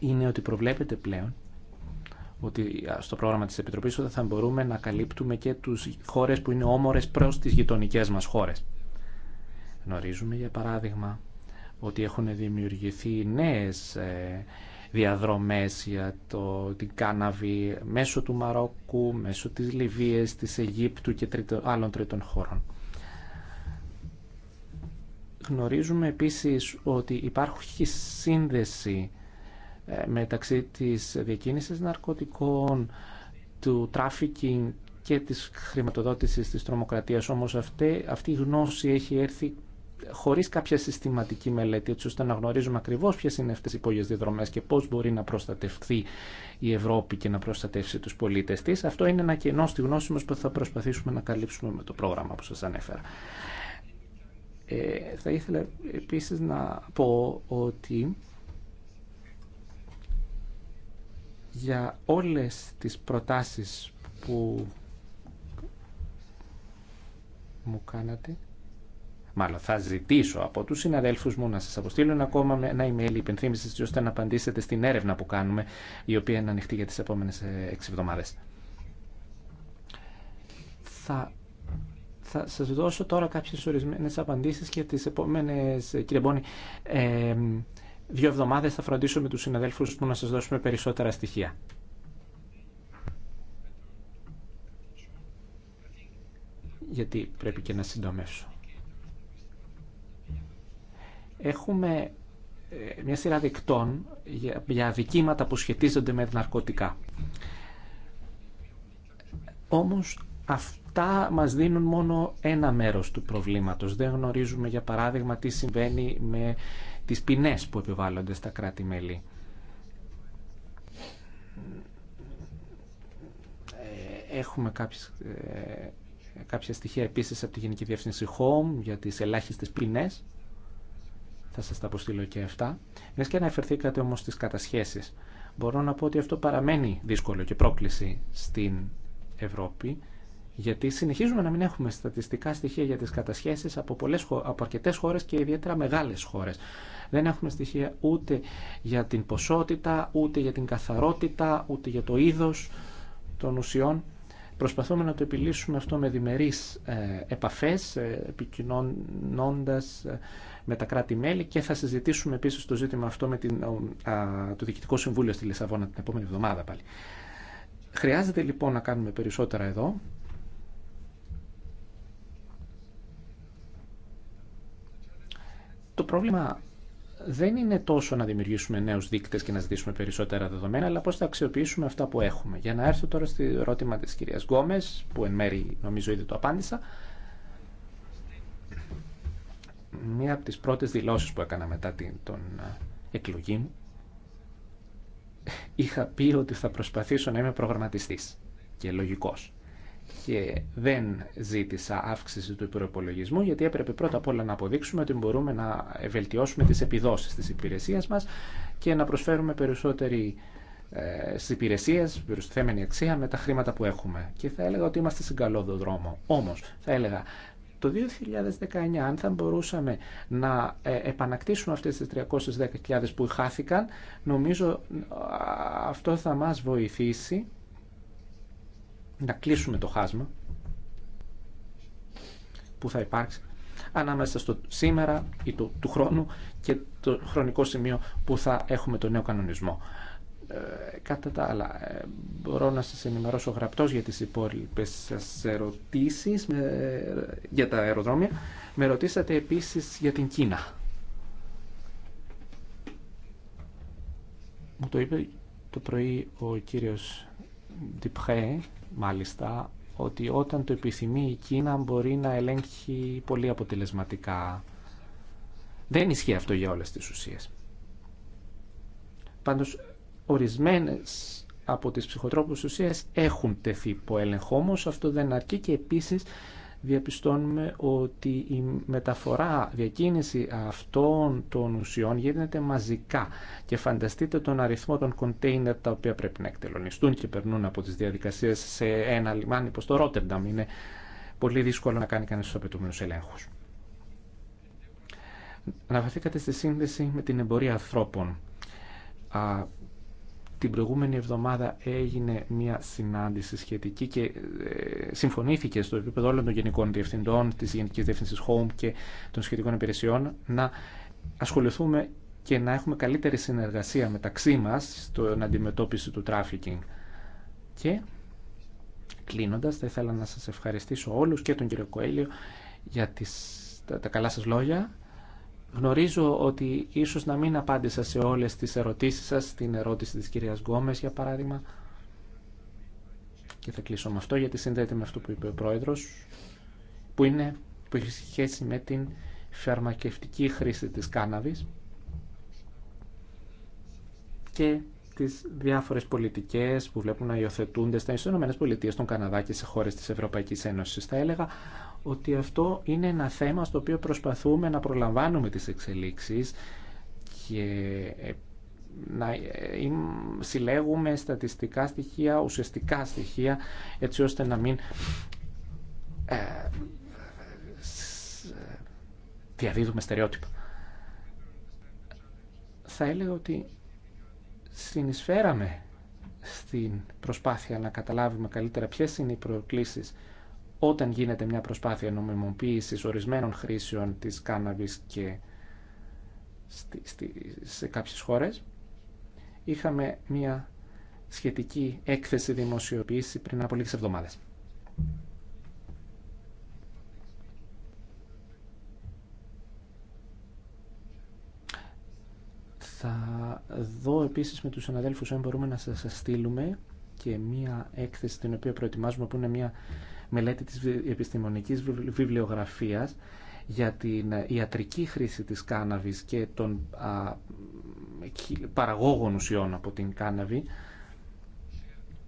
είναι ότι προβλέπεται πλέον ότι στο πρόγραμμα της Επιτροπής ότι θα μπορούμε να καλύπτουμε και τους χώρες που είναι όμορες προς τις γειτονικές μας χώρες. Γνωρίζουμε για παράδειγμα ότι έχουν δημιουργηθεί νέες ε, διαδρομές για το, την κάναβη μέσω του Μαρόκου, μέσω της Λιβύης, της Αιγύπτου και άλλων τρίτων χώρων. Γνωρίζουμε επίσης ότι υπάρχει σύνδεση ε, μεταξύ της διακίνησης ναρκωτικών, του τράφικινγκ και της χρηματοδότησης της τρομοκρατίας. Όμως αυτή, αυτή η γνώση έχει έρθει χωρίς κάποια συστηματική μελέτη, έτσι ώστε να γνωρίζουμε ακριβώς ποιες είναι αυτές οι υπόγειες διαδρομές και πώς μπορεί να προστατευθεί η Ευρώπη και να προστατεύσει τους πολίτες της. Αυτό είναι ένα κενό στη γνώση μας που θα προσπαθήσουμε να καλύψουμε με το πρόγραμμα που σας ανέφερα. Ε, θα ήθελα επίσης να πω ότι για όλες τις προτάσεις που μου κάνατε μάλλον θα ζητήσω από τους συναδέλφους μου να σας αποστείλουν ακόμα ένα email υπενθύμησης ώστε να απαντήσετε στην έρευνα που κάνουμε η οποία είναι ανοιχτή για τις επόμενες 6 ε, εβδομάδες. Θα θα σας δώσω τώρα κάποιες ορισμένες απαντήσεις και τις επόμενες, κύριε Μπόνη, ε, δύο εβδομάδες θα φροντίσω με τους συναδέλφους μου να σας δώσουμε περισσότερα στοιχεία. Γιατί πρέπει και να συντομεύσω. Έχουμε ε, μια σειρά δικτών για δικήματα που σχετίζονται με ναρκωτικά. Όμως αυτό αυτά μας δίνουν μόνο ένα μέρος του προβλήματος. Δεν γνωρίζουμε για παράδειγμα τι συμβαίνει με τις ποινές που επιβάλλονται στα κράτη-μέλη. Ε, έχουμε κάποιες, ε, κάποια στοιχεία επίσης από τη Γενική Διεύθυνση Home για τις ελάχιστες ποινές. Θα σας τα αποστείλω και αυτά. Μιας και αναφερθήκατε όμως στις κατασχέσεις. Μπορώ να πω ότι αυτό παραμένει δύσκολο και πρόκληση στην Ευρώπη γιατί συνεχίζουμε να μην έχουμε στατιστικά στοιχεία για τις κατασχέσεις από, πολλές, από αρκετές χώρες και ιδιαίτερα μεγάλες χώρες. Δεν έχουμε στοιχεία ούτε για την ποσότητα, ούτε για την καθαρότητα, ούτε για το είδος των ουσιών. Προσπαθούμε να το επιλύσουμε αυτό με διμερείς ε, επαφές, ε, επικοινωνώντας ε, με τα κράτη-μέλη και θα συζητήσουμε επίσης το ζήτημα αυτό με την, το Διοικητικό Συμβούλιο στη Λισαβόνα την επόμενη εβδομάδα πάλι. Χρειάζεται λοιπόν να κάνουμε περισσότερα εδώ Το πρόβλημα δεν είναι τόσο να δημιουργήσουμε νέους δείκτες και να ζητήσουμε περισσότερα δεδομένα, αλλά πώς θα αξιοποιήσουμε αυτά που έχουμε. Για να έρθω τώρα στη ερώτημα της κυρίας Γκόμες, που εν μέρη νομίζω ήδη το απάντησα, μία από τις πρώτες δηλώσεις που έκανα μετά την, τον εκλογή μου, είχα πει ότι θα προσπαθήσω να είμαι προγραμματιστής και λογικός και δεν ζήτησα αύξηση του προπολογισμού γιατί έπρεπε πρώτα απ' όλα να αποδείξουμε ότι μπορούμε να βελτιώσουμε τις επιδόσεις της υπηρεσίας μας και να προσφέρουμε περισσότερη υπηρεσία στις αξία με τα χρήματα που έχουμε. Και θα έλεγα ότι είμαστε σε καλό δρόμο. Όμως, θα έλεγα, το 2019 αν θα μπορούσαμε να ε, επανακτήσουμε αυτές τις 310.000 που χάθηκαν, νομίζω αυτό θα μας βοηθήσει να κλείσουμε το χάσμα που θα υπάρξει ανάμεσα στο σήμερα ή το, του χρόνου και το χρονικό σημείο που θα έχουμε το νέο κανονισμό. Ε, κατά τα άλλα, ε, μπορώ να σας ενημερώσω γραπτός για τις υπόλοιπες ερωτήσεις για τα αεροδρόμια. Με ρωτήσατε επίσης για την Κίνα. Μου το είπε το πρωί ο κύριος Διπχέ μάλιστα ότι όταν το επιθυμεί η Κίνα μπορεί να ελέγχει πολύ αποτελεσματικά. Δεν ισχύει αυτό για όλες τις ουσίες. Πάντως, ορισμένες από τις ψυχοτρόπους ουσίες έχουν τεθεί υπό έλεγχο, όμως αυτό δεν αρκεί και επίσης διαπιστώνουμε ότι η μεταφορά, διακίνηση αυτών των ουσιών γίνεται μαζικά και φανταστείτε τον αριθμό των κοντέινερ τα οποία πρέπει να εκτελονιστούν και περνούν από τις διαδικασίες σε ένα λιμάνι όπως το Ρότερνταμ. Είναι πολύ δύσκολο να κάνει κανείς τους απαιτούμενους ελέγχους. Αναφερθήκατε στη σύνδεση με την εμπορία ανθρώπων. Την προηγούμενη εβδομάδα έγινε μια συνάντηση σχετική και ε, συμφωνήθηκε στο επίπεδο όλων των γενικών διευθυντών της Γενικής Διεύθυνσης Home και των σχετικών υπηρεσιών να ασχοληθούμε και να έχουμε καλύτερη συνεργασία μεταξύ μας στην αντιμετώπιση του τράφικινγκ. Και κλείνοντας θα ήθελα να σας ευχαριστήσω όλους και τον κύριο Κοέλιο για τις, τα, τα καλά σας λόγια Γνωρίζω ότι ίσως να μην απάντησα σε όλες τις ερωτήσεις σας, την ερώτηση της κυρίας Γκόμες για παράδειγμα, και θα κλείσω με αυτό γιατί συνδέεται με αυτό που είπε ο Πρόεδρος, που, είναι, που έχει σχέση με την φαρμακευτική χρήση της κάναβης και τις διάφορες πολιτικές που βλέπουν να υιοθετούνται στα Ηνωμένες Πολιτείες, στον Καναδά και σε χώρες της Ευρωπαϊκής Ένωσης. Θα έλεγα ότι αυτό είναι ένα θέμα στο οποίο προσπαθούμε να προλαμβάνουμε τις εξελίξεις και ε, να ε, συλλέγουμε στατιστικά στοιχεία, ουσιαστικά στοιχεία, έτσι ώστε να μην ε, διαδίδουμε στερεότυπα. Θα έλεγα ότι συνεισφέραμε στην προσπάθεια να καταλάβουμε καλύτερα ποιες είναι οι προκλήσεις όταν γίνεται μια προσπάθεια νομιμοποίησης ορισμένων χρήσεων της κάναβης και σε κάποιες χώρες. Είχαμε μια σχετική έκθεση δημοσιοποίηση πριν από λίγες εβδομάδες. Θα δω επίσης με τους συναδέλφους αν μπορούμε να σας στείλουμε και μία έκθεση την οποία προετοιμάζουμε που είναι μία μελέτη της επιστημονικής βιβλιογραφίας για την ε, ιατρική χρήση της κάναβης και των παραγόγων ουσιών από την κάναβη.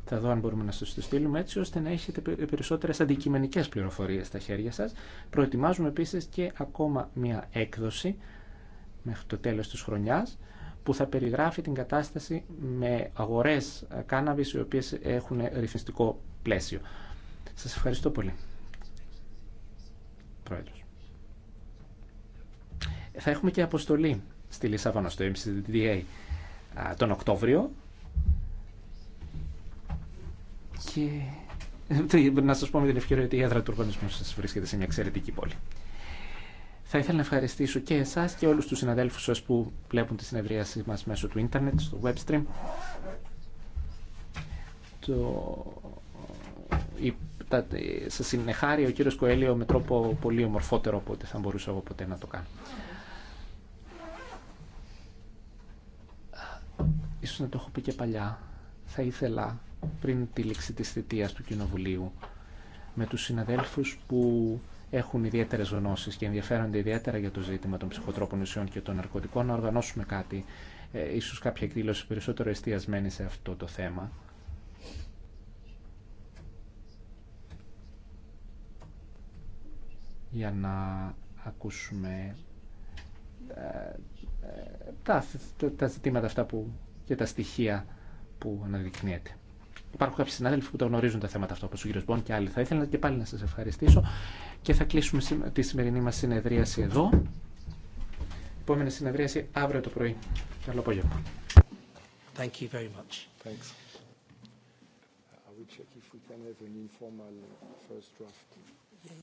Θα δω αν μπορούμε να σας το στείλουμε έτσι ώστε να έχετε περισσότερες αντικειμενικές πληροφορίες στα χέρια σας. Προετοιμάζουμε επίσης και ακόμα μια έκδοση μέχρι το τέλος της χρονιάς που θα περιγράφει την κατάσταση με αγορές ε, κάναβης οι οποίες έχουν ρυθμιστικό πλαίσιο. Σας ευχαριστώ πολύ. Πρόεδρος. Θα έχουμε και αποστολή στη Λισαβόνα, στο MCDDA, τον Οκτώβριο. Και να σας πω με την ευκαιρία ότι η έδρα του οργανισμού σας βρίσκεται σε μια εξαιρετική πόλη. Θα ήθελα να ευχαριστήσω και εσάς και όλους τους συναδέλφους σας που βλέπουν τη συνεδρίαση μας μέσω του ίντερνετ, στο webstream. Το τα, συνεχάρει ο κύριος Κοέλιο με τρόπο πολύ ομορφότερο από ό,τι θα μπορούσα εγώ ποτέ να το κάνω. Ίσως να το έχω πει και παλιά, θα ήθελα πριν τη λήξη της θητείας του Κοινοβουλίου με τους συναδέλφους που έχουν ιδιαίτερε γνώσει και ενδιαφέρονται ιδιαίτερα για το ζήτημα των ψυχοτρόπων ουσιών και των ναρκωτικών, να οργανώσουμε κάτι, ε, ίσως κάποια εκδήλωση περισσότερο εστιασμένη σε αυτό το θέμα. για να ακούσουμε ε, ε, τα, τα ζητήματα αυτά που, και τα στοιχεία που αναδεικνύεται. Υπάρχουν κάποιοι συνάδελφοι που τα γνωρίζουν τα θέματα αυτά, όπω ο κ. Μπον και άλλοι. Θα ήθελα και πάλι να σα ευχαριστήσω και θα κλείσουμε τη σημερινή μα συνεδρίαση εδώ. Επόμενη συνεδρίαση αύριο το πρωί. Καλό απόγευμα. Thank you very much. Thanks. Uh, I will check if we can have first draft.